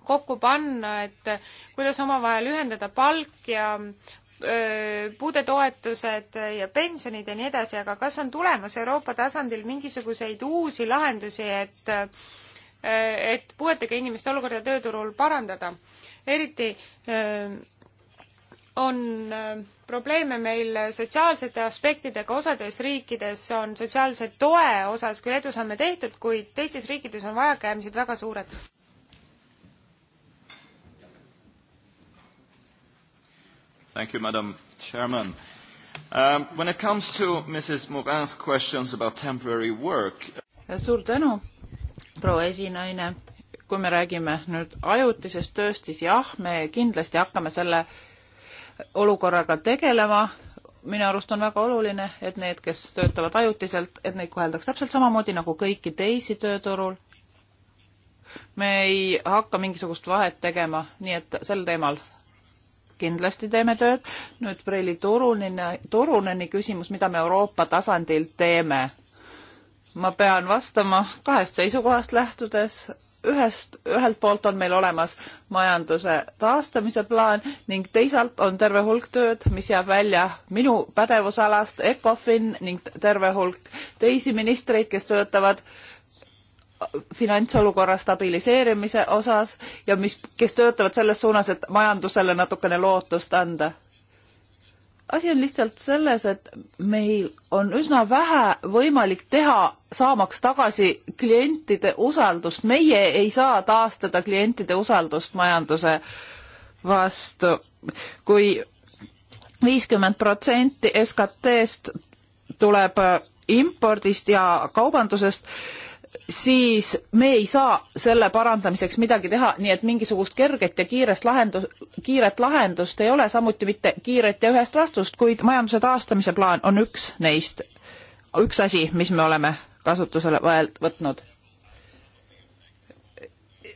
kokku panna, et kuidas omavahel ühendada palk ja äh, puudetoetused ja pensionid ja nii edasi, aga kas on tulemas Euroopa tasandil mingisuguseid uusi lahendusi, et Äh, et puuetega inimeste olukorda tööturul parandada. eriti äh, on äh, probleeme meil sotsiaalsete aspektidega, osades riikides on sotsiaalse toe osas küll edusamme tehtud, kuid teistes riikides on vajakajäämised väga suured. Thank you, Madam Chairman. Um, when it comes to Mrs. Morin's questions about temporary work... Suur tänu! proua esinaine, kui me räägime nüüd ajutisest tööst, siis jah, me kindlasti hakkame selle olukorraga tegelema, minu arust on väga oluline, et need, kes töötavad ajutiselt, et neid koheldaks täpselt samamoodi nagu kõiki teisi tööturul. me ei hakka mingisugust vahet tegema, nii et sel teemal kindlasti teeme tööd. nüüd Preili Turunen, Turuneni küsimus, mida me Euroopa tasandil teeme ma pean vastama kahest seisukohast lähtudes. ühest, ühelt poolt on meil olemas majanduse taastamise plaan ning teisalt on terve hulk tööd, mis jääb välja minu pädevusalast, ECOFIN ning terve hulk teisi ministreid, kes töötavad finantsolukorra stabiliseerimise osas ja mis, kes töötavad selles suunas, et majandusele natukene lootust anda asi on lihtsalt selles, et meil on üsna vähe võimalik teha, saamaks tagasi klientide usaldust, meie ei saa taastada klientide usaldust majanduse vastu kui. kui viiskümmend protsenti SKT-st tuleb impordist ja kaubandusest, siis me ei saa selle parandamiseks midagi teha, nii et mingisugust kerget ja kiirest lahendus, kiiret lahendust ei ole, samuti mitte kiiret ja ühest vastust, kuid majanduse taastamise plaan on üks neist, üks asi, mis me oleme kasutusele võtnud.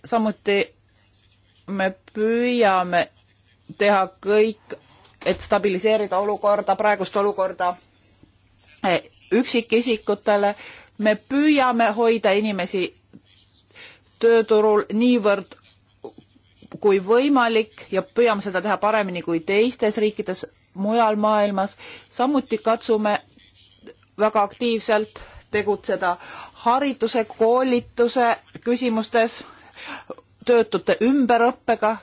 samuti me püüame teha kõik, et stabiliseerida olukorda, praegust olukorda eh, üksikisikutele me püüame hoida inimesi tööturul niivõrd kui võimalik ja püüame seda teha paremini kui teistes riikides mujal maailmas. samuti katsume väga aktiivselt tegutseda hariduse, koolituse küsimustes, töötute ümberõppega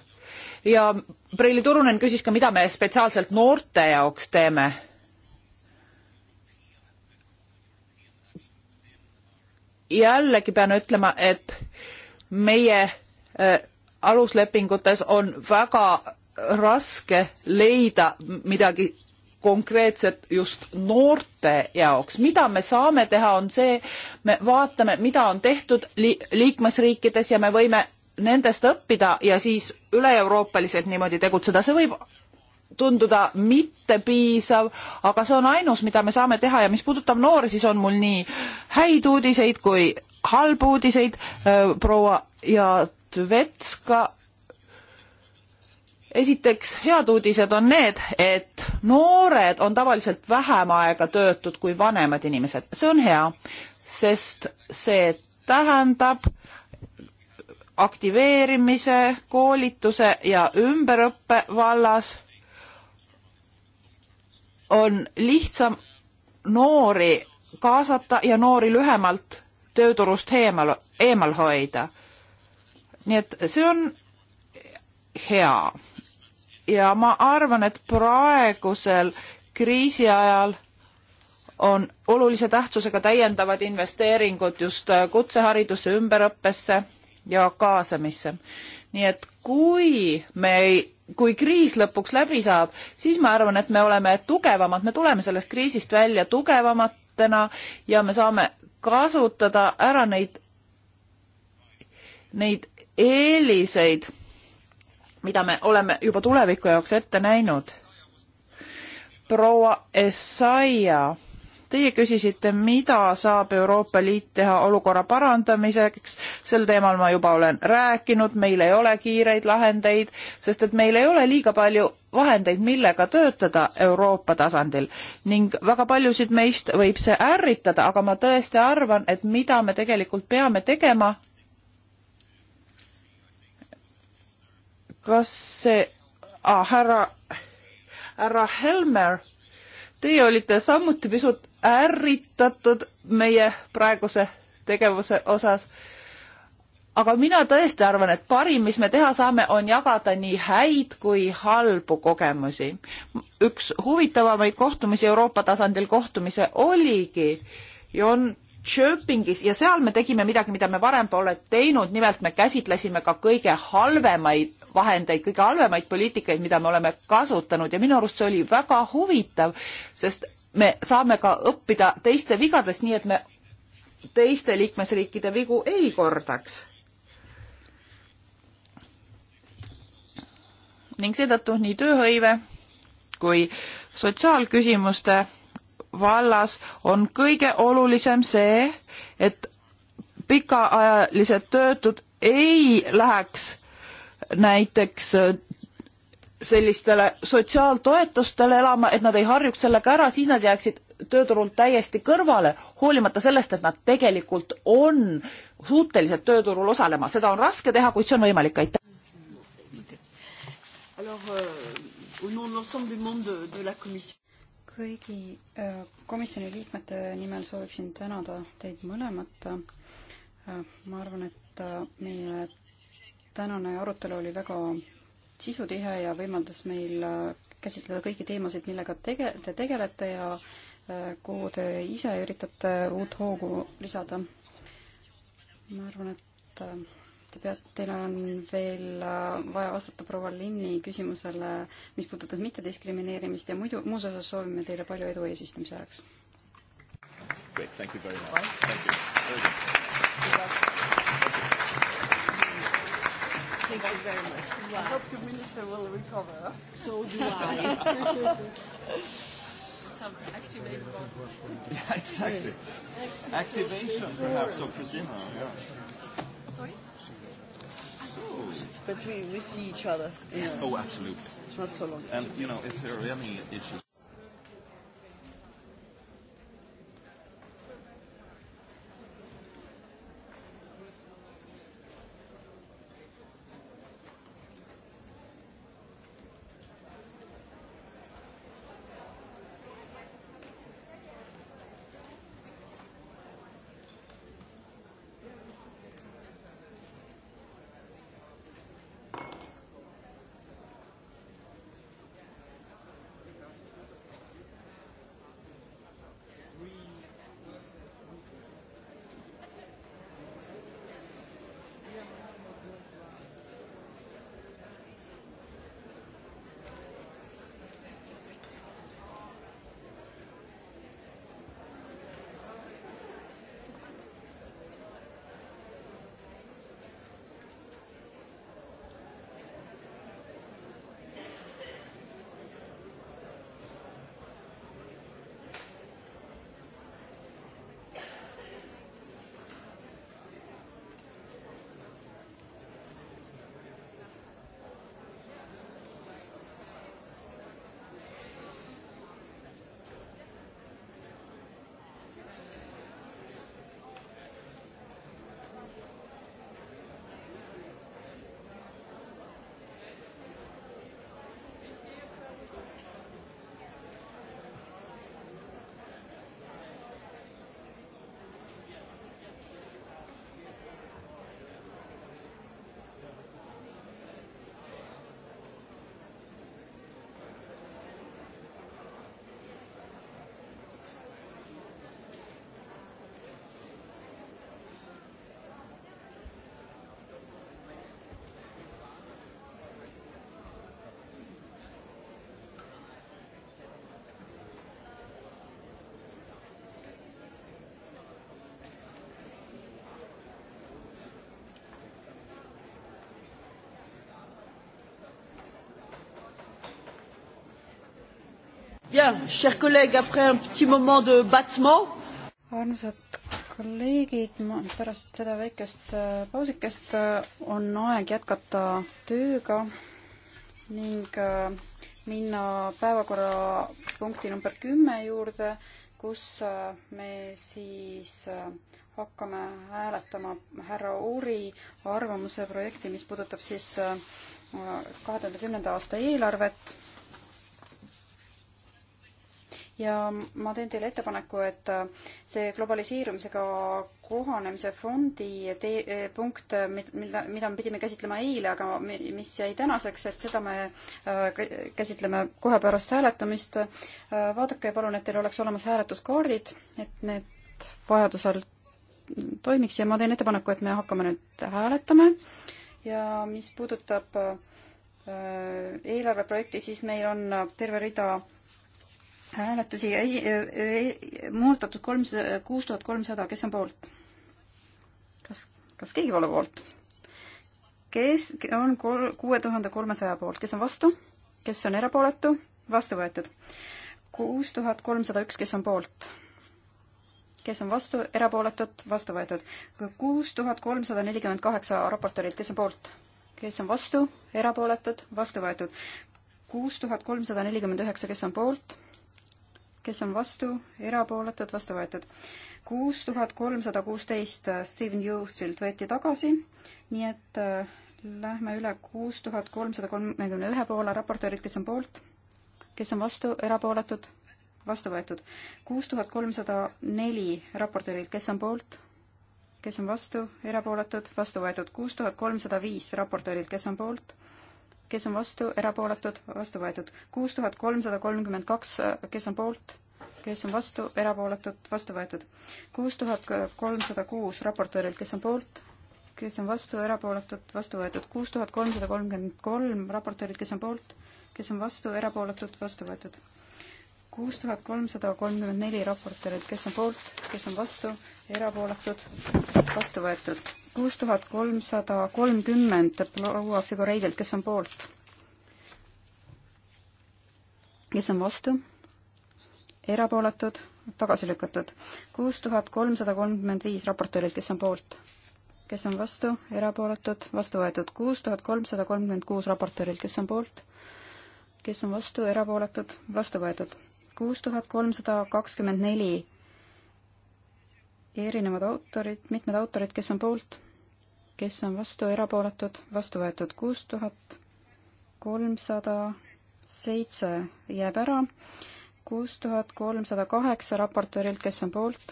ja Preili Turunen küsis ka, mida me spetsiaalselt noorte jaoks teeme jällegi pean ütlema, et meie äh, aluslepingutes on väga raske leida midagi konkreetselt just noorte jaoks. mida me saame teha, on see, me vaatame, mida on tehtud li liikmesriikides ja me võime nendest õppida ja siis üle-euroopaliselt niimoodi tegutseda, see võib tunduda mittepiisav, aga see on ainus, mida me saame teha ja mis puudutab noori, siis on mul nii häid uudiseid kui halbu uudiseid. Äh, proua Jatvetska, esiteks head uudised on need, et noored on tavaliselt vähem aega töötud kui vanemad inimesed, see on hea, sest see tähendab aktiveerimise, koolituse ja ümberõppe vallas on lihtsam noori kaasata ja noori lühemalt tööturust eemal, eemal hoida. nii et see on hea. ja ma arvan, et praegusel kriisi ajal on olulise tähtsusega täiendavad investeeringud just kutseharidusse, ümberõppesse ja kaasamisse. nii et kui me ei kui kriis lõpuks läbi saab, siis ma arvan, et me oleme tugevamad, me tuleme sellest kriisist välja tugevamatena ja me saame kasutada ära neid, neid eeliseid, mida me oleme juba tuleviku jaoks ette näinud. proua Essaia Teie küsisite, mida saab Euroopa Liit teha olukorra parandamiseks. sel teemal ma juba olen rääkinud, meil ei ole kiireid lahendeid, sest et meil ei ole liiga palju vahendeid, millega töötada Euroopa tasandil ning väga paljusid meist võib see ärritada, aga ma tõesti arvan, et mida me tegelikult peame tegema, kas see ah,, härra, härra Helmer Teie olite samuti pisut ärritatud meie praeguse tegevuse osas. aga mina tõesti arvan, et parim, mis me teha saame, on jagada nii häid kui halbu kogemusi. üks huvitavamaid kohtumisi Euroopa tasandil kohtumise oligi Jon Kööpingis ja seal me tegime midagi, mida me varem pole teinud, nimelt me käsitlesime ka kõige halvemaid vahendeid, kõige halvemaid poliitikaid, mida me oleme kasutanud ja minu arust see oli väga huvitav, sest me saame ka õppida teiste vigadest, nii et me teiste liikmesriikide vigu ei kordaks. ning seetõttu nii tööhõive kui sotsiaalküsimuste vallas on kõige olulisem see, et pikaajalised töötud ei läheks näiteks äh, sellistele sotsiaaltoetustele elama, et nad ei harjuks sellega ära, siis nad jääksid tööturult täiesti kõrvale, hoolimata sellest, et nad tegelikult on suutelised tööturul osalema. seda on raske teha, kuid see on võimalik, aitäh. Alors, euh, au nom de l'ensemble des membres de, de la Commission kõigi äh, komisjoni liikmete nimel sooviksin tänada teid mõlemat. Äh, ma arvan, et äh, meie tänane arutelu oli väga sisutihe ja võimaldas meil käsitleda kõiki teemasid, millega tege-, te tegelete ja kuhu te ise üritate uut hoogu lisada. ma arvan, et Te peate, teil on veel äh, vaja vastata proua Linni küsimusele, mis puudutas mittediskrimineerimist ja muidu, muus osas soovime teile palju edu eesistumise ajaks. Great, thank you very much. Thank you. Very good. Thank you very much. Wow. I hope the minister will recover. So do I. some activate Yeah, exactly. Yes. Activation, perhaps, of Christina. Yeah. Sorry? So. But we, we see each other. Yes, oh, absolutely. Not so long. And, you know, if there are any issues. Bien, chers collègues, après un petit moment de battement. armsad kolleegid, pärast seda väikest äh, pausikest äh, on aeg jätkata tööga ning äh, minna päevakorrapunkti number kümme juurde, kus me siis hakkame hääletama härra Uuri arvamuse projekti, mis puudutab siis kahe tuhande kümnenda aasta eelarvet ja ma teen teile ettepaneku, et äh, see globaliseerumisega kohanemise fondi tee-, äh, punkt, mida, mida me pidime käsitlema eile, aga mis jäi tänaseks, et seda me äh, käsitleme kohe pärast hääletamist. vaadake palun, et teil oleks olemas hääletuskaardid, et need vajadusel toimiks ja ma teen ettepaneku, et me hakkame nüüd hääletama ja mis puudutab eelarveprojekti, siis meil on terve rida hääletusi esi-, e-, e-, muudatud kolmsada, kuus tuhat kolmsada, kes on poolt? kas, kas keegi pole poolt? kes on kol-, kuue tuhande kolmesaja poolt, kes on vastu? kes on erapooletu? vastu võetud. kuus tuhat kolmsada üks, kes on poolt? kes on vastu, erapooletud, vastu võetud. kuus tuhat kolmsada nelikümmend kaheksa raportöörilt, kes on poolt? kes on vastu, erapooletud, vastu võetud. kuus tuhat kolmsada nelikümmend üheksa, kes on poolt? kes on vastu, erapooletud, vastu võetud. kuus tuhat kolmsada kuusteist äh, Steven Hugheselt võeti tagasi, nii et äh, lähme üle kuus tuhat kolmsada kolmekümne ühe poole, raportöörid, kes on poolt, kes on vastu, erapooletud, vastu võetud. kuus tuhat kolmsada neli raportöörilt, kes on poolt, kes on vastu, erapooletud, vastu võetud. kuus tuhat kolmsada viis raportöörilt, kes on poolt kes on vastu, erapooletud, vastu võetud. kuus tuhat kolmsada kolmkümmend kaks, kes on poolt, kes on vastu, erapooletud, vastu võetud. kuus tuhat kolmsada kuus raportöörilt, kes on poolt, kes on vastu, erapooletud, vastu võetud. kuus tuhat kolmsada kolmkümmend kolm raportöörilt, kes on poolt, kes on vastu, erapooletud, vastu võetud kuus tuhat kolmsada kolmkümmend neli raportöörit, kes on poolt, kes on vastu, erapooletud, vastu võetud. kuus tuhat kolmsada kolmkümmend proua Figureidelt, kes on poolt, kes on vastu, erapooletud, tagasi lükatud. kuus tuhat kolmsada kolmkümmend viis raportöörilt, kes on poolt, kes on vastu, erapooletud, vastu võetud. kuus tuhat kolmsada kolmkümmend kuus raportöörilt, kes on poolt, kes on vastu, erapooletud, vastu võetud kuus tuhat kolmsada kakskümmend neli erinevad autorid, mitmed autorid, kes on poolt, kes on vastu, erapooletud, vastu võetud kuus tuhat kolmsada seitse jääb ära, kuus tuhat kolmsada kaheksa raportöörilt, kes on poolt,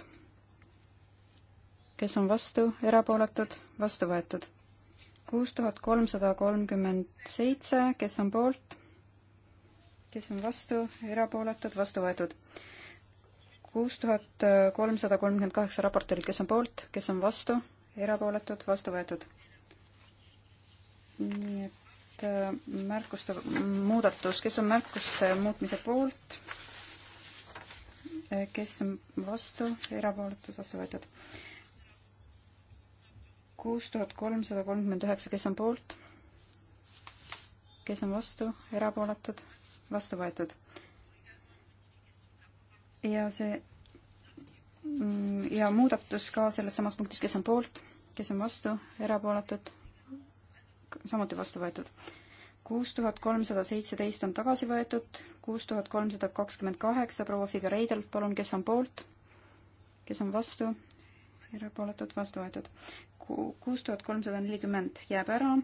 kes on vastu, erapooletud, vastu võetud. kuus tuhat kolmsada kolmkümmend seitse, kes on poolt kes on vastu, erapooletud, vastu võetud. kuus tuhat kolmsada kolmkümmend kaheksa raportööri, kes on poolt, kes on vastu, erapooletud, vastu võetud. nii et äh, märkuste muudatus, kes on märkuste muutmise poolt, äh, kes on vastu, erapooletud, vastu võetud. kuus tuhat kolmsada kolmkümmend üheksa, kes on poolt kes on vastu, erapooletud, vastu võetud. ja see ja muudatus ka selles samas punktis, kes on poolt, kes on vastu, erapooletud, samuti vastu võetud. kuus tuhat kolmsada seitseteist on tagasi võetud, kuus tuhat kolmsada kakskümmend kaheksa proua Figuereidelt, palun, kes on poolt, kes on vastu, erapooletud, vastu võetud. kuus tuhat kolmsada nelikümmend jääb ära,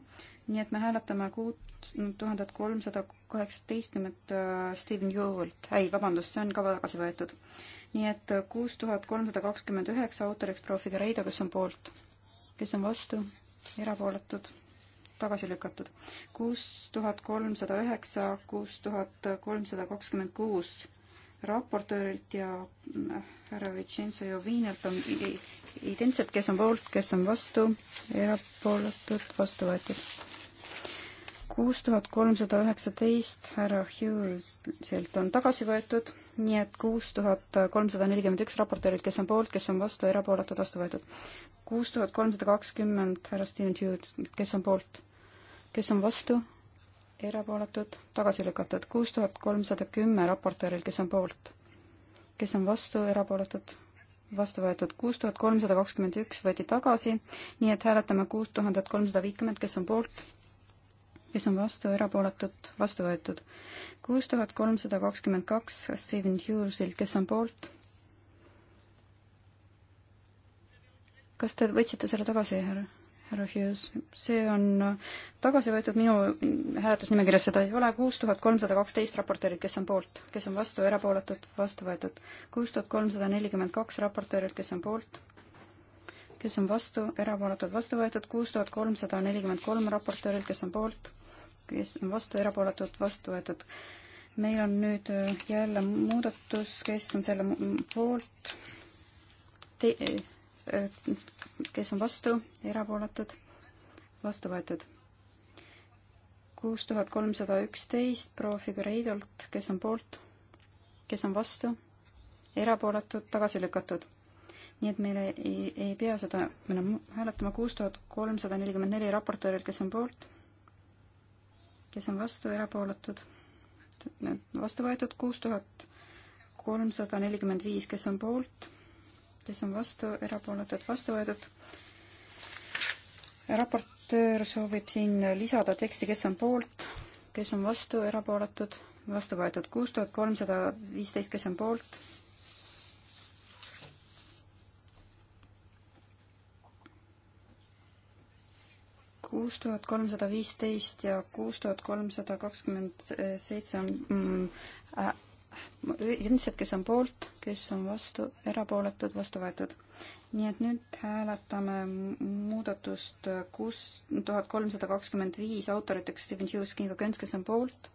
nii et me hääletame kuut tuhandet kolmsada kaheksateistkümmet äh, Steven Joult, ei vabandust, see on ka tagasi võetud. nii et äh, kuus tuhat kolmsada kakskümmend üheksa autoriks proua Figueiredo, kes on poolt, kes on vastu, erapooletud, tagasi lükatud. kuus tuhat kolmsada üheksa, kuus tuhat kolmsada kakskümmend kuus raportöörilt ja äh, härra Vitsenso Jovinelt on identsed, kes on poolt, kes on vastu, erapooletud, vastu võetud kuus tuhat kolmsada üheksateist härra Hugheselt on tagasi võetud, nii et kuus tuhat kolmsada nelikümmend üks raportöörid, kes on poolt, kes on vastu, erapooletud, vastu võetud. kuus tuhat kolmsada kakskümmend härra Steven Hughes, kes on poolt, kes on vastu, erapooletud, tagasi lükatud. kuus tuhat kolmsada kümme raportöörid, kes on poolt, kes on vastu, erapooletud, vastu võetud. kuus tuhat kolmsada kakskümmend üks võeti tagasi, nii et hääletame kuus tuhandet kolmsada viitkümmend, kes on poolt kes on vastu, erapooletud, vastu võetud. kuus tuhat kolmsada kakskümmend kaks Steven Hughesilt, kes on poolt. kas te võtsite selle tagasi, härra, härra Hughes? see on tagasi võetud minu hääletusnimekirjas, seda ei ole. kuus tuhat kolmsada kaksteist raportöörid, kes on poolt, kes on vastu, erapooletud, vastu võetud. kuus tuhat kolmsada nelikümmend kaks raportöörid, kes on poolt kes on vastu, erapooletud vastu võetud, kuus tuhat kolmsada nelikümmend kolm raportöörilt, kes on poolt, kes on vastu, erapooletud, vastu võetud. meil on nüüd äh, jälle muudatus, kes on selle poolt, äh, kes on vastu, erapooletud, vastu võetud. kuus tuhat kolmsada üksteist proua Figureidolt, kes on poolt, kes on vastu, erapooletud, tagasi lükatud nii et meile ei, ei pea seda enam hääletama kuus tuhat kolmsada nelikümmend neli raportöörilt, kes on poolt, kes on vastu, erapooletud, vastu võetud kuus tuhat kolmsada nelikümmend viis, kes on poolt, kes on vastu, erapooletud, vastu võetud. raportöör soovib siin lisada teksti, kes on poolt, kes on vastu, erapooletud, vastu võetud kuus tuhat kolmsada viisteist, kes on poolt, kuus tuhat kolmsada viisteist ja kuus tuhat kolmsada kakskümmend seitse on mm, äh, inimesed, kes on poolt, kes on vastu, erapooletud, vastu võetud. nii et nüüd hääletame muudatust äh, kuus tuhat kolmsada kakskümmend viis autoriteks Stephen Hughes, Kingo Kents, kes on poolt,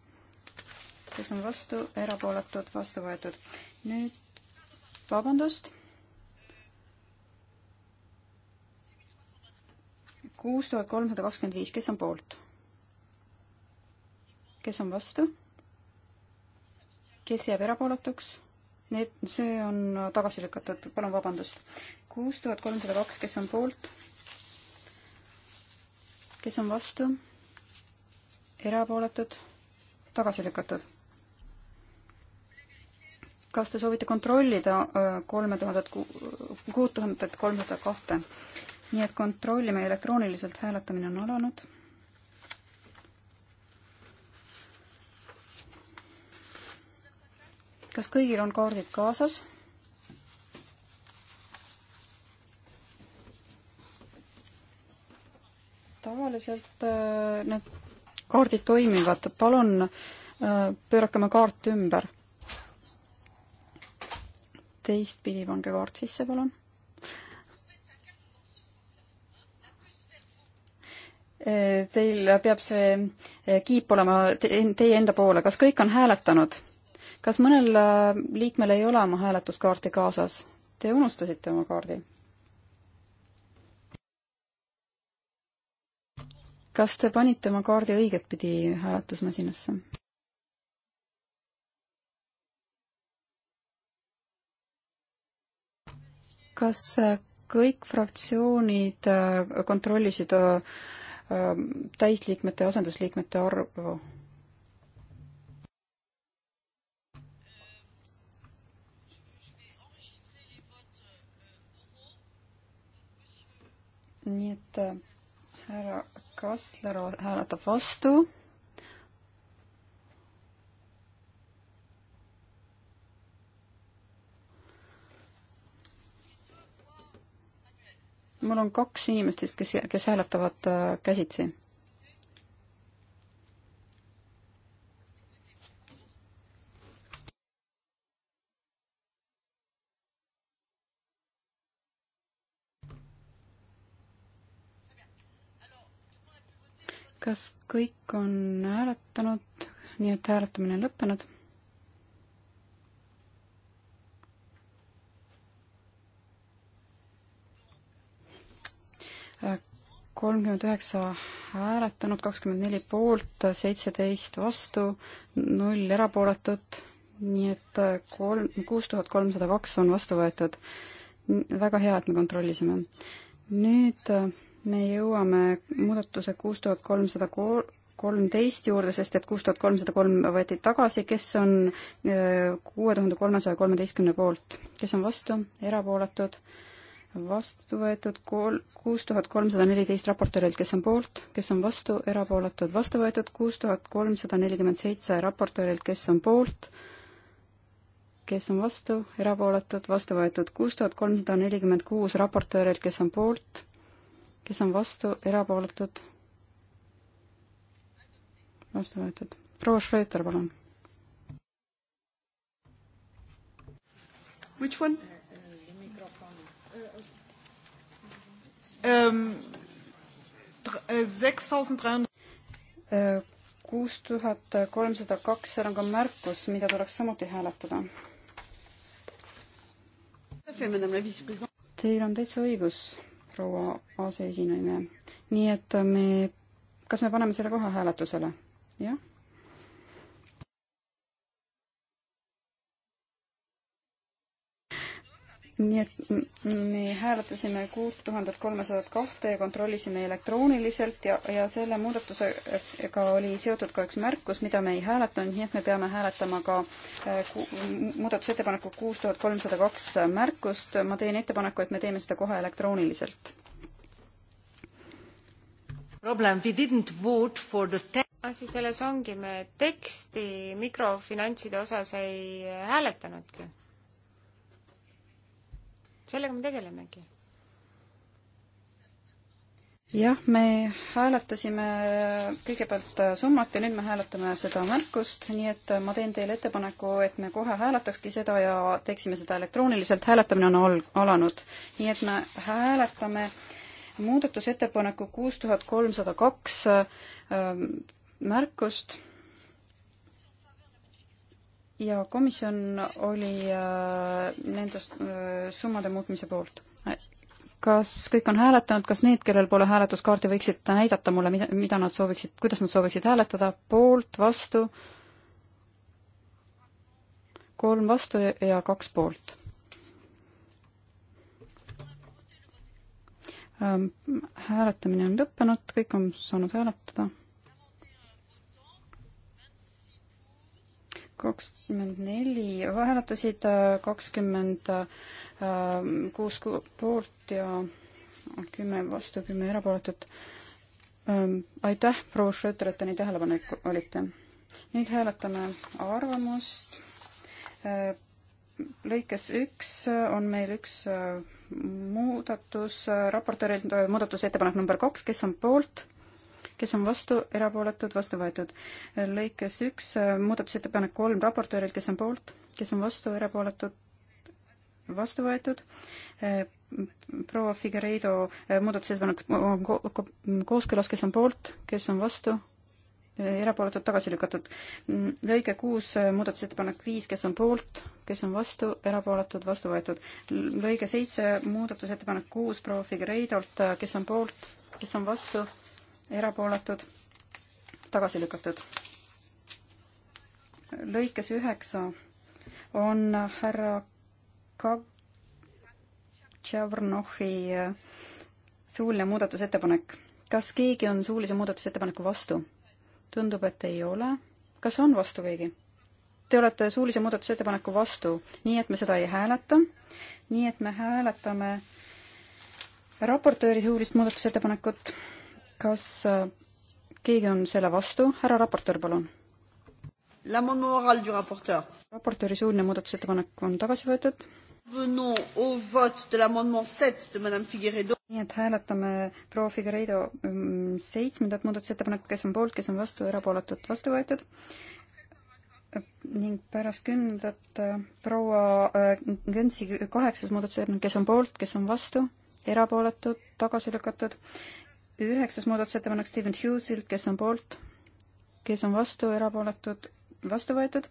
kes on vastu, erapooletud, vastu võetud. nüüd, vabandust kuus tuhat kolmsada kakskümmend viis, kes on poolt? kes on vastu? kes jääb erapooletuks? Need, see on tagasi lükatud, palun vabandust. kuus tuhat kolmsada kaks, kes on poolt? kes on vastu? erapooletud? tagasi lükatud. kas te soovite kontrollida äh, kolme tuhandet, kuut tuhandet kolmsada kahte? nii et kontrollime elektrooniliselt, hääletamine on alanud. kas kõigil on kaardid kaasas? tavaliselt äh, need kaardid toimivad, palun äh, pöörake oma kaart ümber. teistpidi pange kaart sisse, palun Teil peab see eh, kiip olema teie enda poole. kas kõik on hääletanud? kas mõnel äh, liikmel ei ole oma hääletuskaarti kaasas? Te unustasite oma kaardi. kas te panite oma kaardi õigetpidi hääletusmasinasse? kas äh, kõik fraktsioonid äh, kontrollisid Ähm, täisliikmete ja asendusliikmete arvu? nii et äh, härra Kassler hääletab vastu mul on kaks inimest siis, kes, kes hääletavad äh, käsitsi. kas kõik on hääletanud, nii et hääletamine on lõppenud? kolmkümmend üheksa hääletanud, kakskümmend neli poolt, seitseteist vastu, null erapooletut, nii et kolm, kuus tuhat kolmsada kaks on vastu võetud. väga hea, et me kontrollisime. nüüd äh, me jõuame muudatuse kuus tuhat kolmsada kolmteist juurde, sest et kuus tuhat kolmsada kolm võeti tagasi, kes on äh, kuue tuhande kolmesaja kolmeteistkümne poolt, kes on vastu, erapooletud vastu võetud kol-, kuus tuhat kolmsada neliteist raportöörilt, kes on poolt, kes on vastu, erapooletud, vastu võetud kuus tuhat kolmsada nelikümmend seitse raportöörilt, kes on poolt, kes on vastu, erapooletud, vastu võetud kuus tuhat kolmsada nelikümmend kuus raportöörilt, kes on poolt, kes on vastu, erapooletud, vastu võetud. proua Schröter, palun. Which one? kuus tuhat kolmsada kaks, seal on ka märkus, mida tuleks samuti hääletada. Teil on täitsa õigus, proua aseesinaine. nii et me, kas me paneme selle kohe hääletusele? jah nii et me hääletasime kuut tuhandet kolmesadat kahte ja kontrollisime elektrooniliselt ja, ja selle muudatusega oli seotud ka üks märkus, mida me ei hääletanud, nii et me peame hääletama ka äh, muudatusettepaneku kuus tuhat kolmsada kaks märkust. ma teen ettepaneku, et me teeme seda kohe elektrooniliselt. Problem, we didn't vote for the asi selles ongi, me teksti mikrofinantside osas ei hääletanudki sellega me tegelemegi. jah, me hääletasime kõigepealt summat ja nüüd me hääletame seda märkust, nii et ma teen teile ettepaneku, et me kohe hääletakski seda ja teeksime seda elektrooniliselt, hääletamine on ol-, alanud. nii et me hääletame muudatusettepaneku kuus tuhat kolmsada kaks ähm, märkust ja komisjon oli äh, nende äh, summade muutmise poolt. kas kõik on hääletanud, kas need, kellel pole hääletuskaarti, võiksid näidata mulle, mida, mida nad sooviksid, kuidas nad sooviksid hääletada, poolt, vastu, kolm vastu ja kaks poolt. Ähm, hääletamine on lõppenud, kõik on saanud hääletada kakskümmend neli hääletasid, äh, kakskümmend äh, kuus poolt ja kümme vastu, kümme erapooletut. Ähm, aitäh, proua Schröter, et te nii tähelepanelik olite. nüüd hääletame arvamust. Äh, lõikes üks on meil üks muudatus, raportööril muudatusettepanek number kaks, kes on poolt kes on vastu, erapooletud, vastu võetud. lõikes üks muudatusettepanek kolm raportöörilt, kes on poolt, kes on vastu, erapooletud, vastu võetud. proua Figueiredo muudatusettepanek on ko ko kooskõlas, kes on poolt, kes on vastu, erapooletud tagasi lükatud. lõige kuus, muudatusettepanek viis, kes on poolt, kes on vastu, erapooletud, vastu võetud. lõige seitse, muudatusettepanek kuus, proua Figueiredolt, kes on poolt, kes on vastu, erapooletud, tagasi lükatud. lõikes üheksa on härra Tšavrnohhi äh, suuline muudatusettepanek. kas keegi on suulise muudatusettepaneku vastu? tundub, et ei ole. kas on vastu keegi? Te olete suulise muudatusettepaneku vastu, nii et me seda ei hääleta. nii et me hääletame raportööri suulist muudatusettepanekut kas äh, keegi on selle vastu? härra raportöör, palun. raportööri suuline muudatusettepanek on tagasi võetud. nii et hääletame proua Figueiredo mm, seitsmendat muudatusettepanekut, kes on poolt, kes on vastu, erapooletult vastu võetud ning pärast kümnendat äh, proua äh, Gönsi kaheksas muudatusettepanek, kes on poolt, kes on vastu, erapooletud, tagasi lükatud üheksas muudatusettepanek Steven Hughesilt, kes on poolt, kes on vastu, erapooletud, vastu võetud.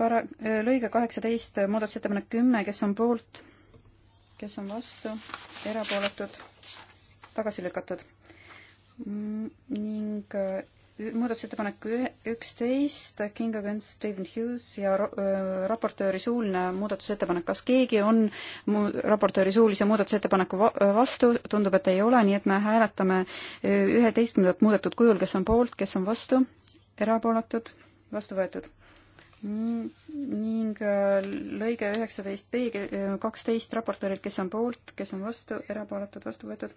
Para-, lõige kaheksateist, muudatusettepanek kümme, kes on poolt, kes on vastu, erapooletud, tagasi lükatud. ning muudatusettepanek üksteist, King Against Stephen Hughes ja raportööri suuline muudatusettepanek. kas keegi on mu raportööri suulise muudatusettepaneku va vastu? tundub, et ei ole, nii et me hääletame üheteistkümnendat muudetud kujul, kes on poolt, kes on vastu, erapooletud, vastu võetud ning äh, lõige üheksateist B äh, kaksteist raportöörilt, kes on poolt, kes on vastu, erapooletud, vastu võetud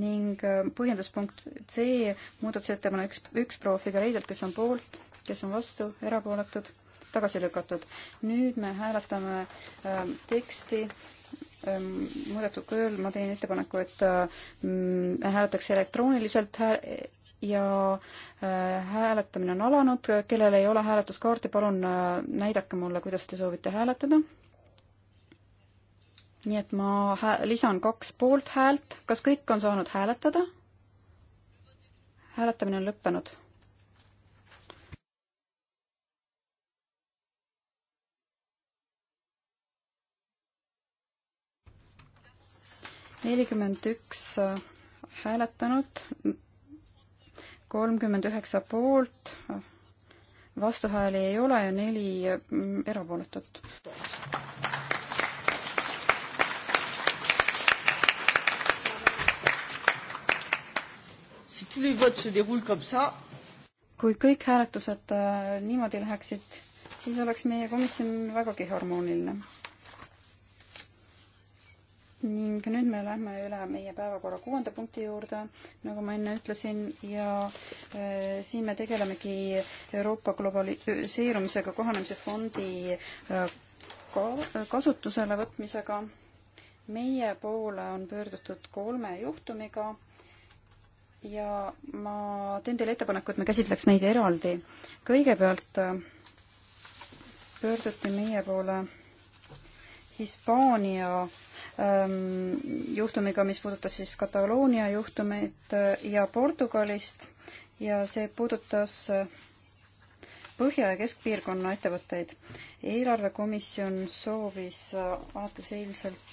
ning äh, põhjenduspunkt C muudatusettepanek üks, üks proua Figureidelt, kes on poolt, kes on vastu, erapooletud, tagasi lükatud. nüüd me hääletame äh, teksti ähm, muudetud kujul ma teen ettepaneku, et hääletaks elektrooniliselt hää-, ja äh, hääletamine on alanud, kellel ei ole hääletuskaarti, palun äh, näidake mulle, kuidas te soovite hääletada. nii et ma lisan kaks poolthäält, kas kõik on saanud hääletada? hääletamine on lõppenud. nelikümmend üks äh, hääletanud kolmkümmend üheksa poolt, vastuhääli ei ole ja neli mm, erapooletut. kui kõik hääletused äh, niimoodi läheksid, siis oleks meie komisjon vägagi harmooniline ning nüüd me lähme üle meie päevakorra kuuenda punkti juurde, nagu ma enne ütlesin, ja äh, siin me tegelemegi Euroopa globaliseerumisega kohanemise fondi äh, ka, kasutusele võtmisega. meie poole on pöördutud kolme juhtumiga ja ma teen teile ettepaneku, et me käsitleks neid eraldi. kõigepealt äh, pöörduti meie poole äh, Hispaania ähm, juhtumiga, mis puudutas siis Kataloonia juhtumit äh, ja Portugalist ja see puudutas äh, Põhja- ja Keskpiirkonna ettevõtteid. eelarvekomisjon soovis äh, alates eilselt,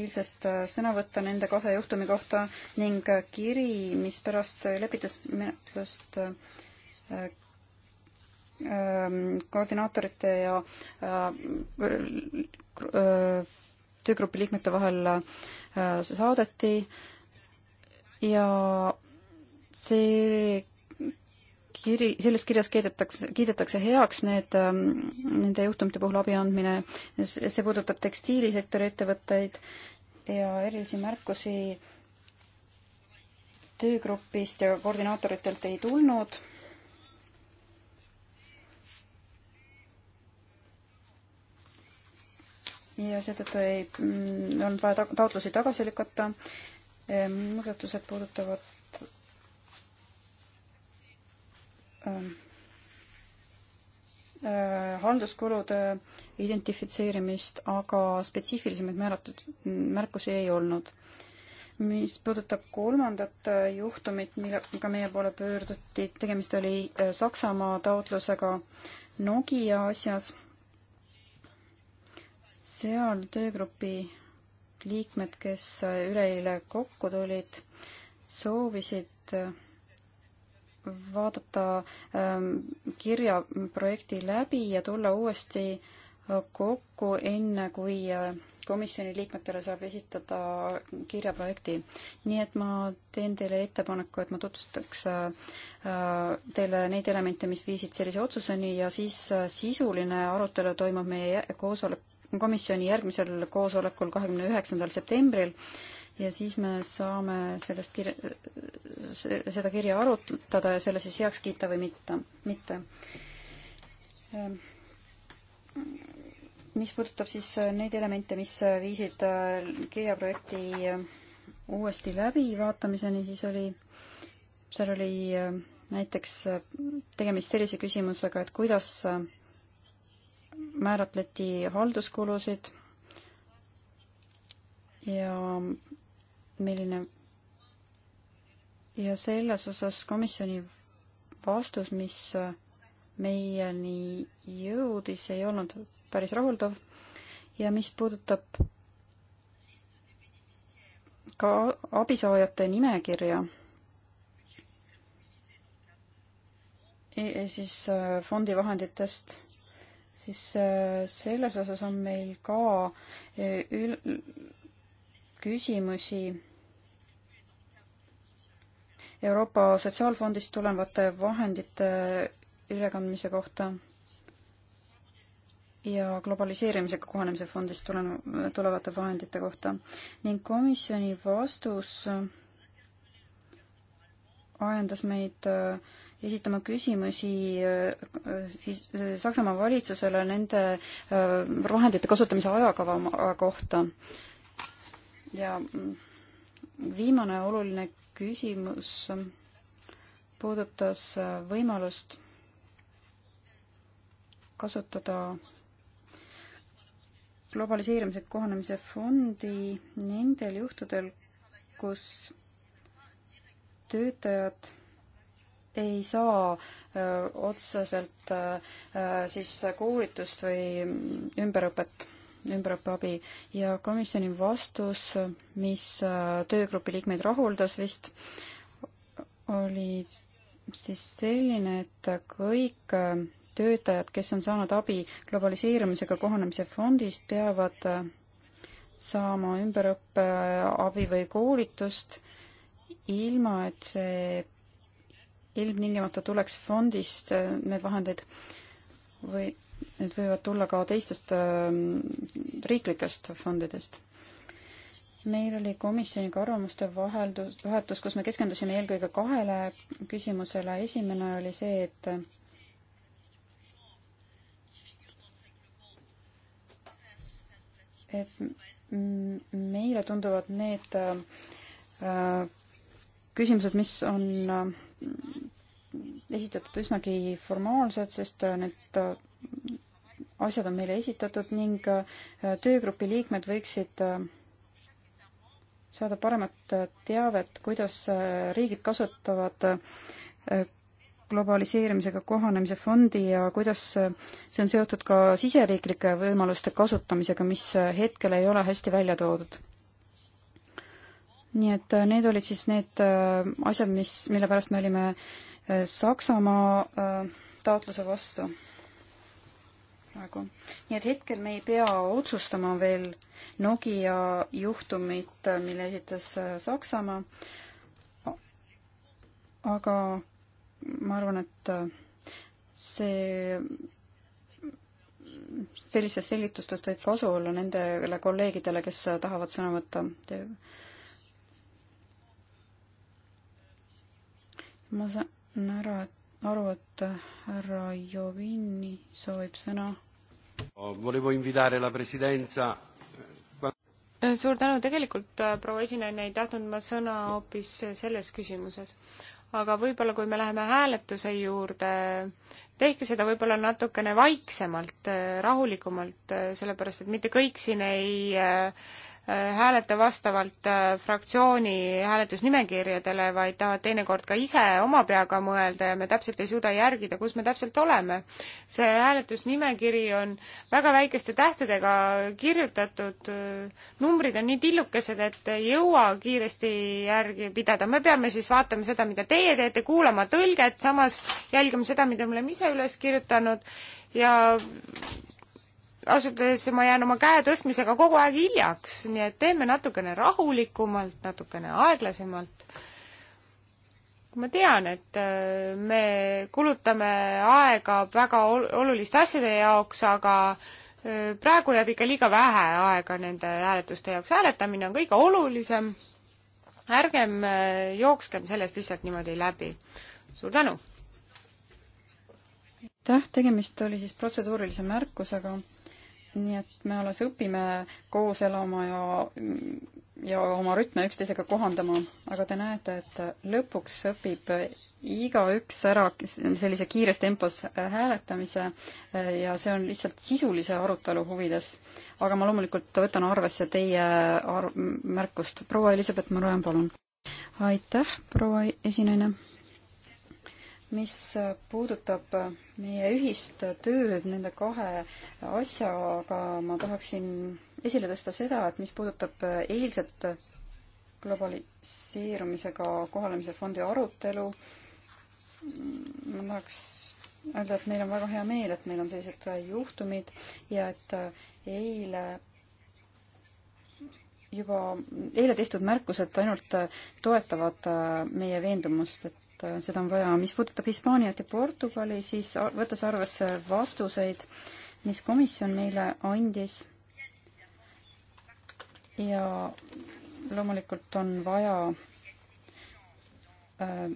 eilsest sõna võtta nende kahe juhtumi kohta ning kiri, mis pärast lepitusmenetlust ähm, koordinaatorite ja töögrupi liikmete vahel saadeti ja see kiri, selles kirjas kiidetakse, kiidetakse heaks need, nende juhtumite puhul abi andmine, see puudutab tekstiilisektori ettevõtteid ja erilisi märkusi töögrupist ja koordinaatoritelt ei tulnud ja seetõttu ei, mm, on vaja ta-, taotlusi tagasi lükata. Ehm, muudatused puudutavad ähm, äh, halduskulude identifitseerimist, aga spetsiifilisemaid määratud märkusi ei olnud. mis puudutab kolmandat äh, juhtumit, millega meie poole pöörduti, tegemist oli äh, Saksamaa taotlusega Nokia asjas seal töögrupi liikmed, kes üleeile kokku tulid, soovisid äh, vaadata ähm, kirja projekti läbi ja tulla uuesti äh, kokku, enne kui äh, komisjoni liikmetele saab esitada kirjaprojekti. nii et ma teen teile ettepaneku, et ma tutvustaks teile neid elemente, mis viisid sellise otsuseni ja siis sisuline arutelu toimub meie koosolek, komisjoni järgmisel koosolekul, kahekümne üheksandal septembril ja siis me saame sellest kir-, seda kirja arutada ja selle siis heaks kiita või mitte, mitte. mis puudutab siis neid elemente, mis viisid kirjaprojekti uuesti läbivaatamiseni, siis oli, seal oli näiteks tegemist sellise küsimusega, et kuidas määratleti halduskulusid ja milline ja selles osas komisjoni vastus, mis meieni jõudis, ei olnud päris rahuldav ja mis puudutab ka abisaajate nimekirja, e, e siis äh, fondivahenditest siis äh, selles osas on meil ka äh, ül-, küsimusi Euroopa Sotsiaalfondist tulevate vahendite ülekandmise kohta ja globaliseerimisega kohanemise fondist tulen-, tulevate vahendite kohta. ning komisjoni vastus ajendas meid äh, esitama küsimusi äh, äh, siis äh, Saksamaa valitsusele nende vahendite kasutamise ajakava kohta. ja mm, viimane oluline küsimus puudutas võimalust kasutada globaliseerimise kohanemise fondi nendel juhtudel, kus töötajad ei saa öö, otseselt öö, siis koolitust või ümberõpet, ümberõppeabi ja komisjoni vastus, mis öö, töögrupi liikmeid rahuldas vist, oli siis selline, et kõik töötajad, kes on saanud abi globaliseerumisega kohanemise fondist, peavad saama ümberõppeabi või koolitust, ilma et see ilmtingimata tuleks fondist äh, need vahendid või need võivad tulla ka teistest äh, riiklikest fondidest. meil oli komisjoniga arvamuste vaheldus, vahetus, kus me keskendusime eelkõige kahele küsimusele. esimene oli see, et et meile tunduvad need äh, äh, küsimused, mis on äh, esitatud üsnagi formaalselt, sest äh, need äh, asjad on meile esitatud ning äh, töögrupi liikmed võiksid saada paremat teavet, kuidas riigid kasutavad globaliseerimisega kohanemise fondi ja kuidas see on seotud ka siseriiklike võimaluste kasutamisega, mis hetkel ei ole hästi välja toodud. nii et need olid siis need asjad, mis, mille pärast me olime äh, Saksamaa äh, taotluse vastu praegu. nii et hetkel me ei pea otsustama veel Nokia juhtumit, äh, mille esitas äh, Saksamaa. aga ma arvan, et see, sellistest selgitustest võib kasu olla nendele kolleegidele, kes tahavad sõna võtta. ma saan ära, aru, et härra Jovini soovib sõna. suur tänu, tegelikult äh, proua esinaine ei tahtnud ma sõna hoopis selles küsimuses. aga võib-olla, kui me läheme hääletuse juurde, tehke seda võib-olla natukene vaiksemalt, äh, rahulikumalt, äh, sellepärast et mitte kõik siin ei äh, hääleta vastavalt äh, fraktsiooni hääletusnimekirjadele, vaid tahavad teinekord ka ise oma peaga mõelda ja me täpselt ei suuda järgida, kus me täpselt oleme. see hääletusnimekiri on väga väikeste tähtedega kirjutatud, äh, numbrid on nii tillukesed, et ei jõua kiiresti järgi pidada. me peame siis vaatama seda, mida teie teete, kuulama tõlget, samas jälgima seda, mida me oleme ise üles kirjutanud ja ausalt öeldes ma jään oma käe tõstmisega kogu aeg hiljaks, nii et teeme natukene rahulikumalt, natukene aeglasemalt. ma tean, et äh, me kulutame aega väga oluliste asjade jaoks, aga äh, praegu jääb ikka liiga vähe aega nende hääletuste jaoks, hääletamine on kõige olulisem. ärgem äh, jookskem sellest lihtsalt niimoodi läbi. suur tänu! aitäh, tegemist oli siis protseduurilise märkusega nii et me alles õpime koos elama ja, ja oma rütme üksteisega kohandama, aga te näete, et lõpuks õpib igaüks ära sellise kiires tempos hääletamise ja see on lihtsalt sisulise arutelu huvides. aga ma loomulikult võtan arvesse teie arv-, märkust. proua Elisabeth Mõrojan, palun. aitäh, proua esinaine mis puudutab meie ühist tööd nende kahe asjaga, ma tahaksin esile tõsta seda, et mis puudutab eilset globaliseerumisega kohalemise fondi arutelu, ma tahaks öelda, et meil on väga hea meel, et meil on sellised juhtumid ja et eile juba eile tehtud märkused ainult toetavad meie veendumust, et et äh, seda on vaja. mis puudutab Hispaaniat ja Portugali, siis võttes arvesse vastuseid, mis komisjon meile andis ja loomulikult on vaja äh,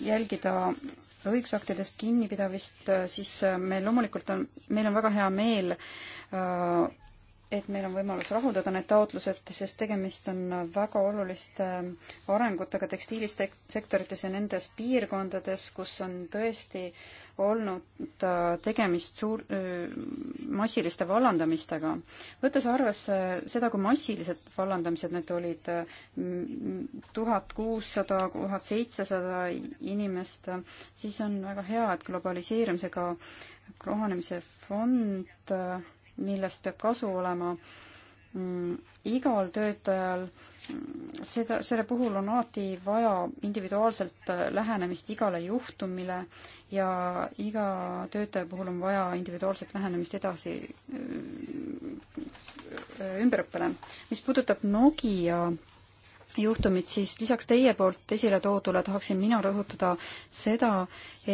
jälgida õigusaktidest kinnipidamist, äh, siis meil loomulikult on, meil on väga hea meel et meil on võimalus rahuldada need taotlused, sest tegemist on väga oluliste ähm, arengutega tekstiilisektorites ja nendes piirkondades, kus on tõesti olnud äh, tegemist suur, äh, massiliste vallandamistega. võttes arvesse seda, kui massilised vallandamised need olid, äh, tuhat kuussada, tuhat seitsesada inimest, siis on väga hea, et globaliseerimisega kohanemise fond millest peab kasu olema mm, igal töötajal, mm, seda, selle puhul on alati vaja individuaalselt äh, lähenemist igale juhtumile ja iga töötaja puhul on vaja individuaalset lähenemist edasi äh, äh, ümberõppele. mis puudutab Nokia juhtumit, siis lisaks teie poolt esile toodule tahaksin mina rõhutada seda,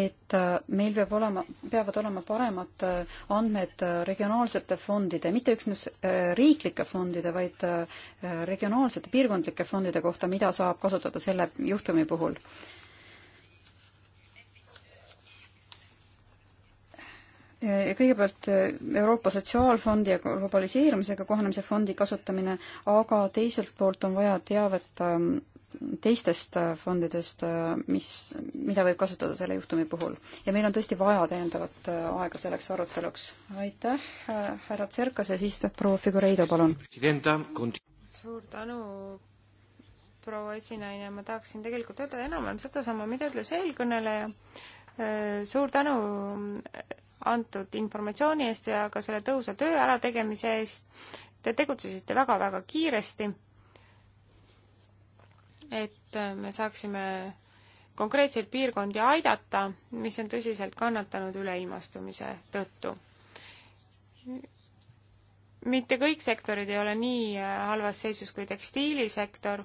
et äh, meil peab olema, peavad olema paremad äh, andmed äh, regionaalsete fondide, mitte üksnes riiklike fondide, vaid regionaalsete piirkondlike fondide kohta, mida saab kasutada selle juhtumi puhul. kõigepealt äh, Euroopa Sotsiaalfondi ja globaliseerumisega kohanemise fondi kasutamine, aga teiselt poolt on vaja teavet ähm, teistest äh, fondidest, äh, mis, mida võib kasutada selle juhtumi puhul. ja meil on tõesti vaja täiendavat aega selleks aruteluks. aitäh, härra Tserkas ja siis proua Figureido, palun. suur tänu, proua esinaine, ma tahaksin tegelikult öelda enam-vähem sedasama, mida ütles eelkõneleja. suur tänu antud informatsiooni eest ja ka selle tõhusa töö ärategemise eest. Te tegutsesite väga-väga kiiresti, et äh, me saaksime konkreetseid piirkondi aidata, mis on tõsiselt kannatanud üleilmastumise tõttu. mitte kõik sektorid ei ole nii äh, halvas seisus kui tekstiilisektor,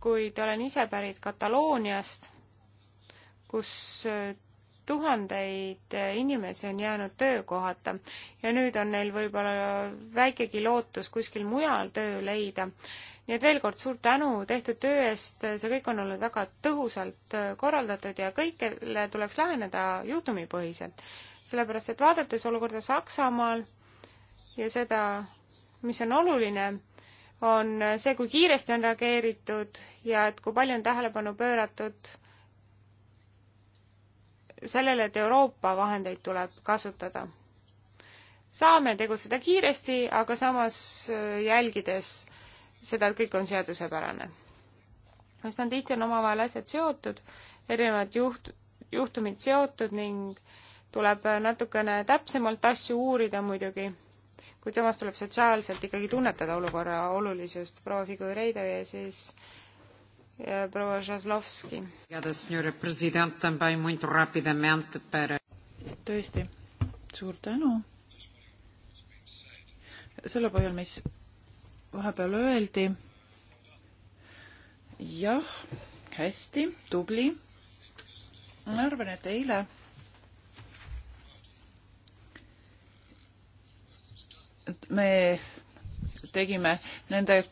kuid olen ise pärit Katalooniast, kus äh, tuhandeid inimesi on jäänud töökohata ja nüüd on neil võib-olla väikegi lootus kuskil mujal töö leida. nii et veel kord suur tänu tehtud töö eest, see kõik on olnud väga tõhusalt korraldatud ja kõikele tuleks läheneda juhtumipõhiselt. sellepärast, et vaadates olukorda Saksamaal ja seda, mis on oluline, on see, kui kiiresti on reageeritud ja et kui palju on tähelepanu pööratud sellele, et Euroopa vahendeid tuleb kasutada. saame tegutseda kiiresti, aga samas äh, jälgides seda, et kõik on seadusepärane. üsna tihti on omavahel asjad seotud, erinevad juht-, juhtumid seotud ning tuleb äh, natukene täpsemalt asju uurida muidugi, kuid samas tuleb sotsiaalselt ikkagi tunnetada olukorra olulisust. proua Figureido ja siis äh, proua Žazlovski. tõesti, suur tänu. selle põhjal, mis vahepeal öeldi, jah, hästi, tubli. ma arvan, et eile me tegime nende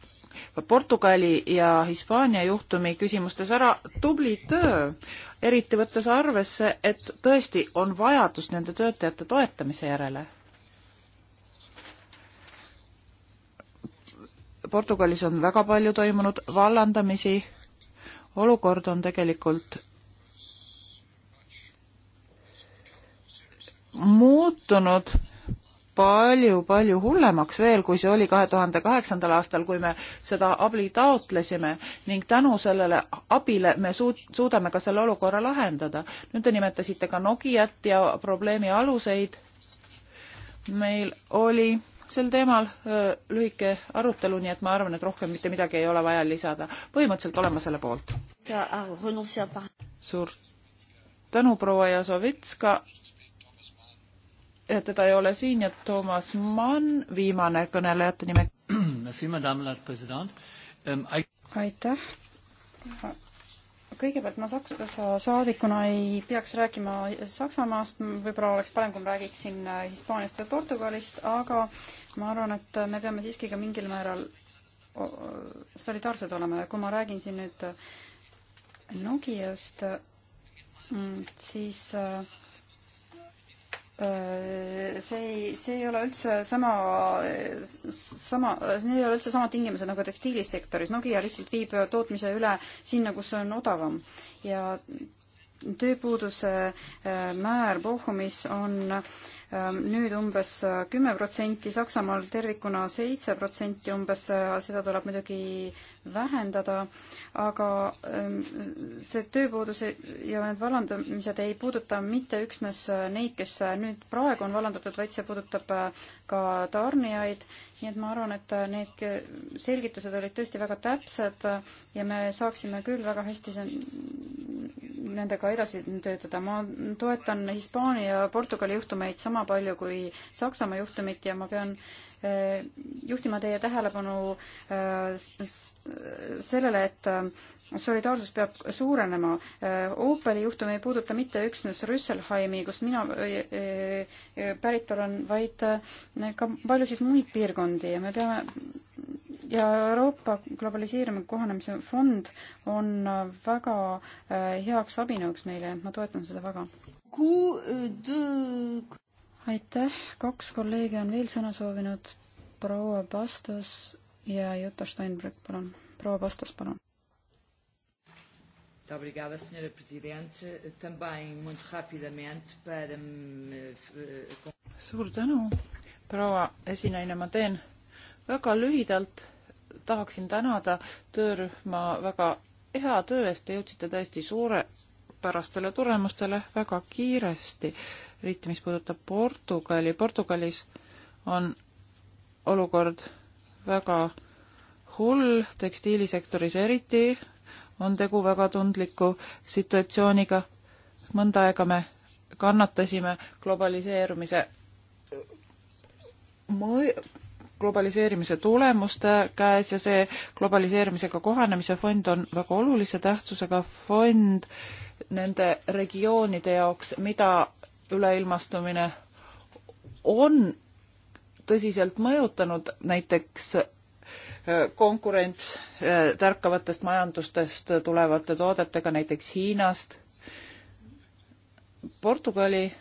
Portugali ja Hispaania juhtumi küsimustes ära tubli töö, eriti võttes arvesse, et tõesti on vajadus nende töötajate toetamise järele. Portugalis on väga palju toimunud vallandamisi, olukord on tegelikult muutunud palju-palju hullemaks veel, kui see oli kahe tuhande kaheksandal aastal, kui me seda abi taotlesime ning tänu sellele abile me suud-, suudame ka selle olukorra lahendada. nüüd te nimetasite ka Nokiat ja probleemi aluseid. meil oli sel teemal öö, lühike arutelu, nii et ma arvan, et rohkem mitte midagi ei ole vaja lisada. põhimõtteliselt olen ma selle poolt. Ah, suur tänu, proua Jasovitska teda ei ole siin ja Toomas Mann, viimane kõnelejate nime. Ähm, aitäh. kõigepealt ma saksa saadikuna ei peaks rääkima Saksamaast, võib-olla oleks parem, kui ma räägiksin äh, Hispaaniast ja Portugalist, aga ma arvan, et me peame siiski ka mingil määral solidaarsed olema ja kui ma räägin siin nüüd Nokiast, mm, siis äh, Äh, see ei, see ei ole üldse sama, sama, need ei ole üldse samad tingimused nagu tekstiilisektoris. Nokia lihtsalt viib tootmise üle sinna, kus on odavam ja tööpuuduse äh, määr Bochumis on Ehm, nüüd umbes äh, kümme protsenti, Saksamaal tervikuna seitse protsenti umbes, äh, seda tuleb muidugi vähendada, aga ehm, see tööpuudus ja need vallandamised ei puuduta mitte üksnes äh, neid, kes nüüd praegu on vallandatud, vaid see puudutab ka tarnijaid nii et ma arvan, et äh, need selgitused olid tõesti väga täpsed äh, ja me saaksime küll väga hästi nendega edasi töötada. ma toetan Hispaania ja Portugali juhtumeid sama palju kui Saksamaa juhtumit ja ma pean äh, juhtima teie tähelepanu äh, sellele, et äh, solidaarsus peab suurenema. Äh, Opeli juhtum ei puuduta mitte üksnes Rüsselheimi, kust mina pärit olen, vaid ka paljusid muid piirkondi ja me peame ja Euroopa globaliseerimise kohanemise fond on väga heaks abinõuks meile, ma toetan seda väga aitäh, kaks kolleegi on veel sõna soovinud, proua Pastus ja Juta Steinbrück, palun. proua Pastus, palun. Muito obrigada, Sra. Presidente. Também, muito rapidamente, para me... Eh, Suur tänu, proua esinaine, ma teen väga lühidalt. tahaksin tänada töörühma väga hea töö eest, te jõudsite tõesti suurepärastele tulemustele väga kiiresti äh, eriti mis puudutab Portugali. Portugalis on olukord väga hull, tekstiilisektoris eriti on tegu väga tundliku situatsiooniga. mõnda aega me kannatasime globaliseerumise mõju, globaliseerimise tulemuste käes ja see globaliseerimisega kohanemise fond on väga olulise tähtsusega fond nende regioonide jaoks, mida üleilmastumine on tõsiselt mõjutanud näiteks äh, konkurents äh, tärkavatest majandustest tulevate toodetega näiteks Hiinast. Portugali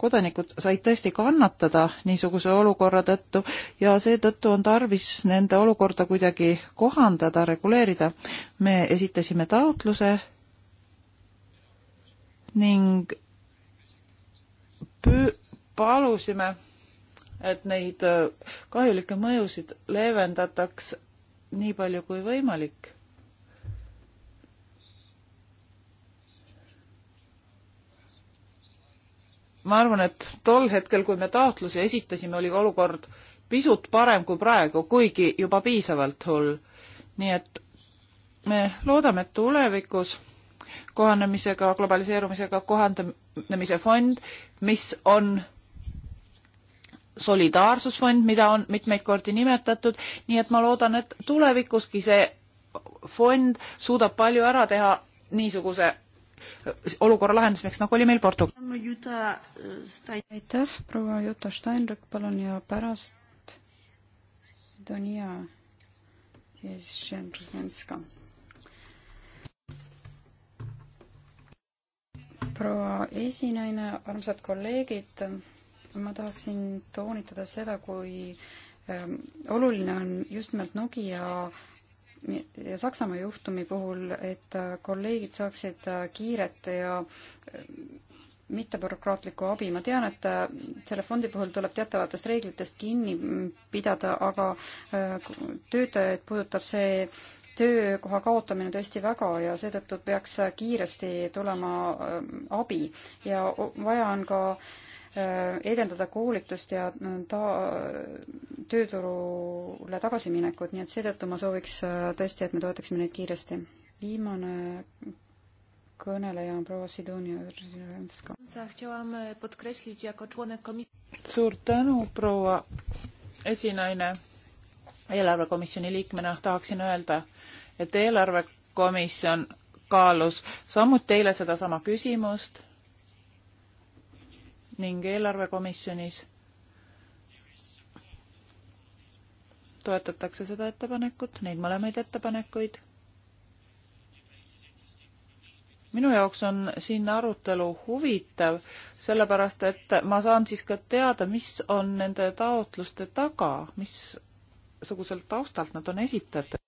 kodanikud said tõesti kannatada niisuguse olukorra tõttu ja seetõttu on tarvis nende olukorda kuidagi kohandada, reguleerida. me esitasime taotluse ning palusime, et neid äh, kahjulikke mõjusid leevendataks nii palju kui võimalik. ma arvan, et tol hetkel, kui me taotluse esitasime, oli olukord pisut parem kui praegu, kuigi juba piisavalt hull. nii et me loodame, et tulevikus kohanemisega, globaliseerumisega kohandamise fond, mis on solidaarsusfond, mida on mitmeid kordi nimetatud, nii et ma loodan, et tulevikuski see fond suudab palju ära teha niisuguse olukorra lahendamiseks, nagu oli meil Portugal. aitäh, proua Juta Steinrück, palun ja pärast Donia Jezhenbrzenska. proua esinaine, armsad kolleegid, ma tahaksin toonitada seda, kui ähm, oluline on just nimelt Nokia ja Saksamaa juhtumi puhul, et äh, kolleegid saaksid äh, kiiret ja äh, mittebürokraatlikku abi. ma tean, et selle fondi puhul tuleb teatavatest reeglitest kinni pidada, aga töötajaid puudutab see töökoha kaotamine tõesti väga ja seetõttu peaks kiiresti tulema ähm, abi ja vaja on ka äh, edendada koolitust ja äh, ta-, äh, tööturule tagasiminekut, nii et seetõttu ma sooviks tõesti, et me toetaksime neid kiiresti. viimane kõneleja on proua Sidonia Ržinska. E, suur tänu, proua esinaine eelarvekomisjoni liikmena tahaksin öelda, et eelarvekomisjon kaalus samuti eile sedasama küsimust ning eelarvekomisjonis toetatakse seda ettepanekut, neid mõlemaid ettepanekuid. minu jaoks on siin arutelu huvitav, sellepärast et ma saan siis ka teada, mis on nende taotluste taga, mis missuguselt taustalt nad on esitatud.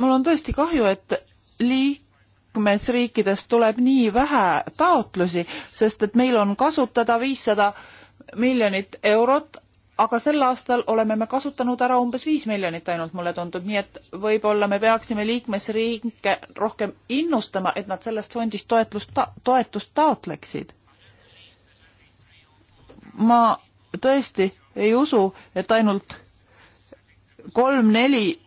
mul on tõesti kahju, et liikmesriikidest tuleb nii vähe taotlusi, sest et meil on kasutada viissada miljonit eurot, aga sel aastal oleme me kasutanud ära umbes viis miljonit ainult, mulle tundub, nii et võib-olla me peaksime liikmesriike rohkem innustama, et nad sellest fondist toetlust ta,, toetust taotleksid ma tõesti ei usu, et ainult kolm-neli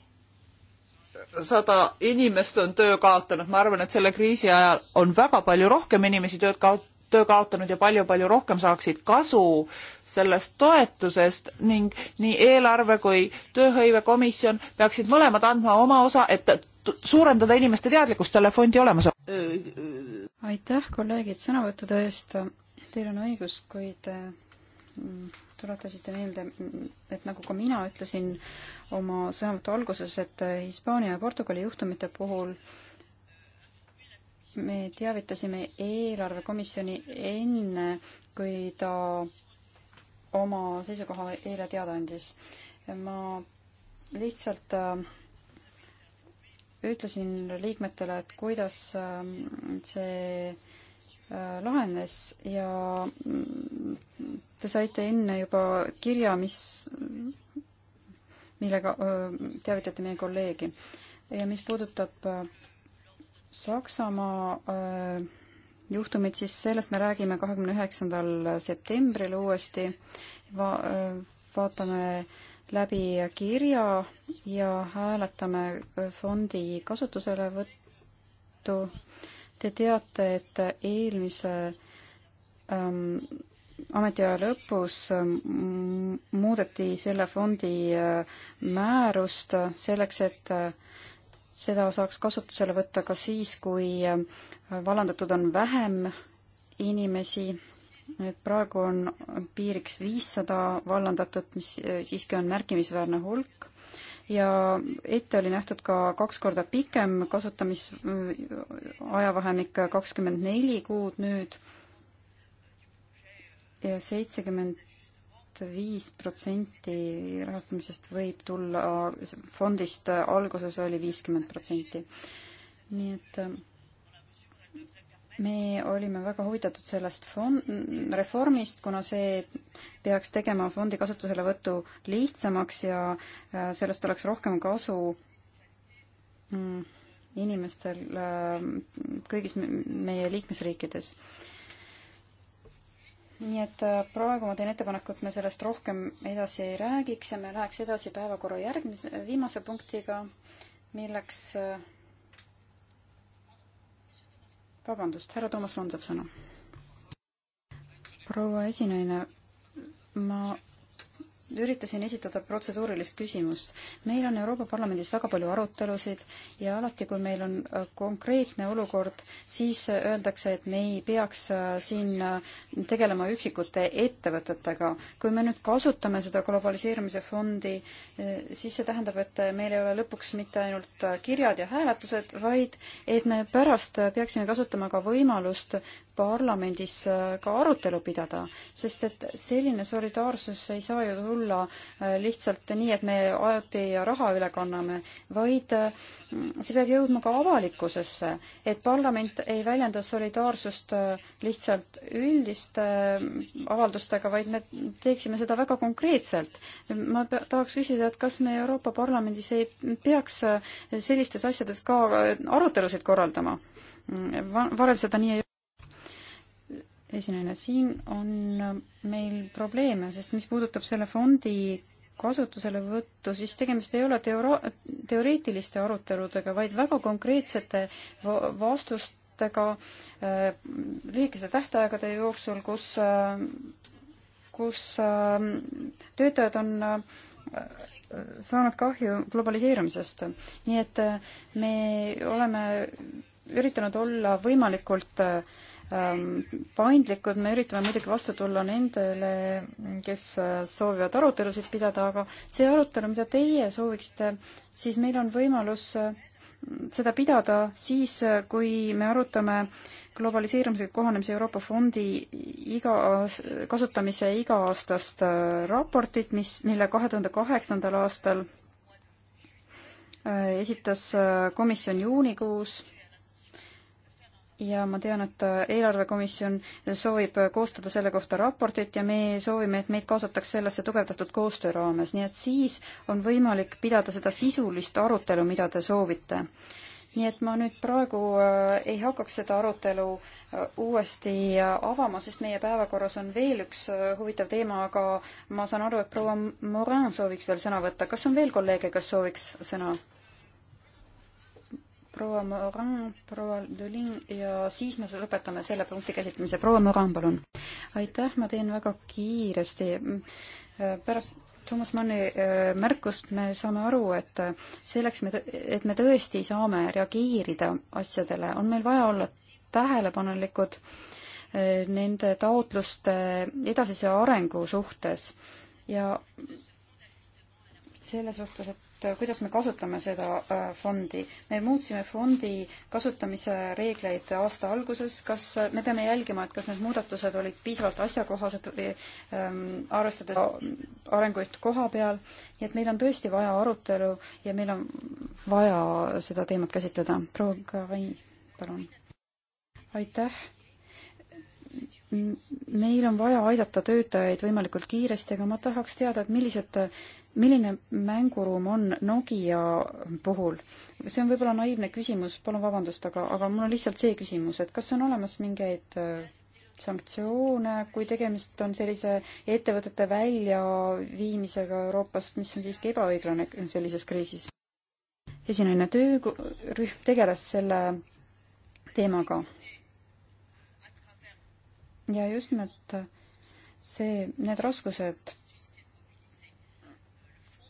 sada inimest on töö kaotanud, ma arvan, et selle kriisi ajal on väga palju rohkem inimesi tööd kaot-, töö kaotanud ja palju-palju rohkem saaksid kasu sellest toetusest ning nii eelarve kui tööhõivekomisjon peaksid mõlemad andma oma osa, et suurendada inimeste teadlikkust selle fondi olemasolu. aitäh, kolleegid, sõnavõttude eest. Teil on õigus, kuid tuletasite meelde, et nagu ka mina ütlesin oma sõnavõtu alguses, et Hispaania ja Portugali juhtumite puhul me teavitasime eelarvekomisjoni enne, kui ta oma seisukoha eile teada andis. ma lihtsalt äh, ütlesin liikmetele, et kuidas äh, see äh, lahenes ja mm, Te saite enne juba kirja, mis, millega teavitate meie kolleegi ja mis puudutab Saksamaa juhtumit, siis sellest me räägime kahekümne üheksandal septembril uuesti. Va-, vaatame läbi kirja ja hääletame fondi kasutuselevõttu. Te teate, et eelmise ähm, ametiaja lõpus ähm, muudeti selle fondi äh, määrust äh, selleks, et äh, seda saaks kasutusele võtta ka siis, kui vallandatud on vähem inimesi, et praegu on piiriks viissada vallandatut, mis siiski on märkimisväärne hulk ja ette oli nähtud ka kaks korda pikem kasutamisajavahemik, kakskümmend neli kuud nüüd ja seitsekümmend viis protsenti rahastamisest võib tulla fondist, alguses oli viiskümmend protsenti. nii et me olime väga huvitatud sellest fond, reformist, kuna see peaks tegema fondi kasutuselevõtu lihtsamaks ja äh, sellest oleks rohkem kasu mm, inimestel äh, kõigis meie liikmesriikides nii et äh, praegu ma teen ettepaneku, et me sellest rohkem edasi ei räägiks ja me läheks edasi päevakorra järgmise, viimase punktiga, milleks äh, vabandust, härra Toomas Rand saab sõna. proua esinaine, ma üritasin esitada protseduurilist küsimust. meil on Euroopa Parlamendis väga palju arutelusid ja alati, kui meil on äh, konkreetne olukord, siis äh, öeldakse, et me ei peaks äh, siin tegelema üksikute ettevõtetega. kui me nüüd kasutame seda globaliseerumise fondi, siis see tähendab, et meil ei ole lõpuks mitte ainult kirjad ja hääletused, vaid et me pärast peaksime kasutama ka võimalust parlamendis äh, ka arutelu pidada, sest et selline solidaarsus ei saa ju tulla äh, lihtsalt nii, et me ajuti ja raha üle kanname, vaid äh, see peab jõudma ka avalikkusesse, et parlament ei väljenda solidaarsust lihtsalt üldiste avaldustega, vaid me teeksime seda väga konkreetselt. ma tahaks küsida, et kas me Euroopa Parlamendis ei peaks sellistes asjades ka arutelusid korraldama? Mm, varem seda nii ei esinaine, siin on meil probleeme, sest mis puudutab selle fondi kasutuselevõttu, siis tegemist ei ole teoro-, teoreetiliste aruteludega, vaid väga konkreetsete va vastustega äh, lühikese tähtaegade jooksul, kus äh,, kus äh, töötajad on äh, saanud kahju globaliseerumisest. nii et äh, me oleme üritanud olla võimalikult äh, Ähm, paindlikud, me üritame muidugi vastu tulla nendele, kes äh, soovivad arutelusid pidada, aga see arutelu, mida teie sooviksite, siis meil on võimalus äh, seda pidada siis, äh, kui me arutame globaliseerumisega kohanemise Euroopa Fondi iga, kasutamise iga-aastast raportit, mis, mille kahe tuhande kaheksandal aastal esitas komisjon juunikuus ja ma tean, et äh, eelarvekomisjon soovib koostada selle kohta raportit ja me soovime, et meid kaasataks sellesse tugevdatud koostöö raames, nii et siis on võimalik pidada seda sisulist arutelu, mida te soovite. nii et ma nüüd praegu äh, ei hakkaks seda arutelu äh, uuesti avama, sest meie päevakorras on veel üks huvitav teema, aga ma saan aru, et proua Morin sooviks veel sõna võtta. kas on veel kolleege, kes sooviks sõna? proua Moran, proua Dulin ja siis me lõpetame selle punkti käsitlemise. proua Moran, palun. aitäh, ma teen väga kiiresti. pärast Thomas Manni äh, märkust me saame aru, et äh, selleks, et me tõesti saame reageerida asjadele, on meil vaja olla tähelepanelikud äh, nende taotluste edasise arengu suhtes ja selles suhtes, et sellest, äh, kuidas me kasutame seda äh, fondi. me muutsime fondi kasutamise reegleid aasta alguses, kas äh, me peame jälgima, et kas need muudatused olid piisavalt asjakohased või ähm, arvestades arenguid koha peal, nii et meil on tõesti vaja arutelu ja meil on vaja seda teemat käsitleda. proua Karai, palun. aitäh meil on vaja aidata töötajaid võimalikult kiiresti, aga ma tahaks teada, et millised milline mänguruum on Nokia puhul? see on võib-olla naiivne küsimus, palun vabandust, aga, aga mul on lihtsalt see küsimus, et kas on olemas mingeid äh, sanktsioone, kui tegemist on sellise ettevõtete väljaviimisega Euroopast, mis on siiski ebaõiglane sellises kriisis? esinaine töörühm tegeles selle teemaga. ja just nimelt äh, see, need raskused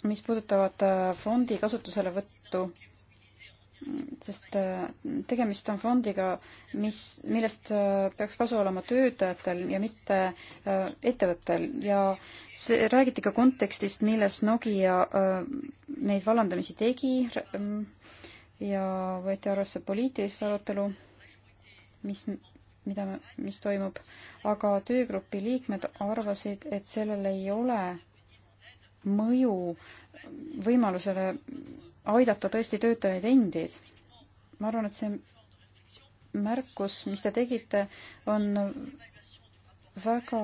mis puudutavad äh, fondi kasutuselevõttu, sest äh, tegemist on fondiga, mis, millest äh, peaks kasu olema töötajatel ja mitte ettevõttel ja see, räägiti ka kontekstist, milles Nokia neid vallandamisi tegi ähm, ja võeti arvesse poliitilist arutelu, mis, mida, mis toimub, aga töögrupi liikmed arvasid, et sellel ei ole mõju võimalusele aidata tõesti töötajaid endid. ma arvan, et see märkus, mis te tegite, on väga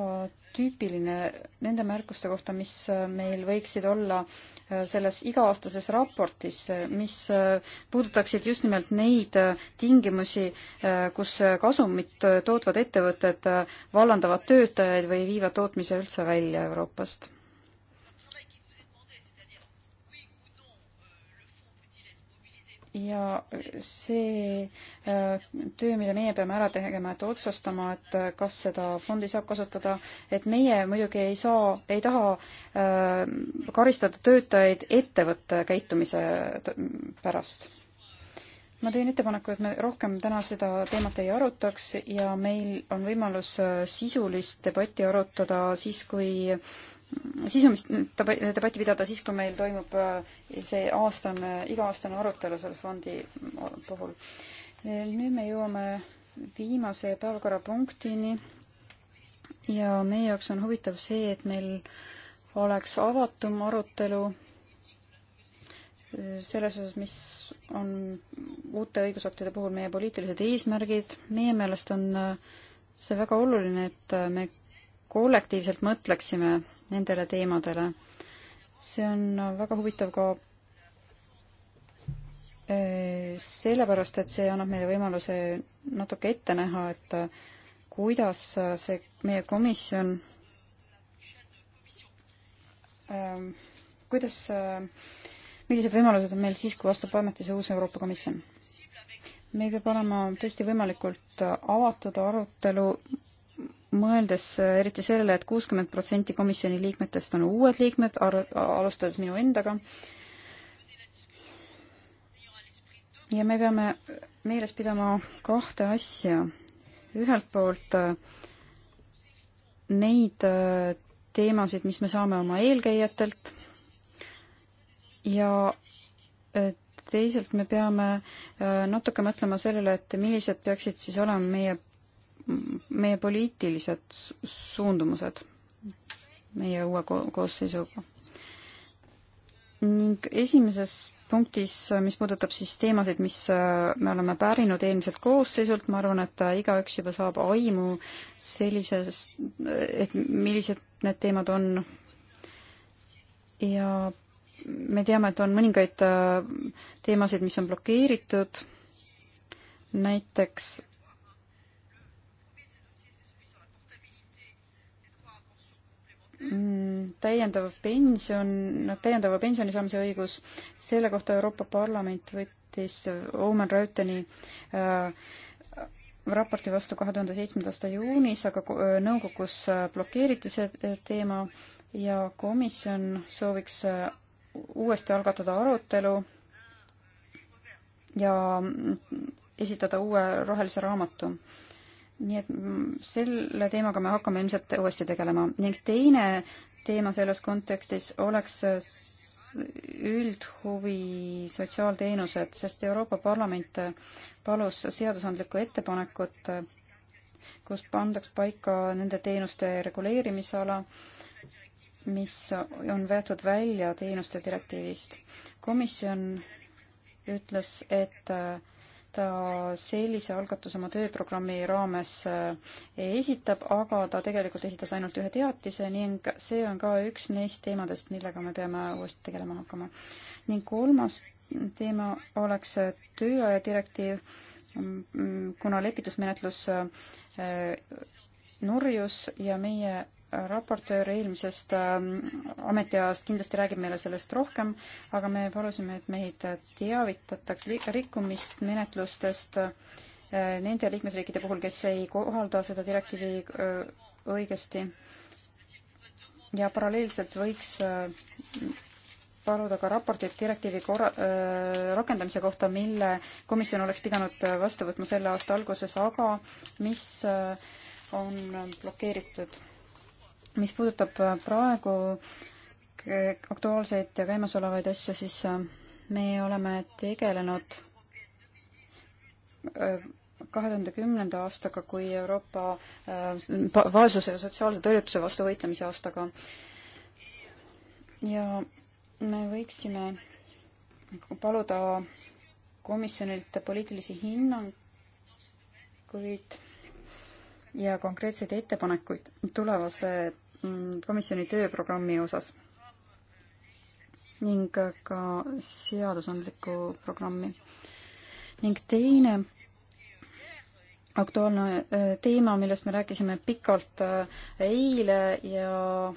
tüüpiline nende märkuste kohta, mis meil võiksid olla selles iga-aastases raportis, mis puudutaksid just nimelt neid tingimusi, kus kasumit tootvad ettevõtted vallandavad töötajaid või viivad tootmise üldse välja Euroopast. ja see äh, töö, mida meie peame ära tegema, et otsustama, et äh, kas seda fondi saab kasutada, et meie muidugi ei saa, ei taha äh, karistada töötajaid ettevõtte käitumise pärast. ma teen ettepaneku, et me rohkem täna seda teemat ei arutaks ja meil on võimalus sisulist debatti arutada siis, kui sisulist debatti pidada siis, kui meil toimub äh, see aastane, iga-aastane arutelu selle fondi äh, puhul. nüüd me jõuame viimase päevakorrapunktini ja meie jaoks on huvitav see, et meil oleks avatum arutelu äh, selles osas, mis on uute õigusaktide puhul meie poliitilised eesmärgid, meie meelest on see väga oluline, et me kollektiivselt mõtleksime nendele teemadele. see on väga huvitav ka äh, sellepärast, et see annab meile võimaluse natuke ette näha, et äh, kuidas see meie komisjon, ähm, kuidas, äh, millised võimalused on meil siis, kui astub ametisse uus Euroopa Komisjon? meil peab olema tõesti võimalikult avatud arutelu mõeldes äh, eriti sellele et, et kuuskümmend protsenti komisjoni liikmetest on uued liikmed, alustades minu endaga, ja me peame meeles pidama kahte asja. ühelt poolt äh, neid äh, teemasid, mis me saame oma eelkäijatelt ja teisalt me peame natuke mõtlema sellele, et millised peaksid siis olema meie mm, meie poliitilised suundumused meie uue ko koosseisuga. ning esimeses punktis, mis puudutab siis teemasid, mis äh, me oleme pärinud eelmiselt koosseisult, ma arvan, et äh, igaüks juba saab aimu sellisest, äh, et millised need teemad on. ja me teame, et on mõningaid teemasid, mis on blokeeritud, näiteks Mm, täiendav pension, täiendava pensioni saamise õigus, selle kohta Euroopa Parlament võttis Oman Rauteni äh, raporti vastu kahe tuhande seitsmenda aasta juunis, aga äh, nõukogus äh, blokeeriti see äh, teema ja komisjon sooviks uuesti algatada arutelu ja mm, esitada uue rohelise raamatu äh, nii et mm, selle teemaga me hakkame ilmselt uuesti tegelema ning teine teema selles kontekstis oleks äh, üldhuvi sotsiaalteenused, sest Euroopa Parlament äh, palus seadusandlikku ettepanekut, äh, kus pandaks paika nende teenuste reguleerimisala, mis on võetud välja teenuste direktiivist. komisjon ütles, et äh, ta sellise algatuse oma tööprogrammi raames eh, esitab, aga ta tegelikult esitas ainult ühe teatise ning see on ka üks neist teemadest, millega me peame uuesti tegelema hakkama. ning kolmas teema oleks eh, tööaja direktiiv, mm, mm, kuna lepitusmenetlus eh, nurjus ja meie raportöör eelmisest ähm, ametiajast kindlasti räägib meile sellest rohkem, aga me palusime, et meid teavitataks rikkumist menetlustest äh, nende liikmesriikide puhul, kes ei kohalda seda direktiivi äh, õigesti. ja paralleelselt võiks äh, paluda ka raportit direktiivi korra- äh,, rakendamise kohta, mille komisjon oleks pidanud vastu võtma selle aasta alguses, aga mis äh, on blokeeritud mis puudutab äh, praegu aktuaalseid ja käimasolevaid asju, siis äh, me oleme tegelenud äh, kahe tuhande kümnenda aastaga kui Euroopa vaesuse ja sotsiaalse tõrjutuse vastu võitlemise aastaga. ja me võiksime paluda komisjonilt poliitilisi hinnanguid ja konkreetseid ettepanekuid tulevase mm, komisjoni tööprogrammi osas ning ka seadusandlikku programmi. ning teine aktuaalne äh, teema, millest me rääkisime pikalt äh, eile ja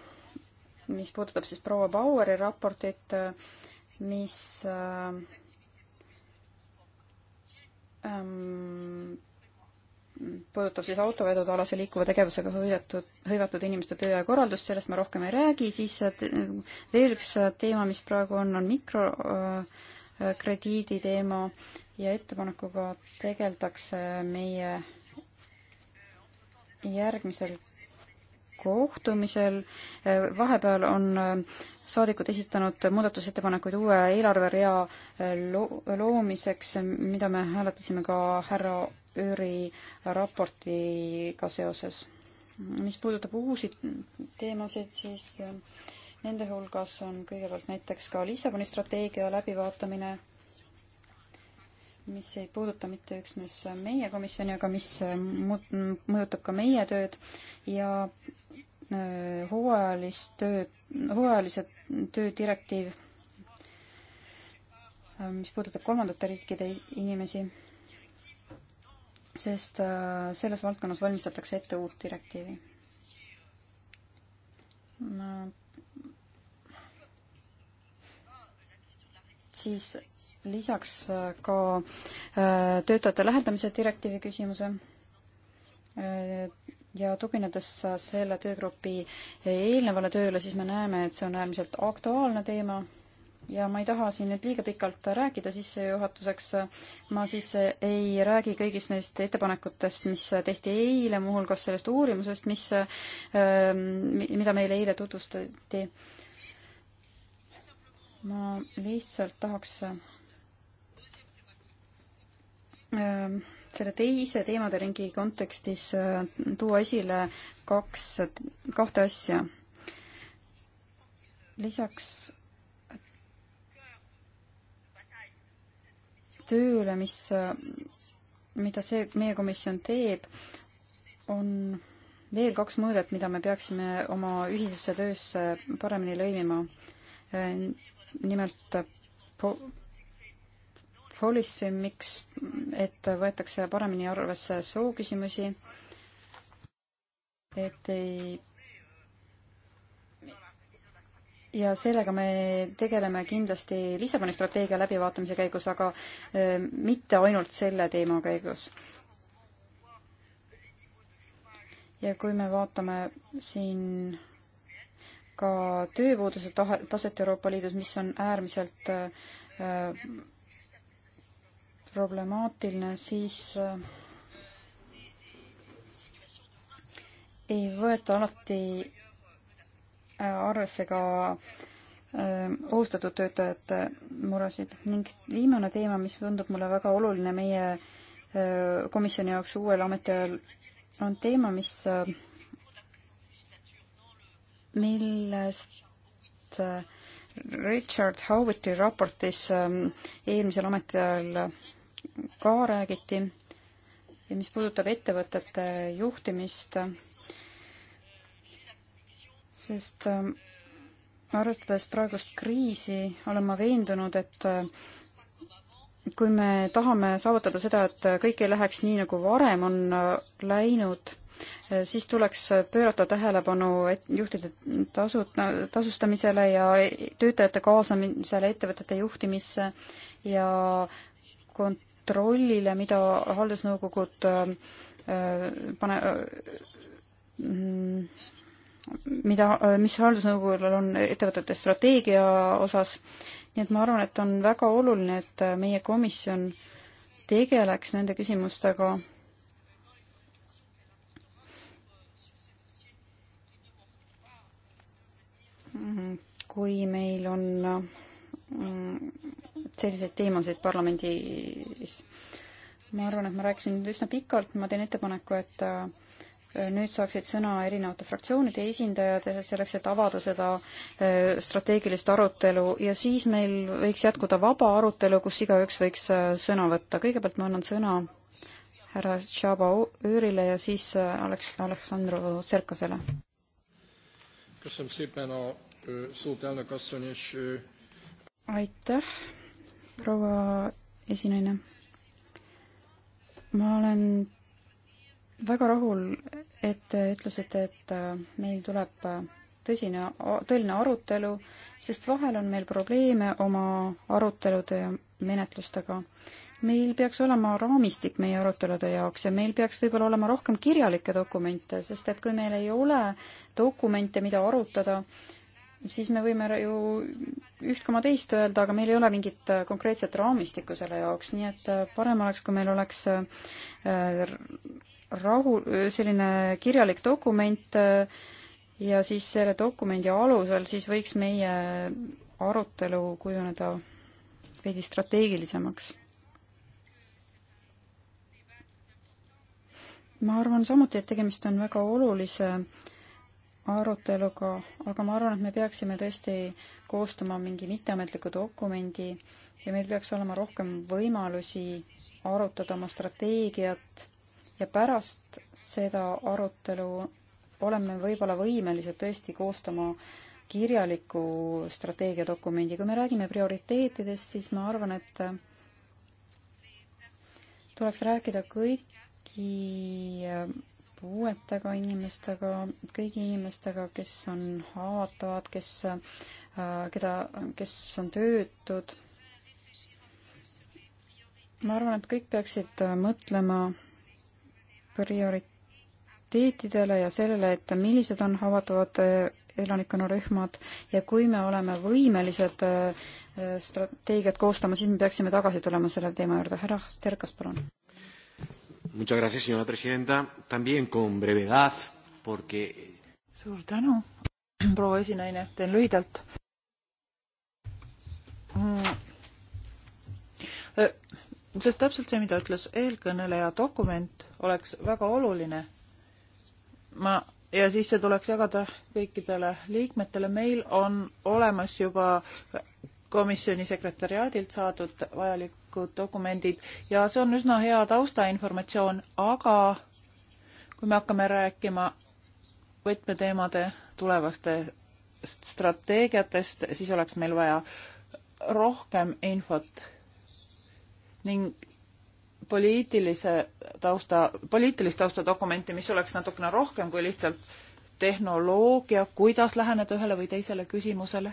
mis puudutab siis proua Baueri raportit, äh, mis ähm, puudutab siis autovedude alase liikuva tegevusega hõivatud, hõivatud inimeste tööaja korraldust, sellest ma rohkem ei räägi, siis äh, veel üks äh, teema, mis praegu on, on mikrokrediidi äh, teema ja ettepanekuga tegeldakse meie järgmisel kohtumisel. vahepeal on saadikud esitanud muudatusettepanekuid uue eelarverea lo loomiseks, mida me hääletasime ka härra ÜRi raportiga seoses. mis puudutab uusi teemasid, siis äh, nende hulgas on kõigepealt näiteks ka Lissaboni strateegia läbivaatamine, mis ei puuduta mitte üksnes meie komisjoni, aga mis äh, mõjutab ka meie tööd ja äh, hooajalist tööd, hooajalise töö direktiiv, mis puudutab kolmandate riikide inimesi sest äh, selles valdkonnas valmistatakse ette uut direktiivi. ma siis lisaks äh, ka äh, töötajate lähedamise direktiivi küsimuse ja tuginedes selle töögrupi eelnevale tööle, siis me näeme, et see on äärmiselt aktuaalne teema ja ma ei taha siin nüüd liiga pikalt rääkida sissejuhatuseks, ma siis ei räägi kõigist neist ettepanekutest, mis tehti eile, muuhulgas sellest uurimusest, mis, ähm, mida meile eile tutvustati. ma lihtsalt tahaks ähm, selle teise teemade ringi kontekstis äh, tuua esile kaks, kahte asja. lisaks tööle, mis, mida see, meie komisjon teeb, on veel kaks mõõdet, mida me peaksime oma ühisesse töösse paremini lõimima. nimelt po-, policy, miks, et võetakse paremini arvesse sooküsimusi, et ei ja sellega me tegeleme kindlasti Lissaboni strateegia läbivaatamise käigus, aga mitte ainult selle teema käigus. ja kui me vaatame siin ka tööpuuduse tahe, taset Euroopa Liidus, mis on äärmiselt äh, problemaatiline, siis äh, ei võeta alati arvesse ka ähm, ohustatud töötajate muresid. ning viimane teema, mis tundub mulle väga oluline meie äh, komisjoni jaoks uuel ametiajal, on teema, mis, äh, millest äh, Richard Howitti raportis ähm, eelmisel ametiajal ka räägiti ja mis puudutab ettevõtete juhtimist sest ähm, arvestades praegust kriisi, olen ma veendunud, et äh, kui me tahame saavutada seda, et kõik ei läheks nii, nagu varem on äh, läinud, äh, siis tuleks pöörata tähelepanu juhtide tasu, tasustamisele ja töötajate kaasamisele ettevõtete juhtimisse ja kontrollile, mida haldusnõukogud pane-, mm, mida, mis haldusnõukogul on ettevõtete strateegia osas. nii et ma arvan, et on väga oluline, et meie komisjon tegeleks nende küsimustega. Mhm. kui meil on mm, selliseid teemasid parlamendis. ma arvan, et ma rääkisin üsna pikalt, ma teen ettepaneku, et nüüd saaksid sõna erinevate fraktsioonide esindajad selleks, et avada seda äh, strateegilist arutelu ja siis meil võiks jätkuda vaba arutelu, kus igaüks võiks äh, sõna võtta. kõigepealt ma annan sõna härra Tšaba Üürile ja siis äh, Aleks-, Aleksandr Serkasele. aitäh, proua esinaine. ma olen väga rahul, et te ütlesite, et äh, meil tuleb äh, tõsine, tõeline arutelu, sest vahel on meil probleeme oma arutelude ja menetlustega. meil peaks olema raamistik meie arutelude jaoks ja meil peaks võib-olla olema rohkem kirjalikke dokumente, sest et kui meil ei ole dokumente, mida arutada, siis me võime ju üht koma teist öelda, aga meil ei ole mingit äh, konkreetset raamistikku selle jaoks, nii et parem oleks, kui meil oleks rahu, selline kirjalik dokument äh, ja siis selle dokumendi alusel siis võiks meie arutelu kujuneda veidi strateegilisemaks. ma arvan samuti, et tegemist on väga olulise aruteluga, aga ma arvan, et me peaksime tõesti koostama mingi mitteametliku dokumendi ja meil peaks olema rohkem võimalusi arutada oma strateegiat ja pärast seda arutelu oleme võib-olla võimelised tõesti koostama kirjaliku strateegiadokumendi. kui me räägime prioriteetidest, siis ma arvan, et tuleks rääkida kõiki puuetega inimestega, kõigi inimestega, kes on haavatavad, kes, keda, kes on töötud. ma arvan, et kõik peaksid mõtlema prioriteetidele ja sellele, et millised on haavatavad elanikkonnarühmad ja kui me oleme võimelised äh, strateegiat koostama, siis me peaksime tagasi tulema selle teema juurde. härra Sterkas, palun. Muchas gracias, señora presidenta. También con brevedad, porque. Eh, suur tänu, proua esinaine, teen lühidalt mm äh, sest täpselt see, mida ütles eelkõneleja, dokument oleks väga oluline. ma, ja siis see tuleks jagada kõikidele liikmetele, meil on olemas juba komisjoni sekretäriaadilt saadud vajalikud dokumendid ja see on üsna hea taustainformatsioon, aga kui me hakkame rääkima võtmeteemade tulevastest strateegiatest, siis oleks meil vaja rohkem infot ning poliitilise tausta, poliitilist taustadokumenti, mis oleks natukene rohkem kui lihtsalt tehnoloogia, kuidas läheneda ühele või teisele küsimusele.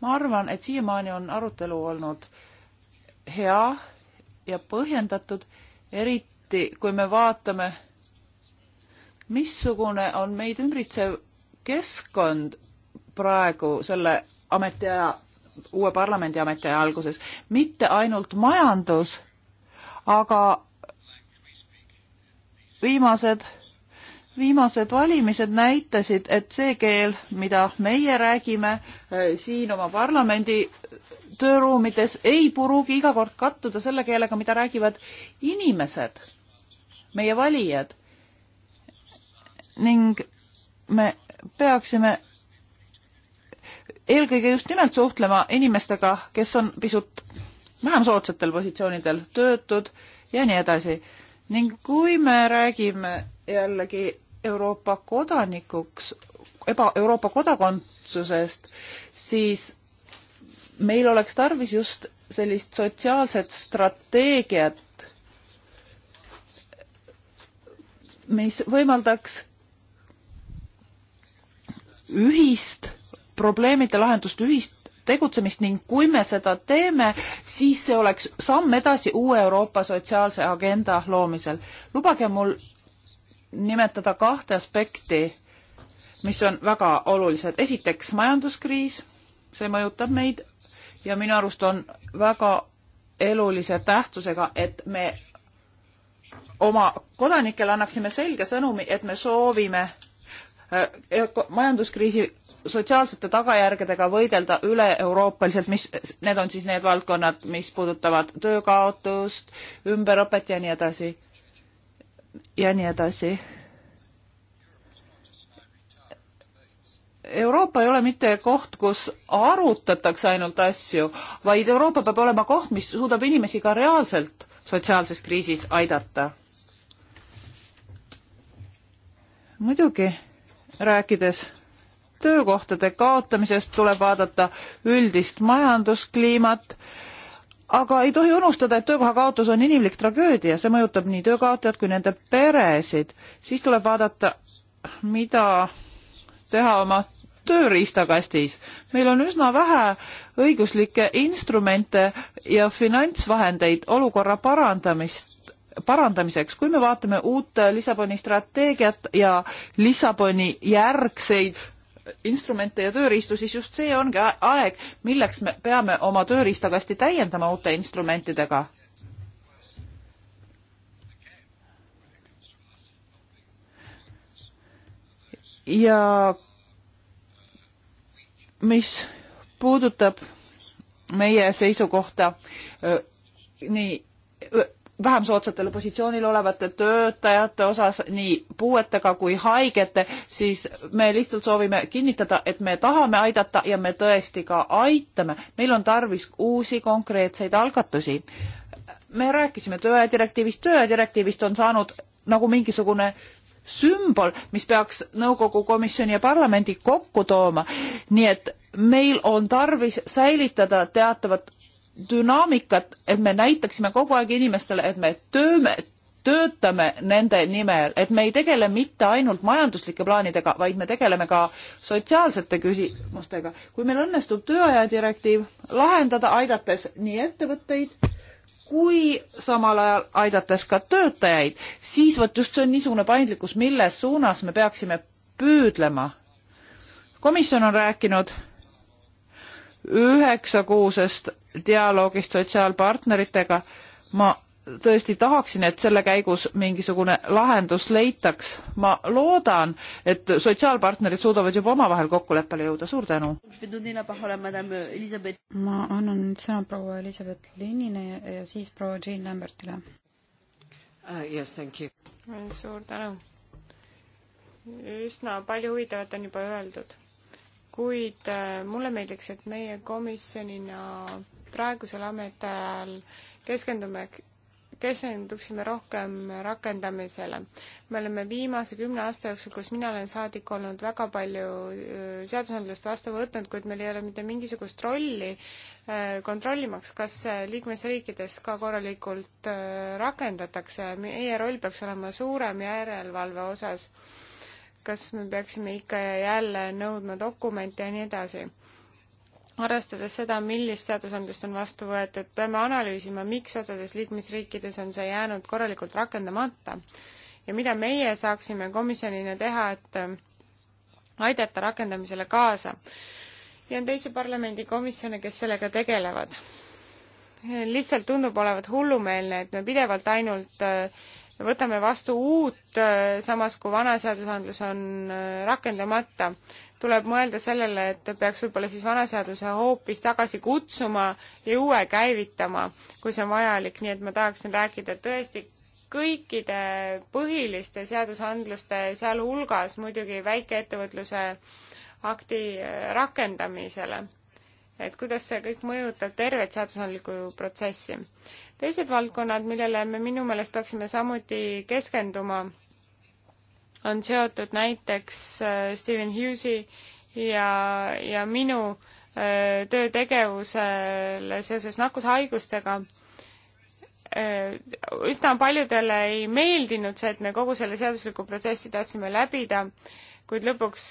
ma arvan, et siiamaani on arutelu olnud hea ja põhjendatud, eriti kui me vaatame, missugune on meid ümbritsev keskkond praegu selle ametiaja uue parlamendiametiaja alguses, mitte ainult majandus, aga viimased, viimased valimised näitasid, et see keel, mida meie räägime eh, siin oma parlamendi tööruumides, ei pruugi iga kord kattuda selle keelega, mida räägivad inimesed, meie valijad. ning me peaksime eelkõige just nimelt suhtlema inimestega, kes on pisut vähem soodsatel positsioonidel, töötud ja nii edasi. ning kui me räägime jällegi Euroopa kodanikuks, eba, Euroopa kodakondsusest, siis meil oleks tarvis just sellist sotsiaalset strateegiat, mis võimaldaks ühist probleemide lahendust ühist tegutsemist ning kui me seda teeme, siis see oleks samm edasi uue Euroopa sotsiaalse agenda loomisel. lubage mul nimetada kahte aspekti, mis on väga olulised. esiteks majanduskriis, see mõjutab meid ja minu arust on väga elulise tähtsusega, et me oma kodanikele annaksime selge sõnumi, et me soovime äh, e-, majanduskriisi sotsiaalsete tagajärgedega võidelda üle-euroopaliselt, mis, need on siis need valdkonnad, mis puudutavad töökaotust, ümberõpet ja nii edasi. ja nii edasi. Euroopa ei ole mitte koht, kus arutatakse ainult asju, vaid Euroopa peab olema koht, mis suudab inimesi ka reaalselt sotsiaalses kriisis aidata. muidugi, rääkides töökohtade kaotamisest, tuleb vaadata üldist majanduskliimat, aga ei tohi unustada, et töökoha kaotus on inimlik tragöödia, see mõjutab nii töökaotajat kui nende peresid. siis tuleb vaadata, mida teha oma tööriistakastis. meil on üsna vähe õiguslikke instrumente ja finantsvahendeid olukorra parandamist parandamiseks, kui me vaatame uut Lissaboni strateegiat ja Lissaboni järgseid instrumente ja tööriistu, siis just see ongi aeg, milleks me peame oma tööriistakasti täiendama uute instrumentidega. ja mis puudutab meie seisukohta äh, nii vähem soodsatel positsioonil olevate töötajate osas, nii puuetega kui haigete, siis me lihtsalt soovime kinnitada, et me tahame aidata ja me tõesti ka aitame. meil on tarvis uusi konkreetseid algatusi. me rääkisime tööajadirektiivist, tööajadirektiivist on saanud nagu mingisugune sümbol, mis peaks nõukogu komisjoni ja parlamendi kokku tooma. nii et meil on tarvis säilitada teatavat dünaamikat, et me näitaksime kogu aeg inimestele, et me tööme, töötame nende nimel, et me ei tegele mitte ainult majanduslike plaanidega, vaid me tegeleme ka sotsiaalsete küsimustega. kui meil õnnestub tööaja direktiiv lahendada, aidates nii ettevõtteid kui samal ajal aidates ka töötajaid, siis vot just see on niisugune paindlikkus, milles suunas me peaksime püüdlema. komisjon on rääkinud üheksakuusest dialoogist sotsiaalpartneritega. ma tõesti tahaksin, et selle käigus mingisugune lahendus leitaks. ma loodan, et sotsiaalpartnerid suudavad juba omavahel kokkuleppele jõuda. suur tänu! ma annan nüüd sõna proua Elizabeth Linnile ja siis proua Jean Lambertile uh,. Yes, thank you! suur tänu! üsna palju huvitavat on juba öeldud, kuid uh, mulle meeldiks, et meie komisjonina no praegusel ametiajal keskendume, keskenduksime rohkem rakendamisele. me oleme viimase kümne aasta jooksul, kus mina olen saadik olnud, väga palju seadusandlust vastu võtnud, kuid meil ei ole mitte mingisugust rolli kontrollimaks, kas liikmesriikides ka korralikult rakendatakse. meie roll peaks olema suurem järelevalve osas kas me peaksime ikka ja jälle nõudma dokumente ja nii edasi arvestades seda, millist seadusandlust on vastu võetud, peame analüüsima, miks osades liikmesriikides on see jäänud korralikult rakendamata ja mida meie saaksime komisjonina teha, et aidata rakendamisele kaasa. ja on teisi parlamendikomisjone, kes sellega tegelevad. lihtsalt tundub olevat hullumeelne, et me pidevalt ainult äh, võtame vastu uut, äh, samas kui vana seadusandlus on äh, rakendamata tuleb mõelda sellele, et peaks võib-olla siis vana seaduse hoopis tagasi kutsuma ja uue käivitama, kui see on vajalik, nii et ma tahaksin rääkida tõesti kõikide põhiliste seadusandluste, sealhulgas muidugi väikeettevõtluse akti äh, rakendamisele. et kuidas see kõik mõjutab tervet seadusandlikku protsessi. teised valdkonnad, millele me minu meelest peaksime samuti keskenduma on seotud näiteks äh, Steven Hughesi ja, ja minu äh, töötegevusele seoses nakkushaigustega. Äh, üsna paljudele ei meeldinud see, et me kogu selle seadusliku protsessi tahtsime läbida, kuid lõpuks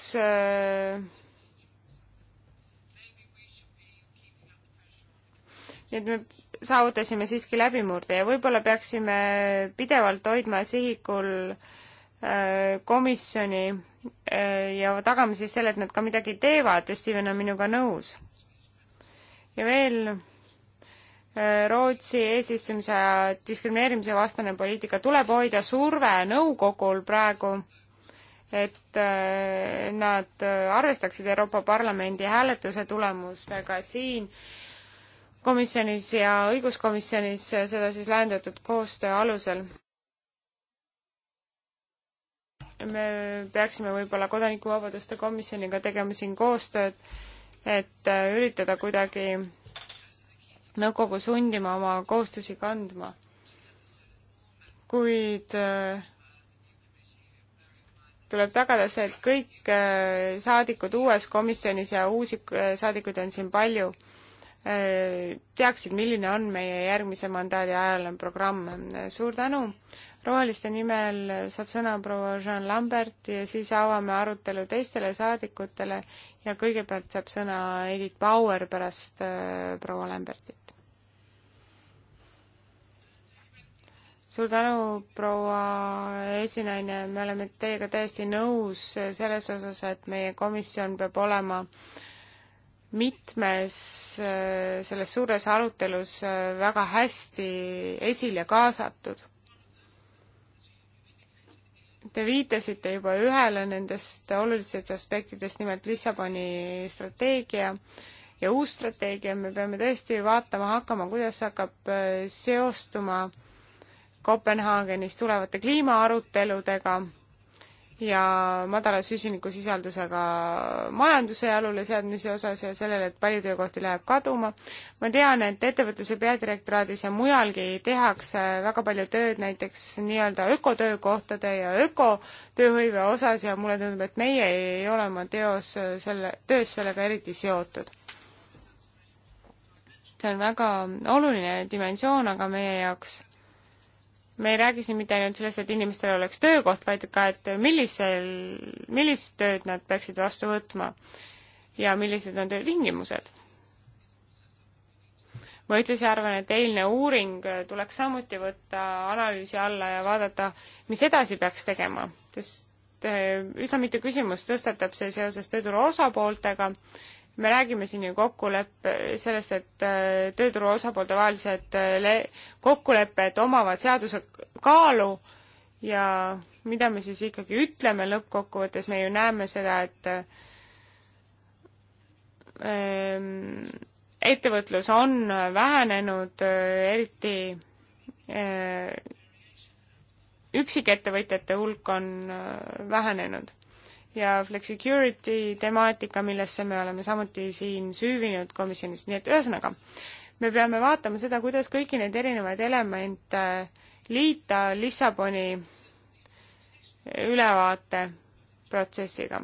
nii et me saavutasime siiski läbimurde ja võib-olla peaksime pidevalt hoidma sihikul äh, Äh, komisjoni äh, ja tagame siis selle, et nad ka midagi teevad ja Steven on minuga nõus. ja veel äh, Rootsi eesistumise aja diskrimineerimise vastane poliitika tuleb hoida surve nõukogul praegu, et nad arvestaksid Euroopa Parlamendi hääletuse tulemustega siin komisjonis ja õiguskomisjonis seda siis lahendatud koostöö alusel me peaksime võib-olla Kodanikuvabaduste komisjoniga tegema siin koostööd, et äh, üritada kuidagi nõukogu sundima oma kohustusi kandma. kuid äh, tuleb tagada see, et kõik äh, saadikud uues komisjonis ja uusi saadikuid on siin palju, teaksid, milline on meie järgmise mandaadi ajaline programm. suur tänu, roheliste nimel saab sõna proua Jean Lambert ja siis avame arutelu teistele saadikutele ja kõigepealt saab sõna Edith Bauer pärast äh, proua Lambertit. suur tänu, proua esinaine, me oleme teiega täiesti nõus selles osas, et meie komisjon peab olema mitmes äh, selles suures arutelus äh, väga hästi esile kaasatud Te viitasite juba ühele nendest olulistest aspektidest, nimelt Lissaboni strateegia ja uus strateegia, me peame tõesti vaatama hakkama, kuidas hakkab äh, seostuma Kopenhaagenis tulevate kliimaaruteludega ja madala süsinikusisaldusega majanduse jalule seadmise osas ja sellele, et palju töökohti läheb kaduma. ma tean, et ettevõtluse peadirektoraadis ja mujalgi tehakse väga palju tööd näiteks nii-öelda ökotöökohtade ja ökotööhõive osas ja mulle tundub, et meie ei ole oma teos selle, töös sellega eriti seotud. see on väga oluline dimensioon, aga meie jaoks me ei räägi siin mitte ainult sellest, et inimestel oleks töökoht, vaid ka, et millisel, millist tööd nad peaksid vastu võtma ja millised on töötingimused. ma ütlesin, arvan, et eilne uuring tuleks samuti võtta analüüsi alla ja vaadata, mis edasi peaks tegema, sest äh, üsna mitu küsimust tõstatab see seoses tööturu osapooltega me räägime siin ju kokkuleppe, sellest, et äh, tööturu osapoolte vahelised äh, kokkulepped omavad seaduse kaalu ja mida me siis ikkagi ütleme lõppkokkuvõttes, me ju näeme seda, et ähm, ettevõtlus on vähenenud äh,, eriti äh, üksikettevõtjate hulk on äh, vähenenud ja flexicurity temaatika, millesse me oleme samuti siin süüvinud komisjonis, nii et ühesõnaga, me peame vaatama seda, kuidas kõiki neid erinevaid elemente liita Lissaboni ülevaate protsessiga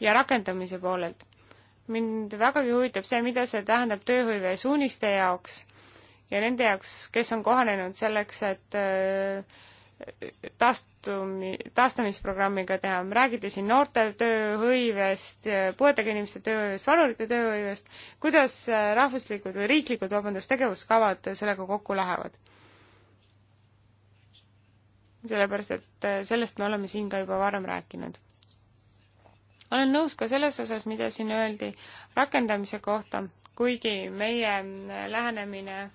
ja rakendamise poolelt. mind vägagi huvitab see, mida see tähendab tööhõive suuniste jaoks ja nende jaoks, kes on kohanenud selleks, et äh, taastumi, taastamisprogrammiga teha, räägite siin noorte tööhõivest, puuetega inimeste tööhõivest, vanurite tööhõivest, kuidas äh, rahvuslikud või riiklikud, vabandust, tegevuskavad sellega kokku lähevad? sellepärast, et äh, sellest me oleme siin ka juba varem rääkinud. olen nõus ka selles osas, mida siin öeldi rakendamise kohta, kuigi meie äh, lähenemine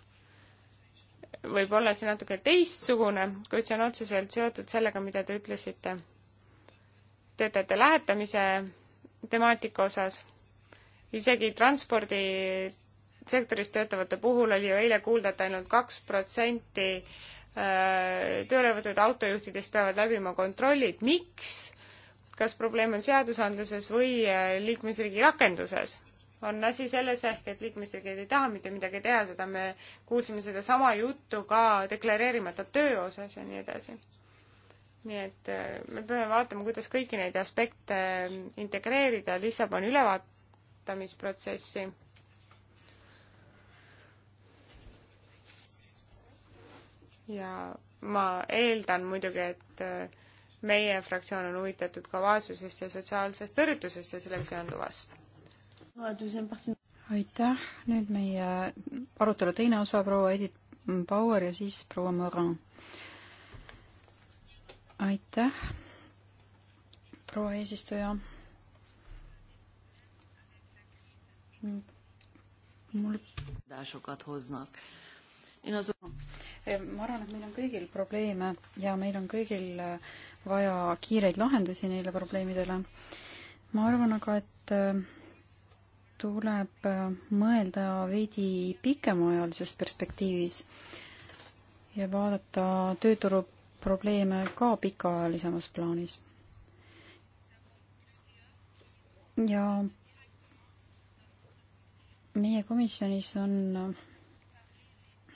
võib olla see natuke teistsugune, kuid see on otseselt seotud sellega, mida te ütlesite töötajate lähetamise temaatika osas. isegi transpordisektoris töötavate puhul oli ju eile kuulda, et ainult kaks protsenti äh, tööle võetud autojuhtidest peavad läbima kontrollid. miks? kas probleem on seadusandluses või äh, liikmesriigi rakenduses? on asi selles ehk, et liikmesriigid ei taha mitte midagi teha, seda me kuulsime sedasama juttu ka deklareerimata töö osas ja nii edasi. nii et äh, me peame vaatama, kuidas kõiki neid aspekte äh, integreerida Lissaboni ülevaatamisprotsessi. ja ma eeldan muidugi, et äh, meie fraktsioon on huvitatud ka vaesusest ja sotsiaalsest tõrjutusest ja sellega seonduvast aitäh, nüüd meie arutelu teine osa, proua Edith Bauer ja siis proua Moran. aitäh, proua eesistuja. mul. Eh, ma arvan, et meil on kõigil probleeme ja meil on kõigil eh, vaja kiireid lahendusi neile probleemidele. ma arvan aga, et eh, tuleb äh, mõelda veidi pikemaajalises perspektiivis ja vaadata tööturu probleeme ka pikaajalisemas plaanis. ja meie komisjonis on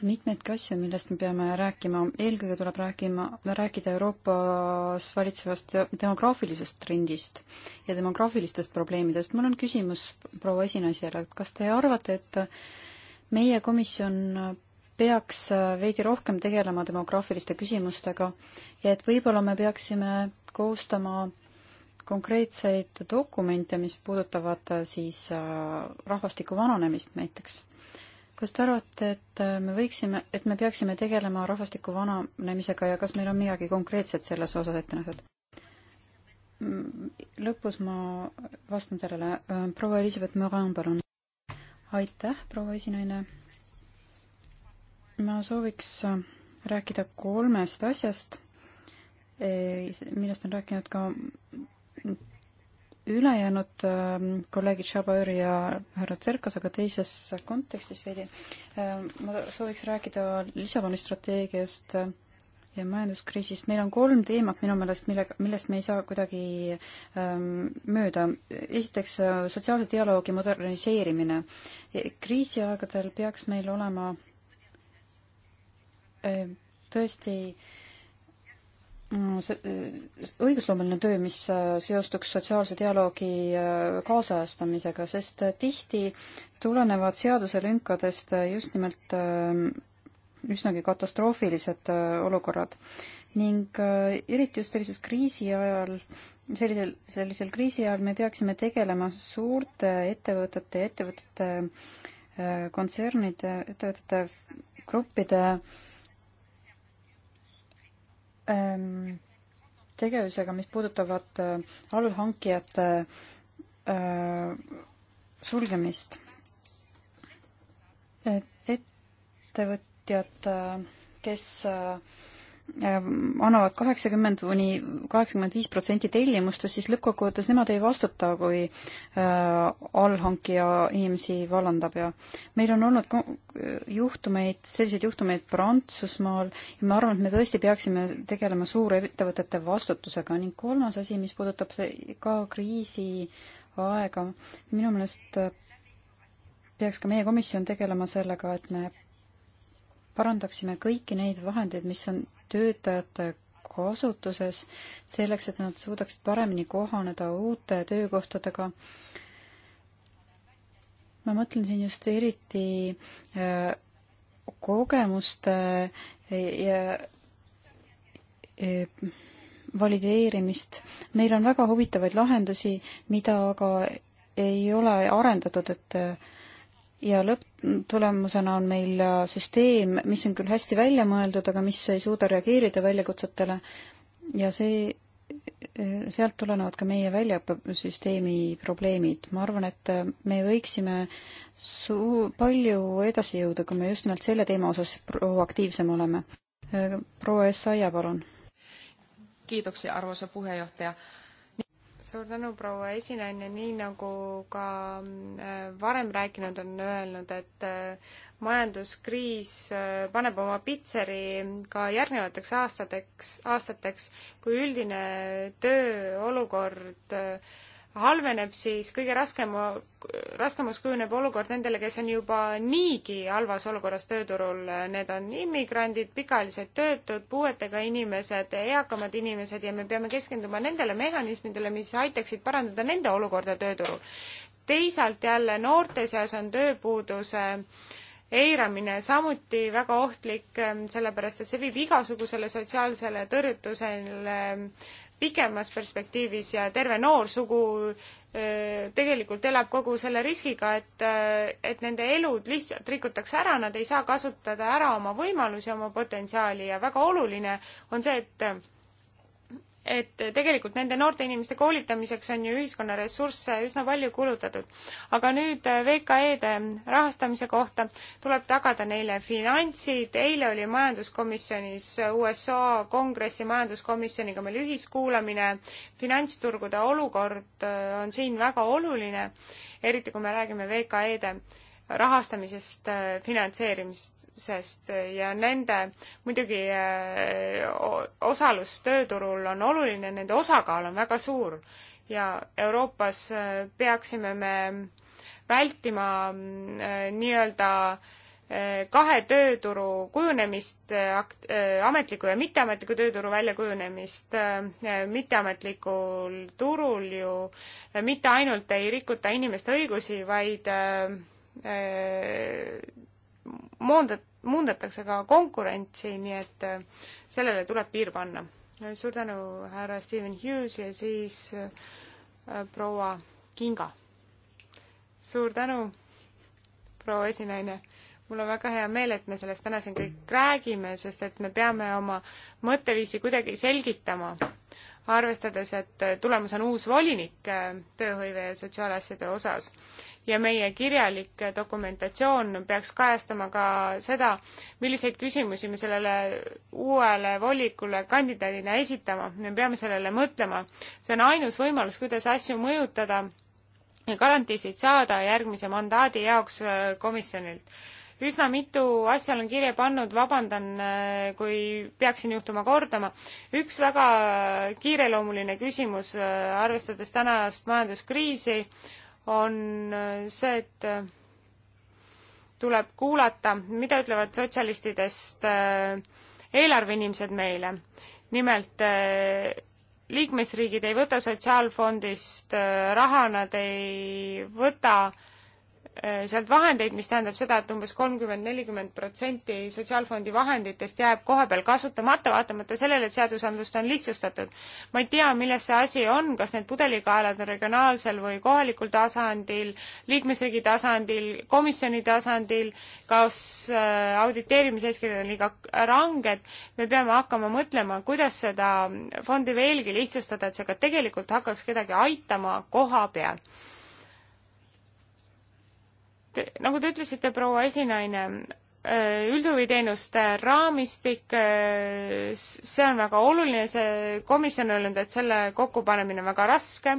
mitmeidki asju, millest me peame rääkima, eelkõige tuleb rääkima, rääkida Euroopas valitsevast demograafilisest trendist ja demograafilistest probleemidest. mul on küsimus proua esinaisele, et kas te arvate, et meie komisjon peaks veidi rohkem tegelema demograafiliste küsimustega ja et võib-olla me peaksime koostama konkreetseid dokumente, mis puudutavad siis äh, rahvastiku vananemist näiteks kas te arvate, et äh, me võiksime, et me peaksime tegelema rahvastiku vananemisega ja kas meil on midagi konkreetset selles osas ette nähtud? Mm, lõpus ma vastan sellele. Äh, proua Elizabeth Morin, palun. aitäh, proua esinaine. ma sooviks äh, rääkida kolmest asjast, eh, millest on rääkinud ka ülejäänud ähm, kolleegid Šabõõr ja härra Tserkas, aga teises kontekstis veidi. Ähm, ma sooviks rääkida Lissaboni strateegiast äh, ja majanduskriisist. meil on kolm teemat minu meelest, millega, millest me ei saa kuidagi ähm, mööda. esiteks äh, sotsiaalse dialoogi moderniseerimine. E, kriisiaegadel peaks meil olema äh, tõesti äh, Mm, äh, õigusloomeline töö, mis äh, seostuks sotsiaalse dialoogi äh, kaasajastamisega, sest tihti tulenevad seaduselünkadest just nimelt üsnagi katastroofilised olukorrad. ning eriti just sellises kriisi ajal, sellisel, sellisel kriisi ajal me peaksime tegelema suurte ettevõtete ja ettevõtete kontsernide, ettevõtete gruppide äh, Ähm, tegevusega, mis puudutavad äh, allhankijate äh, sulgemist. et ettevõtjad, äh, kes äh, Ähm, annavad kaheksakümmend kuni kaheksakümmend viis protsenti tellimustest, siis lõppkokkuvõttes nemad ei vastuta, kui äh, allhankija inimesi vallandab ja meil on olnud juhtumeid, selliseid juhtumeid Prantsusmaal ja ma arvan, et me tõesti peaksime tegelema suurettevõtete vastutusega ning kolmas asi, mis puudutab ka kriisiaega, minu meelest äh, peaks ka meie komisjon tegelema sellega, et me parandaksime kõiki neid vahendeid, mis on töötajate kasutuses, selleks et nad suudaksid paremini kohaneda uute töökohtadega. ma mõtlen siin just eriti äh, kogemuste äh, ja äh, valideerimist. meil on väga huvitavaid lahendusi, mida aga ei ole arendatud, et ja lõpptulemusena on meil süsteem, mis on küll hästi välja mõeldud, aga mis ei suuda reageerida väljakutsetele ja see, sealt tulenevad ka meie väljaõppesüsteemi probleemid. ma arvan, et me võiksime suu-, palju edasi jõuda, kui me just nimelt selle teema osas proaktiivsem oleme. proua Essaia, palun. kiitoksia, arvamuse puhejuhataja suur tänu, proua esinaine, nii nagu ka äh, varem rääkinud on öelnud, et äh, majanduskriis äh, paneb oma pitseri ka järgnevateks aastateks, aastateks, kui üldine tööolukord äh, halveneb, siis kõige raskem, raskemaks kujuneb olukord nendele, kes on juba niigi halvas olukorras tööturul. Need on immigrandid, pikaajalised töötud, puuetega inimesed, eakamad inimesed ja me peame keskenduma nendele mehhanismidele, mis aitaksid parandada nende olukorda tööturul. teisalt jälle noorte seas on tööpuuduse eiramine samuti väga ohtlik, sellepärast et see viib igasugusele sotsiaalsele tõrjutusele pikemas perspektiivis ja terve noorsugu tegelikult elab kogu selle riskiga, et, et nende elud lihtsalt rikutakse ära, nad ei saa kasutada ära oma võimalusi, oma potentsiaali ja väga oluline on see, et et tegelikult nende noorte inimeste koolitamiseks on ju ühiskonna ressursse üsna palju kulutatud. aga nüüd äh, VKE-de rahastamise kohta tuleb tagada neile finantsid, eile oli majanduskomisjonis äh, USA kongressi majanduskomisjoniga meil ühiskuulamine, finantsturgude olukord äh, on siin väga oluline, eriti kui me räägime VKE-de rahastamisest, finantseerimist sest eh, ja nende muidugi eh, osalus tööturul on oluline, nende osakaal on väga suur ja Euroopas eh, peaksime me vältima mm, nii-öelda kahe tööturu kujunemist, ametliku ja mitteametliku tööturu väljakujunemist, mitteametlikul turul ju mitte ainult ei rikuta inimeste õigusi, vaid moondat-, muundatakse ka konkurentsi, nii et äh, sellele tuleb piir panna. suur tänu, härra Steven Hughes ja siis äh, proua Kinga. suur tänu, proua esinaine. mul on väga hea meel, et me sellest täna siin kõik räägime, sest et me peame oma mõtteviisi kuidagi selgitama arvestades, et tulemas on uus volinik äh, tööhõive ja sotsiaalasjade osas. ja meie kirjalik dokumentatsioon peaks kajastama ka seda, milliseid küsimusi me sellele uuele volikule kandidaadina esitama, me peame sellele mõtlema. see on ainus võimalus, kuidas asju mõjutada ja garantiisid saada järgmise mandaadi jaoks äh, komisjonilt üsna mitu asja olen kirja pannud, vabandan, äh, kui peaksin juhtuma kordama. üks väga kiireloomuline küsimus, äh, arvestades tänast majanduskriisi, on äh, see, et tuleb kuulata, mida ütlevad sotsialistidest eelarveinimesed meile. nimelt liikmesriigid ei võta sotsiaalfondist raha, nad ei võta äh, Äh, sealt vahendeid, mis tähendab seda, et umbes kolmkümmend, nelikümmend protsenti Sotsiaalfondi vahenditest jääb kohapeal kasutamata, vaatamata sellele, et seadusandlust on lihtsustatud. ma ei tea, milles see asi on, kas need pudelikaelad on regionaalsel või kohalikul tasandil, liikmesriigi tasandil, komisjoni tasandil, kas äh, auditeerimiseeskirjad on liiga ranged, me peame hakkama mõtlema, kuidas seda fondi veelgi lihtsustada, et see ka tegelikult hakkaks kedagi aitama koha peal nagu te ütlesite, proua esinaine, äh, üldhuviteenuste raamistik, äh, see on väga oluline, see komisjon on öelnud, et selle kokkupanemine on väga raske.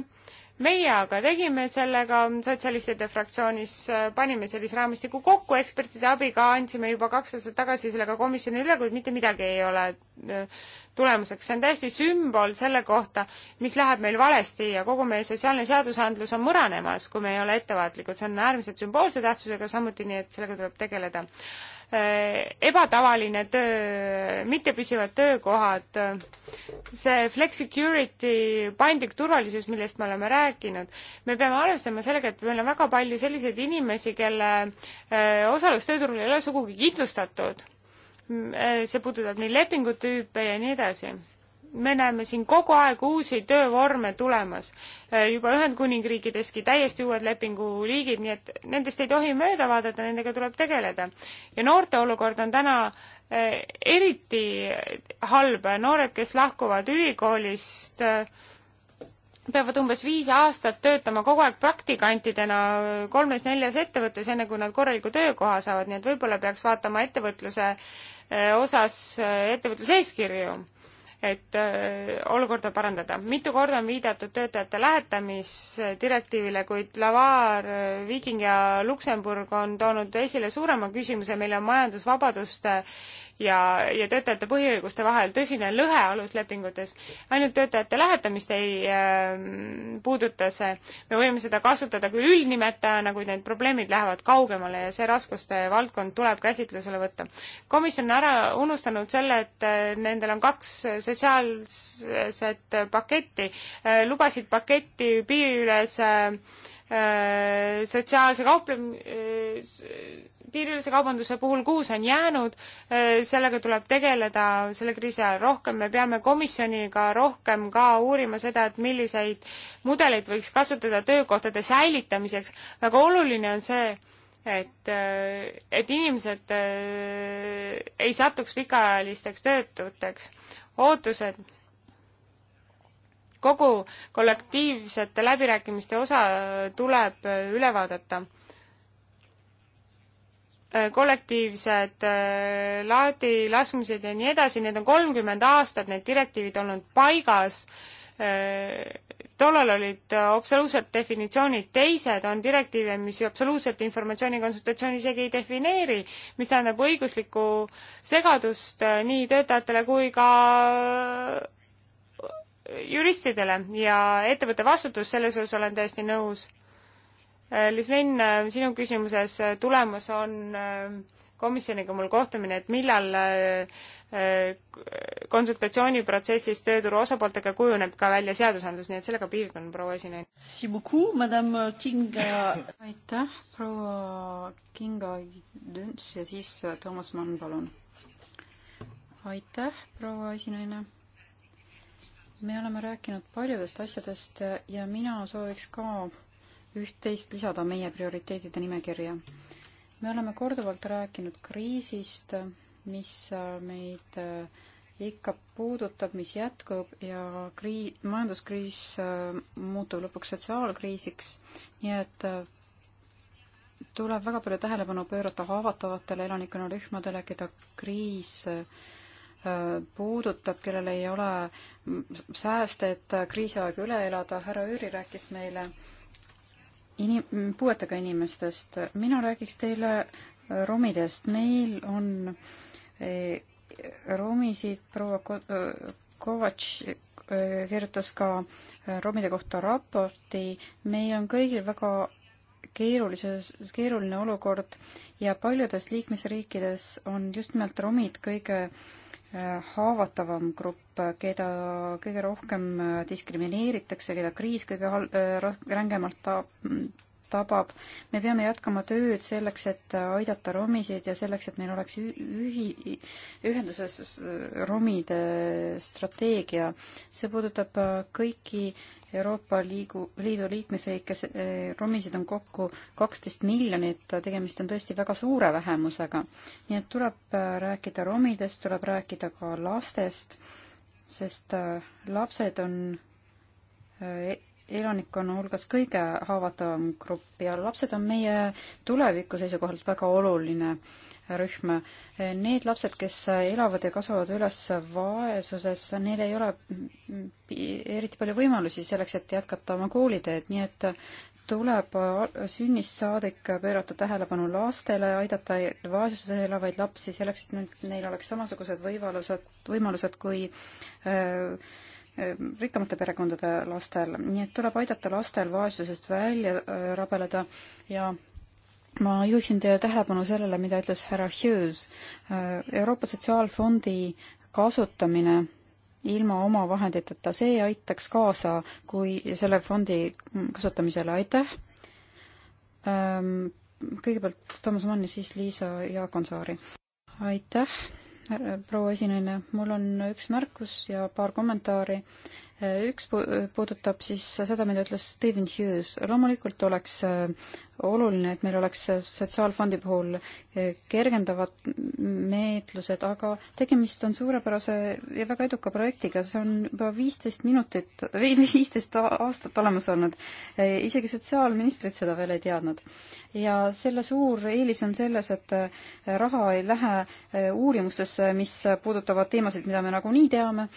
meie aga tegime sellega, sotsialistide fraktsioonis äh, panime sellise raamistiku kokku, ekspertide abiga andsime juba kaks aastat tagasi sellega komisjonile üle, kuid mitte midagi ei ole tulemuseks. see on täiesti sümbol selle kohta, mis läheb meil valesti ja kogu meie sotsiaalne seadusandlus on mõranemas, kui me ei ole ettevaatlikud. see on äärmiselt sümboolse tähtsusega, samuti nii, et sellega tuleb tegeleda. Äh, ebatavaline töö, mittepüsivad töökohad, see flexicurity, paindlik turvalisus, millest me oleme rääkinud, me peame arvestama sellega, et meil on väga palju selliseid inimesi, kelle äh, osalus tööturul ei ole sugugi kindlustatud Äh, see puudutab nii lepingutüüpe ja nii edasi. me näeme siin kogu aeg uusi töövorme tulemas, äh, juba Ühendkuningriikideski täiesti uued lepinguliigid, nii et nendest ei tohi mööda vaadata, nendega tuleb tegeleda. ja noorte olukord on täna äh, eriti halb, noored, kes lahkuvad ülikoolist, peavad umbes viis aastat töötama kogu aeg praktikantidena kolmes-neljas ettevõttes, enne kui nad korraliku töökoha saavad, nii et võib-olla peaks vaatama ettevõtluse Eh, osas eh, ettevõtluseeskirju, et eh, olukorda parandada. mitu korda on viidatud töötajate lähetamisdirektiivile, kuid Lavar, Viking ja Luksemburg on toonud esile suurema küsimuse, meil on majandusvabaduste ja, ja töötajate põhiõiguste vahel tõsine lõhe aluslepingutes. ainult töötajate lähetamist ei äh, puuduta see. me võime seda kasutada küll üldnimetajana, kuid need probleemid lähevad kaugemale ja see raskuste valdkond tuleb käsitlusele võtta. komisjon on ära unustanud selle, et äh, nendel on kaks sotsiaalset paketti äh,, lubasid paketti piiriülese äh, Äh, sotsiaalse kauple-, äh, piiriülese kaubanduse puhul kuus on jäänud, äh, sellega tuleb tegeleda selle kriisi ajal rohkem, me peame komisjoniga rohkem ka uurima seda, et milliseid mudeleid võiks kasutada töökohtade säilitamiseks, väga oluline on see, et, et inimesed ei satuks pikaajalisteks töötuteks. ootused kogu kollektiivsete läbirääkimiste osa tuleb äh, üle vaadata. Äh, kollektiivsed äh, laadi laskmised ja nii edasi, need on kolmkümmend aastat, need direktiivid olnud paigas tollal olid absoluutselt definitsioonid teised, on direktiive, mis ju absoluutselt informatsiooni konsultatsiooni isegi ei defineeri, mis tähendab õiguslikku segadust nii töötajatele kui ka juristidele ja ettevõtte vastutus, selles osas olen täiesti nõus. Äh, Liis Lenn, äh, sinu küsimuses äh, tulemas on komisjoniga mul kohtumine, et millal konsultatsiooniprotsessis tööturu osapooltega kujuneb ka välja seadusandlus, nii et sellega piirdun, proua esineja. aitäh, proua Kinga Dünts ja siis Toomas Mann, palun. aitäh, proua esinaine me oleme rääkinud paljudest asjadest ja mina sooviks ka üht-teist lisada meie prioriteedide nimekirja. me oleme korduvalt rääkinud kriisist, mis meid äh, ikka puudutab, mis jätkub ja krii-, majanduskriis äh, muutub lõpuks sotsiaalkriisiks, nii et äh, tuleb väga palju tähelepanu pöörata haavatavatele elanikkonnarühmadele, keda kriis puudutab, kellel ei ole sääste, et kriisiaeg üle elada. härra Jüri rääkis meile inim-, puuetega inimestest. mina räägiks teile romidest. meil on eh, romisid, proua eh, Kovatš eh, kirjutas ka romide kohta raporti. meil on kõigil väga keerulises, keeruline olukord ja paljudes liikmesriikides on just nimelt romid kõige äh, haavatavam grupp, keda kõige rohkem diskrimineeritakse, keda kriis kõige hal-, äh, rängemalt ta-, tabab. me peame jätkama tööd selleks, et aidata romisid ja selleks, et meil oleks ühi-, ühenduses romide strateegia. see puudutab äh, kõiki Euroopa Liigu, Liidu liikmesriike, äh, romisid on kokku kaksteist miljonit, tegemist on tõesti väga suure vähemusega. nii et tuleb äh, rääkida romidest, tuleb rääkida ka lastest, sest lapsed on elanikkonna hulgas kõige haavatavam grupp ja lapsed on meie tuleviku seisukohalt väga oluline rühm. Need lapsed, kes elavad ja kasvavad üles vaesuses, neil ei ole eriti palju võimalusi selleks, et jätkata oma kooliteed, nii et tuleb sünnist saadik pöörata tähelepanu lastele, aidata vaesuses elavaid lapsi selleks, et neil oleks samasugused võimalused, võimalused kui öö, äh, Ehm, rikkamate perekondade lastel, nii et tuleb aidata lastel vaesusest välja äh, rabeleda ja ma juhiksin teie tähelepanu sellele, mida ütles härra Hughes. Äh, Euroopa Sotsiaalfondi kasutamine ilma oma vahenditeta, see aitaks kaasa, kui selle fondi kasutamisele, aitäh! Ehm, kõigepealt Toomas Mann ja siis Liisa Jaakonsaari. aitäh! proua esinaine, mul on üks märkus ja paar kommentaari üks puudutab siis seda, mida ütles Steven Hughes. loomulikult oleks äh, oluline, et meil oleks äh, sotsiaalfondi puhul äh, kergendavad meetlused, aga tegemist on suurepärase ja väga eduka projektiga, see on juba viisteist minutit või viisteist aastat olemas olnud. isegi sotsiaalministrid seda veel ei teadnud. ja selle suur eelis on selles, et raha ei lähe uurimustesse, mis puudutavad teemasid, mida me nagunii teame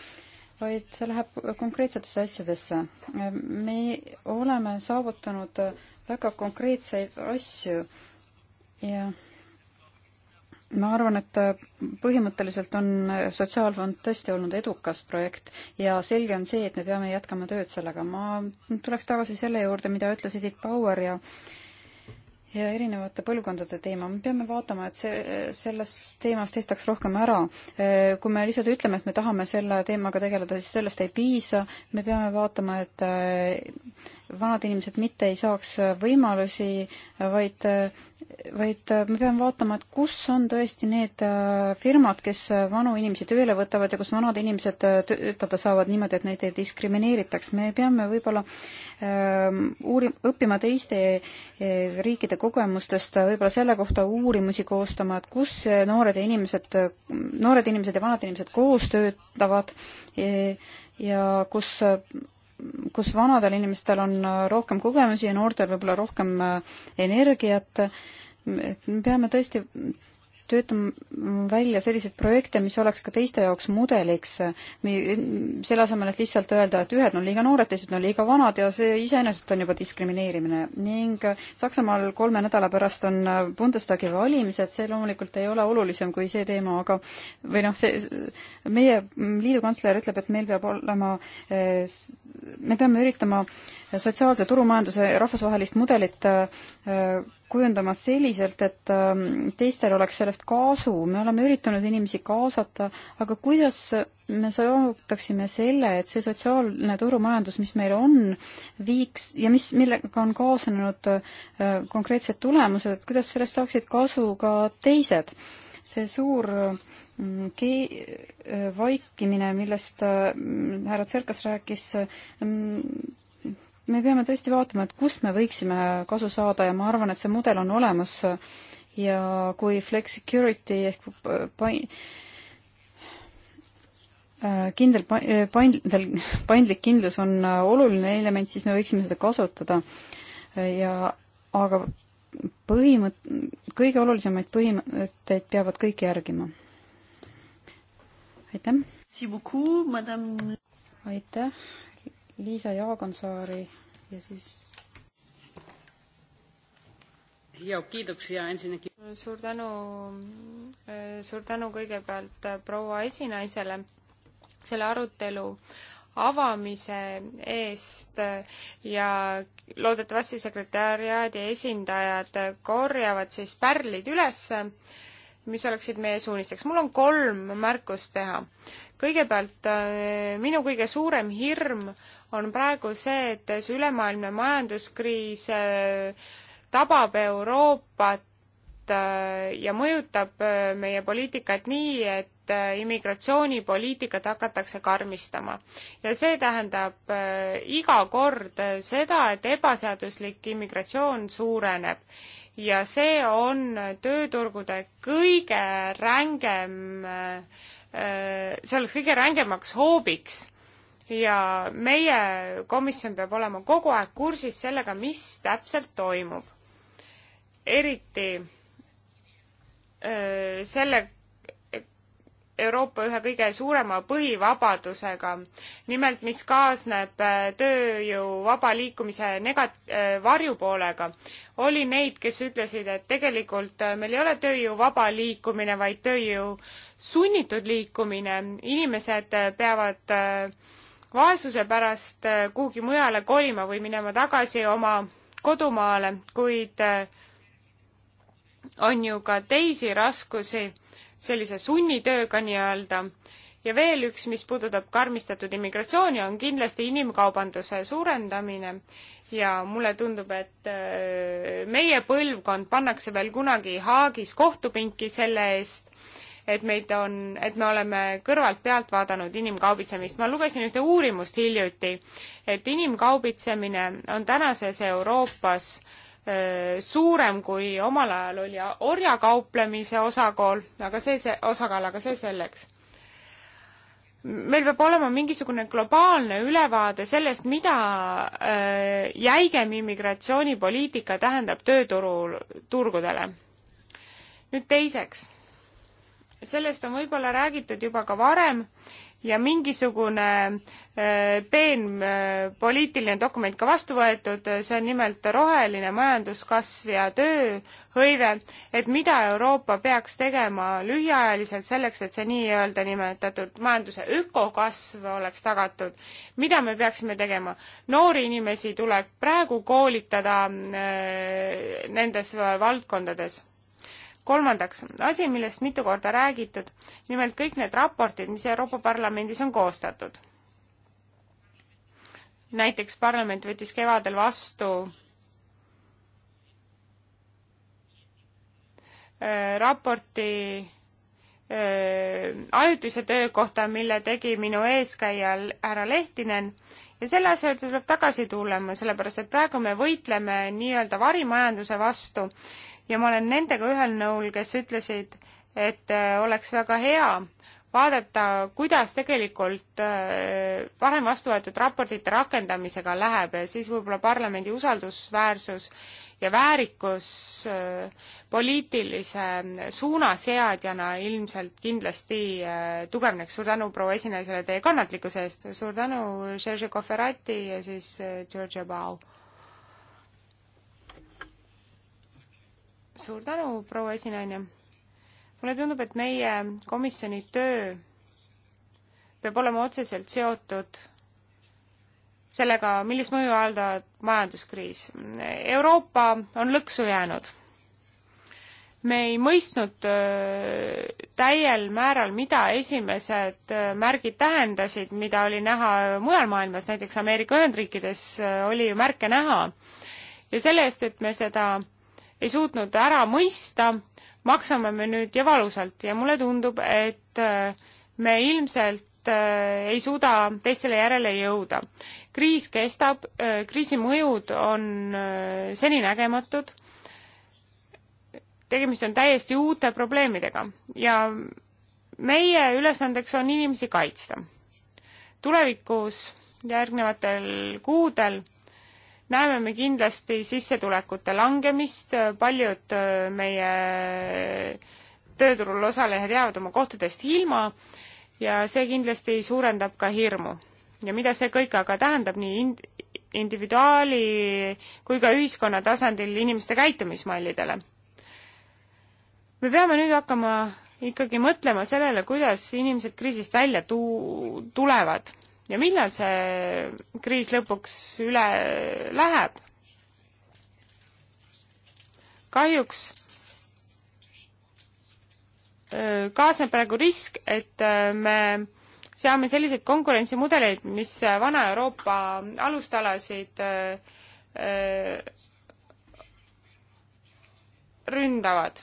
vaid see läheb konkreetsetesse asjadesse. me oleme saavutanud väga konkreetseid asju ja ma arvan, et põhimõtteliselt on Sotsiaalfond tõesti olnud edukas projekt ja selge on see, et me peame jätkama tööd sellega. ma tuleks tagasi selle juurde, mida ütlesid Itt Bauer ja äh, ja erinevate põlvkondade teema, me peame vaatama, et see, selles teemas tehtaks rohkem ära. Kui me lihtsalt ütleme, et me tahame selle teemaga tegeleda, siis sellest ei piisa, me peame vaatama, et vanad inimesed mitte ei saaks äh, võimalusi, äh, vaid, äh, vaid me peame vaatama, et kus on tõesti need firmad, kes vanu inimesi tööle võtavad ja kus vanad inimesed töötada saavad niimoodi, et neid ei diskrimineeritaks. me peame võib-olla ähm, uuri-, õppima teiste riikide kogemustest, võib-olla selle kohta uurimusi koostama, et kus noored ja inimesed, noored inimesed ja vanad inimesed koos töötavad ja kus kus vanadel inimestel on äh, rohkem kogemusi ja noortel võib-olla rohkem äh, energiat, et me peame tõesti töötama välja selliseid projekte, mis oleks ka teiste jaoks mudeliks, selle asemel, et lihtsalt öelda, et ühed on liiga noored, teised on liiga vanad ja see iseenesest on juba diskrimineerimine. ning Saksamaal kolme nädala pärast on Bundestagi valimised, see loomulikult ei ole olulisem kui see teema, aga või noh, see, meie liidu kantsler ütleb, et meil peab olema, eh, me peame üritama sotsiaalse turumajanduse rahvusvahelist mudelit eh, kujundama selliselt, et ähm, teistel oleks sellest kaasu, me oleme üritanud inimesi kaasata, aga kuidas me saavutaksime selle, et see sotsiaalne turumajandus, mis meil on, viiks ja mis, millega on kaasnenud äh, konkreetsed tulemused, et kuidas sellest saaksid kasu ka teised? see suur mm, ke-, äh, vaikimine, millest äh, härra Tserkas rääkis, mm, me peame tõesti vaatama, et kust me võiksime kasu saada ja ma arvan, et see mudel on olemas ja kui flex security ehk pain-, äh, kindel äh, paindel, paindlik kindlus on äh, oluline element, siis me võiksime seda kasutada. ja aga põhimõt-, kõige olulisemaid põhimõtteid peavad kõik järgima. aitäh! aitäh! Liisa Jaagonsaari ja siis Joo, kiitoksia ensinnäkin. suur tänu, eh, suur tänu kõigepealt eh, proua esinaisele selle arutelu avamise eest eh, ja loodetavasti sekretäriaadi esindajad korjavad siis pärlid ülesse, mis oleksid meie suunisteks. mul on kolm märkust teha. kõigepealt minu kõige suurem hirm äh, on praegu see, et see ülemaailmne majanduskriis äh, tabab Euroopat äh, ja mõjutab äh, meie poliitikat nii, et immigratsioonipoliitikat hakatakse karmistama. ja see tähendab iga kord seda, et ebaseaduslik immigratsioon suureneb ja see on tööturgude kõige rängem, see oleks kõige rängemaks hoobiks ja meie komisjon peab olema kogu aeg kursis sellega, mis täpselt toimub. eriti öö, selle Euroopa ühe kõige suurema põhivabadusega, nimelt mis kaasneb tööjõu vaba liikumise negat-, varjupoolega. oli neid, kes ütlesid, et tegelikult meil ei ole tööjõu vaba liikumine, vaid tööjõu sunnitud liikumine, inimesed peavad öö, vaesuse pärast äh, kuhugi mujale kolima või minema tagasi oma kodumaale, kuid äh, on ju ka teisi raskusi sellise sunnitööga nii-öelda. ja veel üks, mis puudutab karmistatud immigratsiooni, on kindlasti inimkaubanduse suurendamine ja mulle tundub, et äh, meie põlvkond pannakse veel kunagi Haagis kohtupinki selle eest, et meid on, et me oleme kõrvalt pealt vaadanud inimkaubitsemist. ma lugesin ühte uurimust hiljuti, et inimkaubitsemine on tänases Euroopas öö, suurem kui omal ajal oli orjakauplemise osakaal, aga see, see osakaal, aga see selleks meil peab olema mingisugune globaalne ülevaade sellest, mida äh, jäigem immigratsioonipoliitika tähendab tööturul, turgudele. nüüd teiseks sellest on võib-olla räägitud juba ka varem ja mingisugune äh, peen äh, poliitiline dokument ka vastu võetud, äh, see on nimelt roheline majanduskasv ja tööhõive, et mida Euroopa peaks tegema lühiajaliselt selleks, et see nii-öelda nimetatud majanduse ökokasv oleks tagatud. mida me peaksime tegema? noori inimesi tuleb praegu koolitada nendes valdkondades kolmandaks, asi, millest mitu korda räägitud, nimelt kõik need raportid, mis Euroopa Parlamendis on koostatud. näiteks parlament võttis kevadel vastu äh, raporti äh, ajutise töö kohta, mille tegi minu eeskäija härra Lehtinen ja selle asja juurde tuleb tagasi tulema, sellepärast et praegu me võitleme nii-öelda varimajanduse vastu ja ma olen nendega ühel nõul, kes ütlesid, et äh, oleks väga hea vaadata, kuidas tegelikult äh, varem vastu võetud raportite rakendamisega läheb ja siis võib-olla parlamendi usaldusväärsus ja väärikus äh, poliitilise suunaseadjana ilmselt kindlasti tugevneks. suur tänu proua esinaisele teie kannatlikkuse eest, suur tänu Sergei Koferati ja siis Georgia Bao. suur tänu, proua esinaine. mulle tundub, et meie komisjoni töö peab olema otseselt seotud sellega, millist mõju avaldavad majanduskriis. Euroopa on lõksu jäänud. me ei mõistnud äh, täiel määral, mida esimesed äh, märgid tähendasid, mida oli näha mujal maailmas, näiteks Ameerika Ühendriikides äh, oli ju märke näha. ja selle eest, et me seda ei suutnud ära mõista, maksame me nüüd ja valusalt ja mulle tundub, et äh, me ilmselt äh, ei suuda teistele järele jõuda. kriis kestab, äh, kriisi mõjud on seninägematud, tegemist on täiesti uute probleemidega ja meie ülesandeks on inimesi kaitsta. tulevikus järgnevatel kuudel näeme me kindlasti sissetulekute langemist, paljud äh, meie tööturul osalejad jäävad oma kohtadest ilma ja see kindlasti suurendab ka hirmu. ja mida see kõik aga tähendab nii ind-, individuaali kui ka ühiskonna tasandil inimeste käitumismallidele? me peame nüüd hakkama ikkagi mõtlema sellele, kuidas inimesed kriisist välja tu-, tulevad ja millal see kriis lõpuks üle läheb? kahjuks äh, kaasneb praegu risk, et äh, me seame selliseid konkurentsimudeleid, mis vana Euroopa alustalasid äh, ründavad.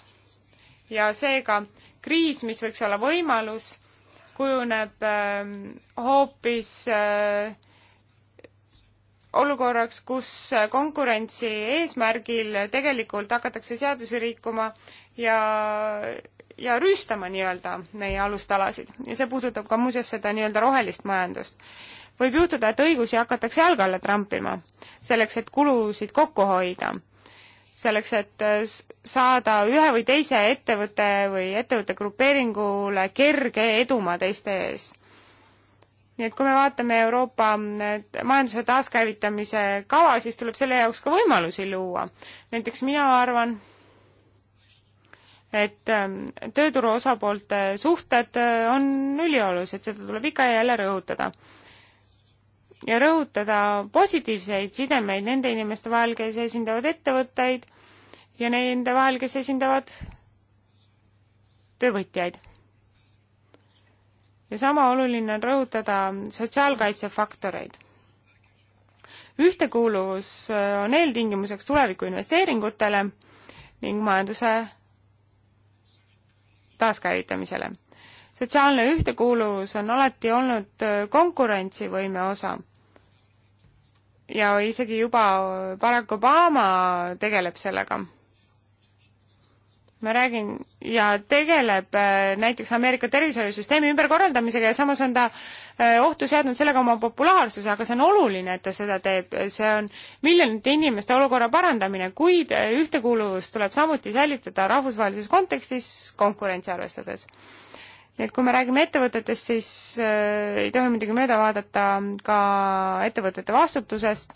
ja seega kriis, mis võiks olla võimalus kujuneb ähm, hoopis äh, olukorraks, kus äh, konkurentsi eesmärgil tegelikult hakatakse seadusi rikkuma ja, ja rüüstama nii-öelda meie alustalasid ja see puudutab ka muuseas seda nii-öelda rohelist majandust. võib juhtuda, et õigusi hakatakse jalge alla trampima, selleks et kulusid kokku hoida selleks, et äh, saada ühe või teise ettevõtte või ettevõtte grupeeringule kerge edumaa teiste ees. nii et kui me vaatame Euroopa äh, majanduse taaskäivitamise kava, siis tuleb selle jaoks ka võimalusi luua. näiteks mina arvan, et ähm, tööturu osapoolte suhted äh, on üliolulised, seda tuleb ikka ja jälle rõhutada. ja rõhutada positiivseid sidemeid nende inimeste vahel, kes esindavad ettevõtteid ja nende vahel, kes esindavad töövõtjaid. ja sama oluline on rõhutada sotsiaalkaitsefaktoreid. ühtekuuluvus äh, on eeltingimuseks tuleviku investeeringutele ning majanduse taaskäivitamisele. sotsiaalne ühtekuuluvus on alati olnud äh, konkurentsivõime osa ja isegi juba äh, Barack Obama tegeleb sellega ma räägin, ja tegeleb äh, näiteks Ameerika tervishoiusüsteemi ümberkorraldamisega ja samas on ta äh, ohtu seadnud sellega oma populaarsuse, aga see on oluline, et ta seda teeb, see on miljonite inimeste olukorra parandamine, kuid äh, ühtekuuluvus tuleb samuti säilitada rahvusvahelises kontekstis konkurentsi arvestades. nii et kui me räägime ettevõtetest, siis ei tohi muidugi mööda vaadata ka ettevõtete vastutusest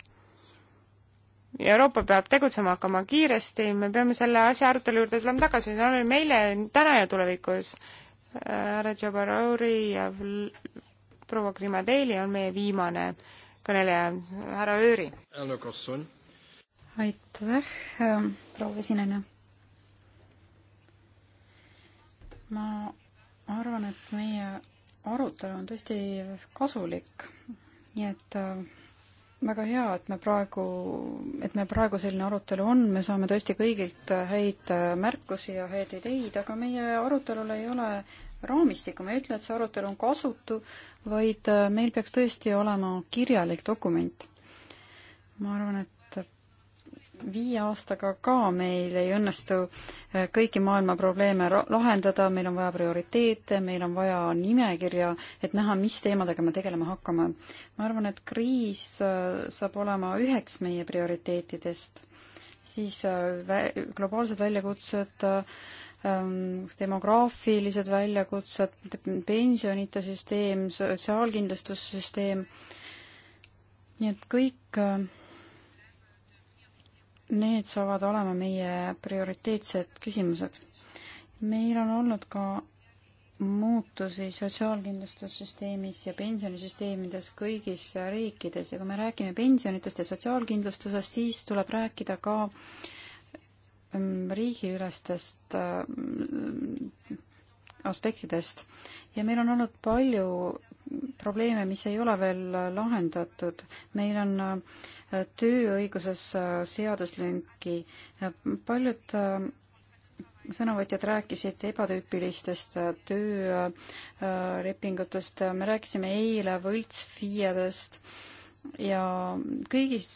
Euroopa peab tegutsema hakkama kiiresti, me peame selle asja arutelu juurde tulema tagasi, see on oluline meile täna ja tulevikus. härra Tšabarouri ja proua Grimadeli on meie viimane kõneleja, härra Ööri. aitäh, ähm, proua esineja. ma arvan, et meie arutelu on tõesti kasulik, nii et äh, väga hea, et me praegu, et meil praegu selline arutelu on, me saame tõesti kõigilt häid märkusi ja häid ideid, aga meie arutelul ei ole raamistikku, ma ei ütle, et see arutelu on kasutu, vaid meil peaks tõesti olema kirjalik dokument. ma arvan, et viie aastaga ka meil ei õnnestu äh, kõiki maailma probleeme lahendada, meil on vaja prioriteete, meil on vaja nimekirja, et näha, mis teemadega me tegelema hakkame. ma arvan, et kriis äh, saab olema üheks meie prioriteetidest, siis äh, vä-, globaalsed väljakutsed, ähm, demograafilised väljakutsed, pensionite süsteem, sotsiaalkindlustussüsteem, nii et kõik need saavad olema meie prioriteetsed küsimused. meil on olnud ka muutusi sotsiaalkindlustussüsteemis ja pensionisüsteemides kõigis riikides ja kui me räägime pensionitest ja sotsiaalkindlustusest, siis tuleb rääkida ka mm, riigiülestest mm, aspektidest ja meil on olnud palju probleeme, mis ei ole veel lahendatud. meil on äh, tööõiguses äh, seaduslünki. paljud äh, sõnavõtjad rääkisid ebatüüpilistest äh, töölepingutest, me rääkisime eile võltsfiiedest ja kõigis,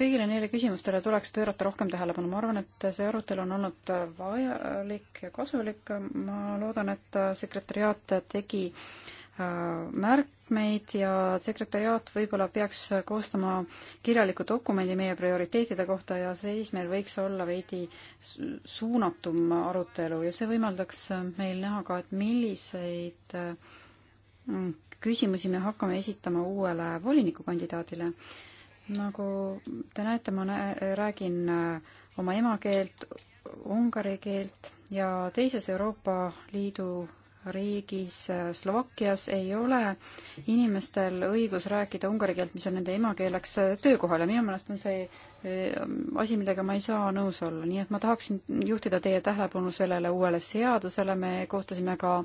kõigile neile küsimustele tuleks pöörata rohkem tähelepanu. ma arvan, et see arutelu on olnud vajalik ja kasulik. ma loodan, et sekretäriaat tegi äh, Äh, märkmeid ja sekretäriaat võib-olla peaks koostama kirjaliku dokumendi meie prioriteetide kohta ja siis meil võiks olla veidi suunatum arutelu ja see võimaldaks meil näha ka, et milliseid mm, küsimusi me hakkame esitama uuele volinikukandidaadile. nagu te näete, ma nä räägin äh, oma emakeelt, ungari keelt ja teises Euroopa Liidu riigis äh, Slovakkias ei ole inimestel õigus rääkida ungari keelt, mis on nende emakeeleks äh, töökohal ja minu meelest on see äh, asi, millega ma ei saa nõus olla, nii et ma tahaksin juhtida teie tähelepanu sellele uuele seadusele, me koostasime ka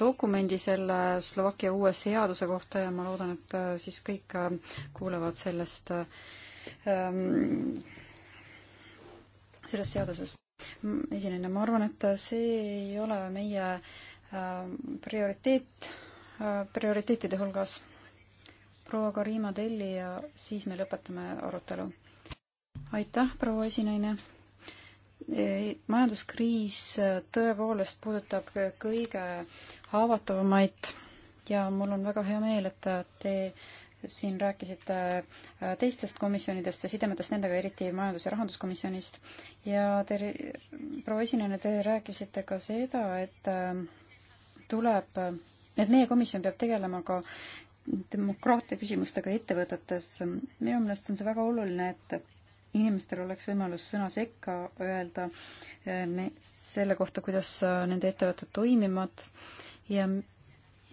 dokumendi selle Slovakkia uue seaduse kohta ja ma loodan, et siis kõik kuulevad sellest ähm, sellest seadusest. esinejana, ma arvan, et see ei ole meie Äh, prioriteet äh, prioriteetide hulgas. proua Karima Telli ja siis me lõpetame arutelu. aitäh, proua esinaine. E, majanduskriis äh, tõepoolest puudutab kõige haavatavamaid ja mul on väga hea meel, et te siin rääkisite teistest komisjonidest ja sidemetest nendega, eriti majandus- ja rahanduskomisjonist. ja te, proua esinejana, te rääkisite ka seda, et tuleb, et meie komisjon peab tegelema ka demokraatia küsimustega ettevõtetes. minu meelest on see väga oluline, et inimestel oleks võimalus sõna sekka öelda eh, selle kohta, kuidas eh, nende ettevõtted toimivad ja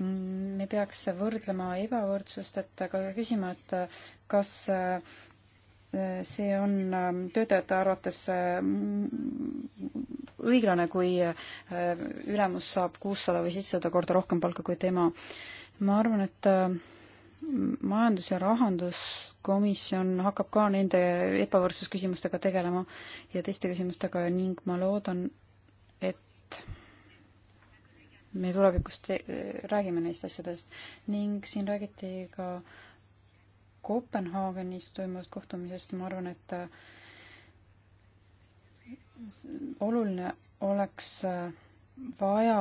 me peaks võrdlema ebavõrdsust, et aga küsima, et eh, kas see on ähm, töötajate arvates äh, õiglane, kui äh, ülemus saab kuussada või seitsesada korda rohkem palka kui tema. ma arvan, et äh, majandus- ja rahanduskomisjon hakkab ka nende ebavõrdsusküsimustega tegelema ja teiste küsimustega ning ma loodan, et me tulevikus te-, räägime neist asjadest ning siin räägiti ka äh, Kopenhaagenis toimuvast kohtumisest ja ma arvan, et äh, oluline oleks äh, vaja,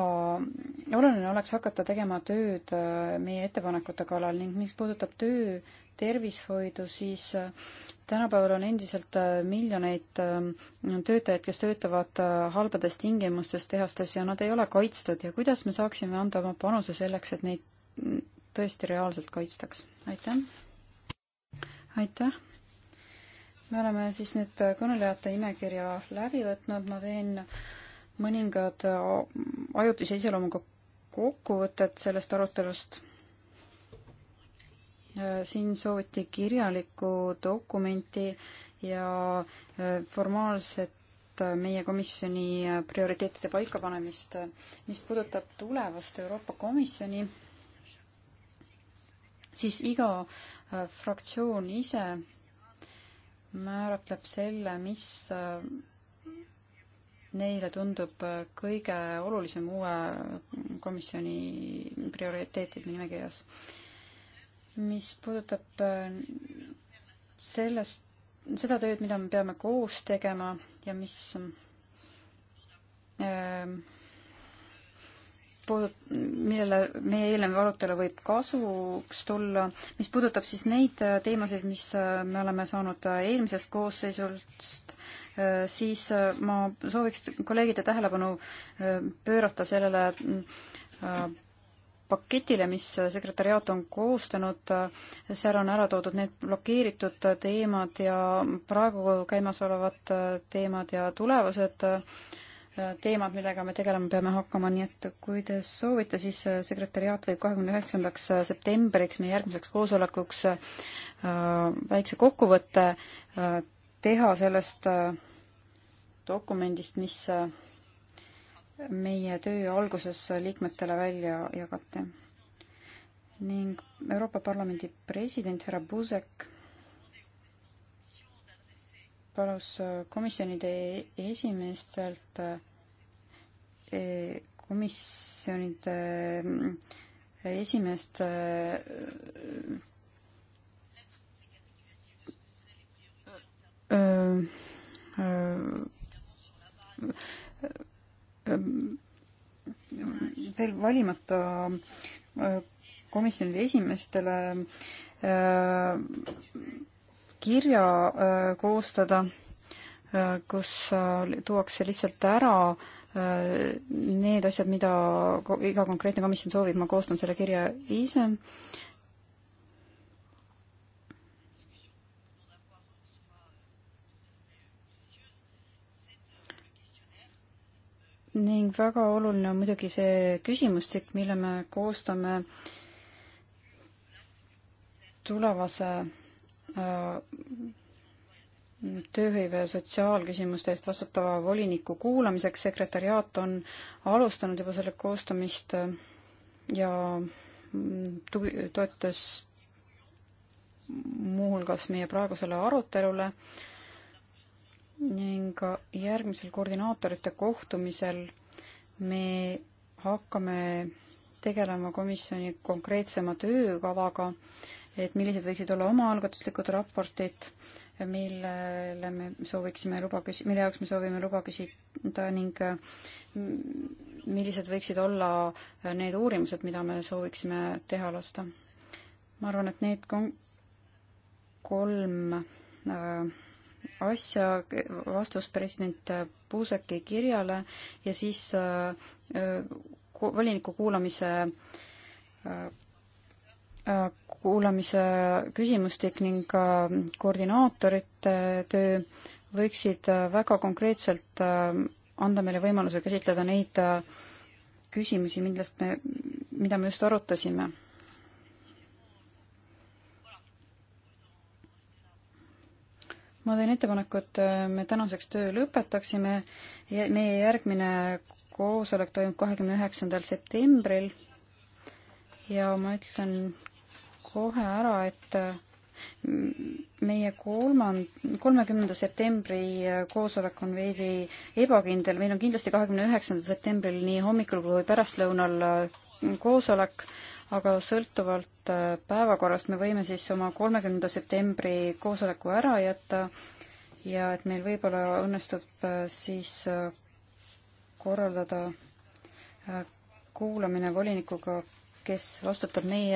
oluline oleks hakata tegema tööd äh, meie ettepanekute kallal ning mis puudutab töö tervishoidu, siis tänapäeval on endiselt miljoneid töötajaid, kes töötavad halbades tingimustes tehastes ja nad ei ole kaitstud ja kuidas me saaksime anda oma panuse selleks, et neid mm, tõesti reaalselt kaitstaks? aitäh! aitäh! me oleme siis nüüd kõnelejate nimekirja läbi võtnud, ma teen mõningad ajutise iseloomuga kokkuvõtted sellest arutelust. siin sooviti kirjalikku dokumenti ja formaalset meie komisjoni prioriteetide paikapanemist, mis puudutab tulevast Euroopa Komisjoni, siis iga äh, fraktsioon ise määratleb selle, mis neile tundub kõige olulisem uue komisjoni prioriteetide nimekirjas. mis puudutab äh, sellest, seda tööd, mida me peame koos tegema ja mis äh, puudut-, millele meie eelnev arutelu võib kasuks tulla, mis puudutab siis neid äh, teemasid, mis äh, me oleme saanud äh, eelmisest koosseisust, siis ma sooviks kolleegide tähelepanu pöörata sellele paketile, mis sekretäriaat on koostanud, seal on ära toodud need blokeeritud teemad ja praegu käimasolevad teemad ja tulevased äh, teemad, millega me tegelema peame hakkama, nii et kui te soovite, siis sekretäriaat võib kahekümne üheksandaks septembriks, meie järgmiseks koosolekuks äh, väikse kokkuvõtte äh, teha sellest äh, dokumendist, mis meie töö alguses liikmetele välja jagati. ning Euroopa Parlamendi president härra Buzek palus äh, komisjonide esimeestelt äh, komisjonide äh, esimeest öö, öö, veel valimata komisjonide esimeestele öö, kirja äh, koostada, äh, kus äh, tuuakse lihtsalt ära need asjad, mida iga konkreetne komisjon soovib, ma koostan selle kirja ise. ning väga oluline on muidugi see küsimustik, mille me koostame tulevase Äh, tööhõive ja sotsiaalküsimuste eest vastutava voliniku kuulamiseks. sekretäriaat on alustanud juba selle koostamist äh, ja mm, tugi-, toetas muuhulgas meie praegusele arutelule ning järgmisel koordinaatorite kohtumisel me hakkame tegelema komisjoni konkreetsema töökavaga äh, et millised võiksid olla omaalgatuslikud raportid, millele me sooviksime luba küsi-, mille jaoks me soovime luba küsida ning mm, millised võiksid olla need uurimused, mida me sooviksime teha lasta. ma arvan, et need kolm äh, asja, vastus president Puusaki kirjale ja siis äh, voliniku kuulamise äh, Äh, kuulamise küsimustik ning ka koordinaatorite töö võiksid äh, väga konkreetselt äh, anda meile võimaluse käsitleda neid küsimusi, millest me, mida me just arutasime. ma teen ettepaneku, et me tänaseks töö lõpetaksime. meie järgmine koosolek toimub kahekümne üheksandal septembril ja ma ütlen kohe ära, et mm, meie kolmand-, kolmekümnenda septembri äh, koosolek on veidi ebakindel, meil on kindlasti kahekümne üheksandal septembril nii hommikul kui pärastlõunal äh, koosolek, aga sõltuvalt äh, päevakorrast me võime siis oma kolmekümnenda septembri koosoleku ära jätta ja et meil võib-olla õnnestub siis korraldada kuulamine volinikuga, kes vastutab meie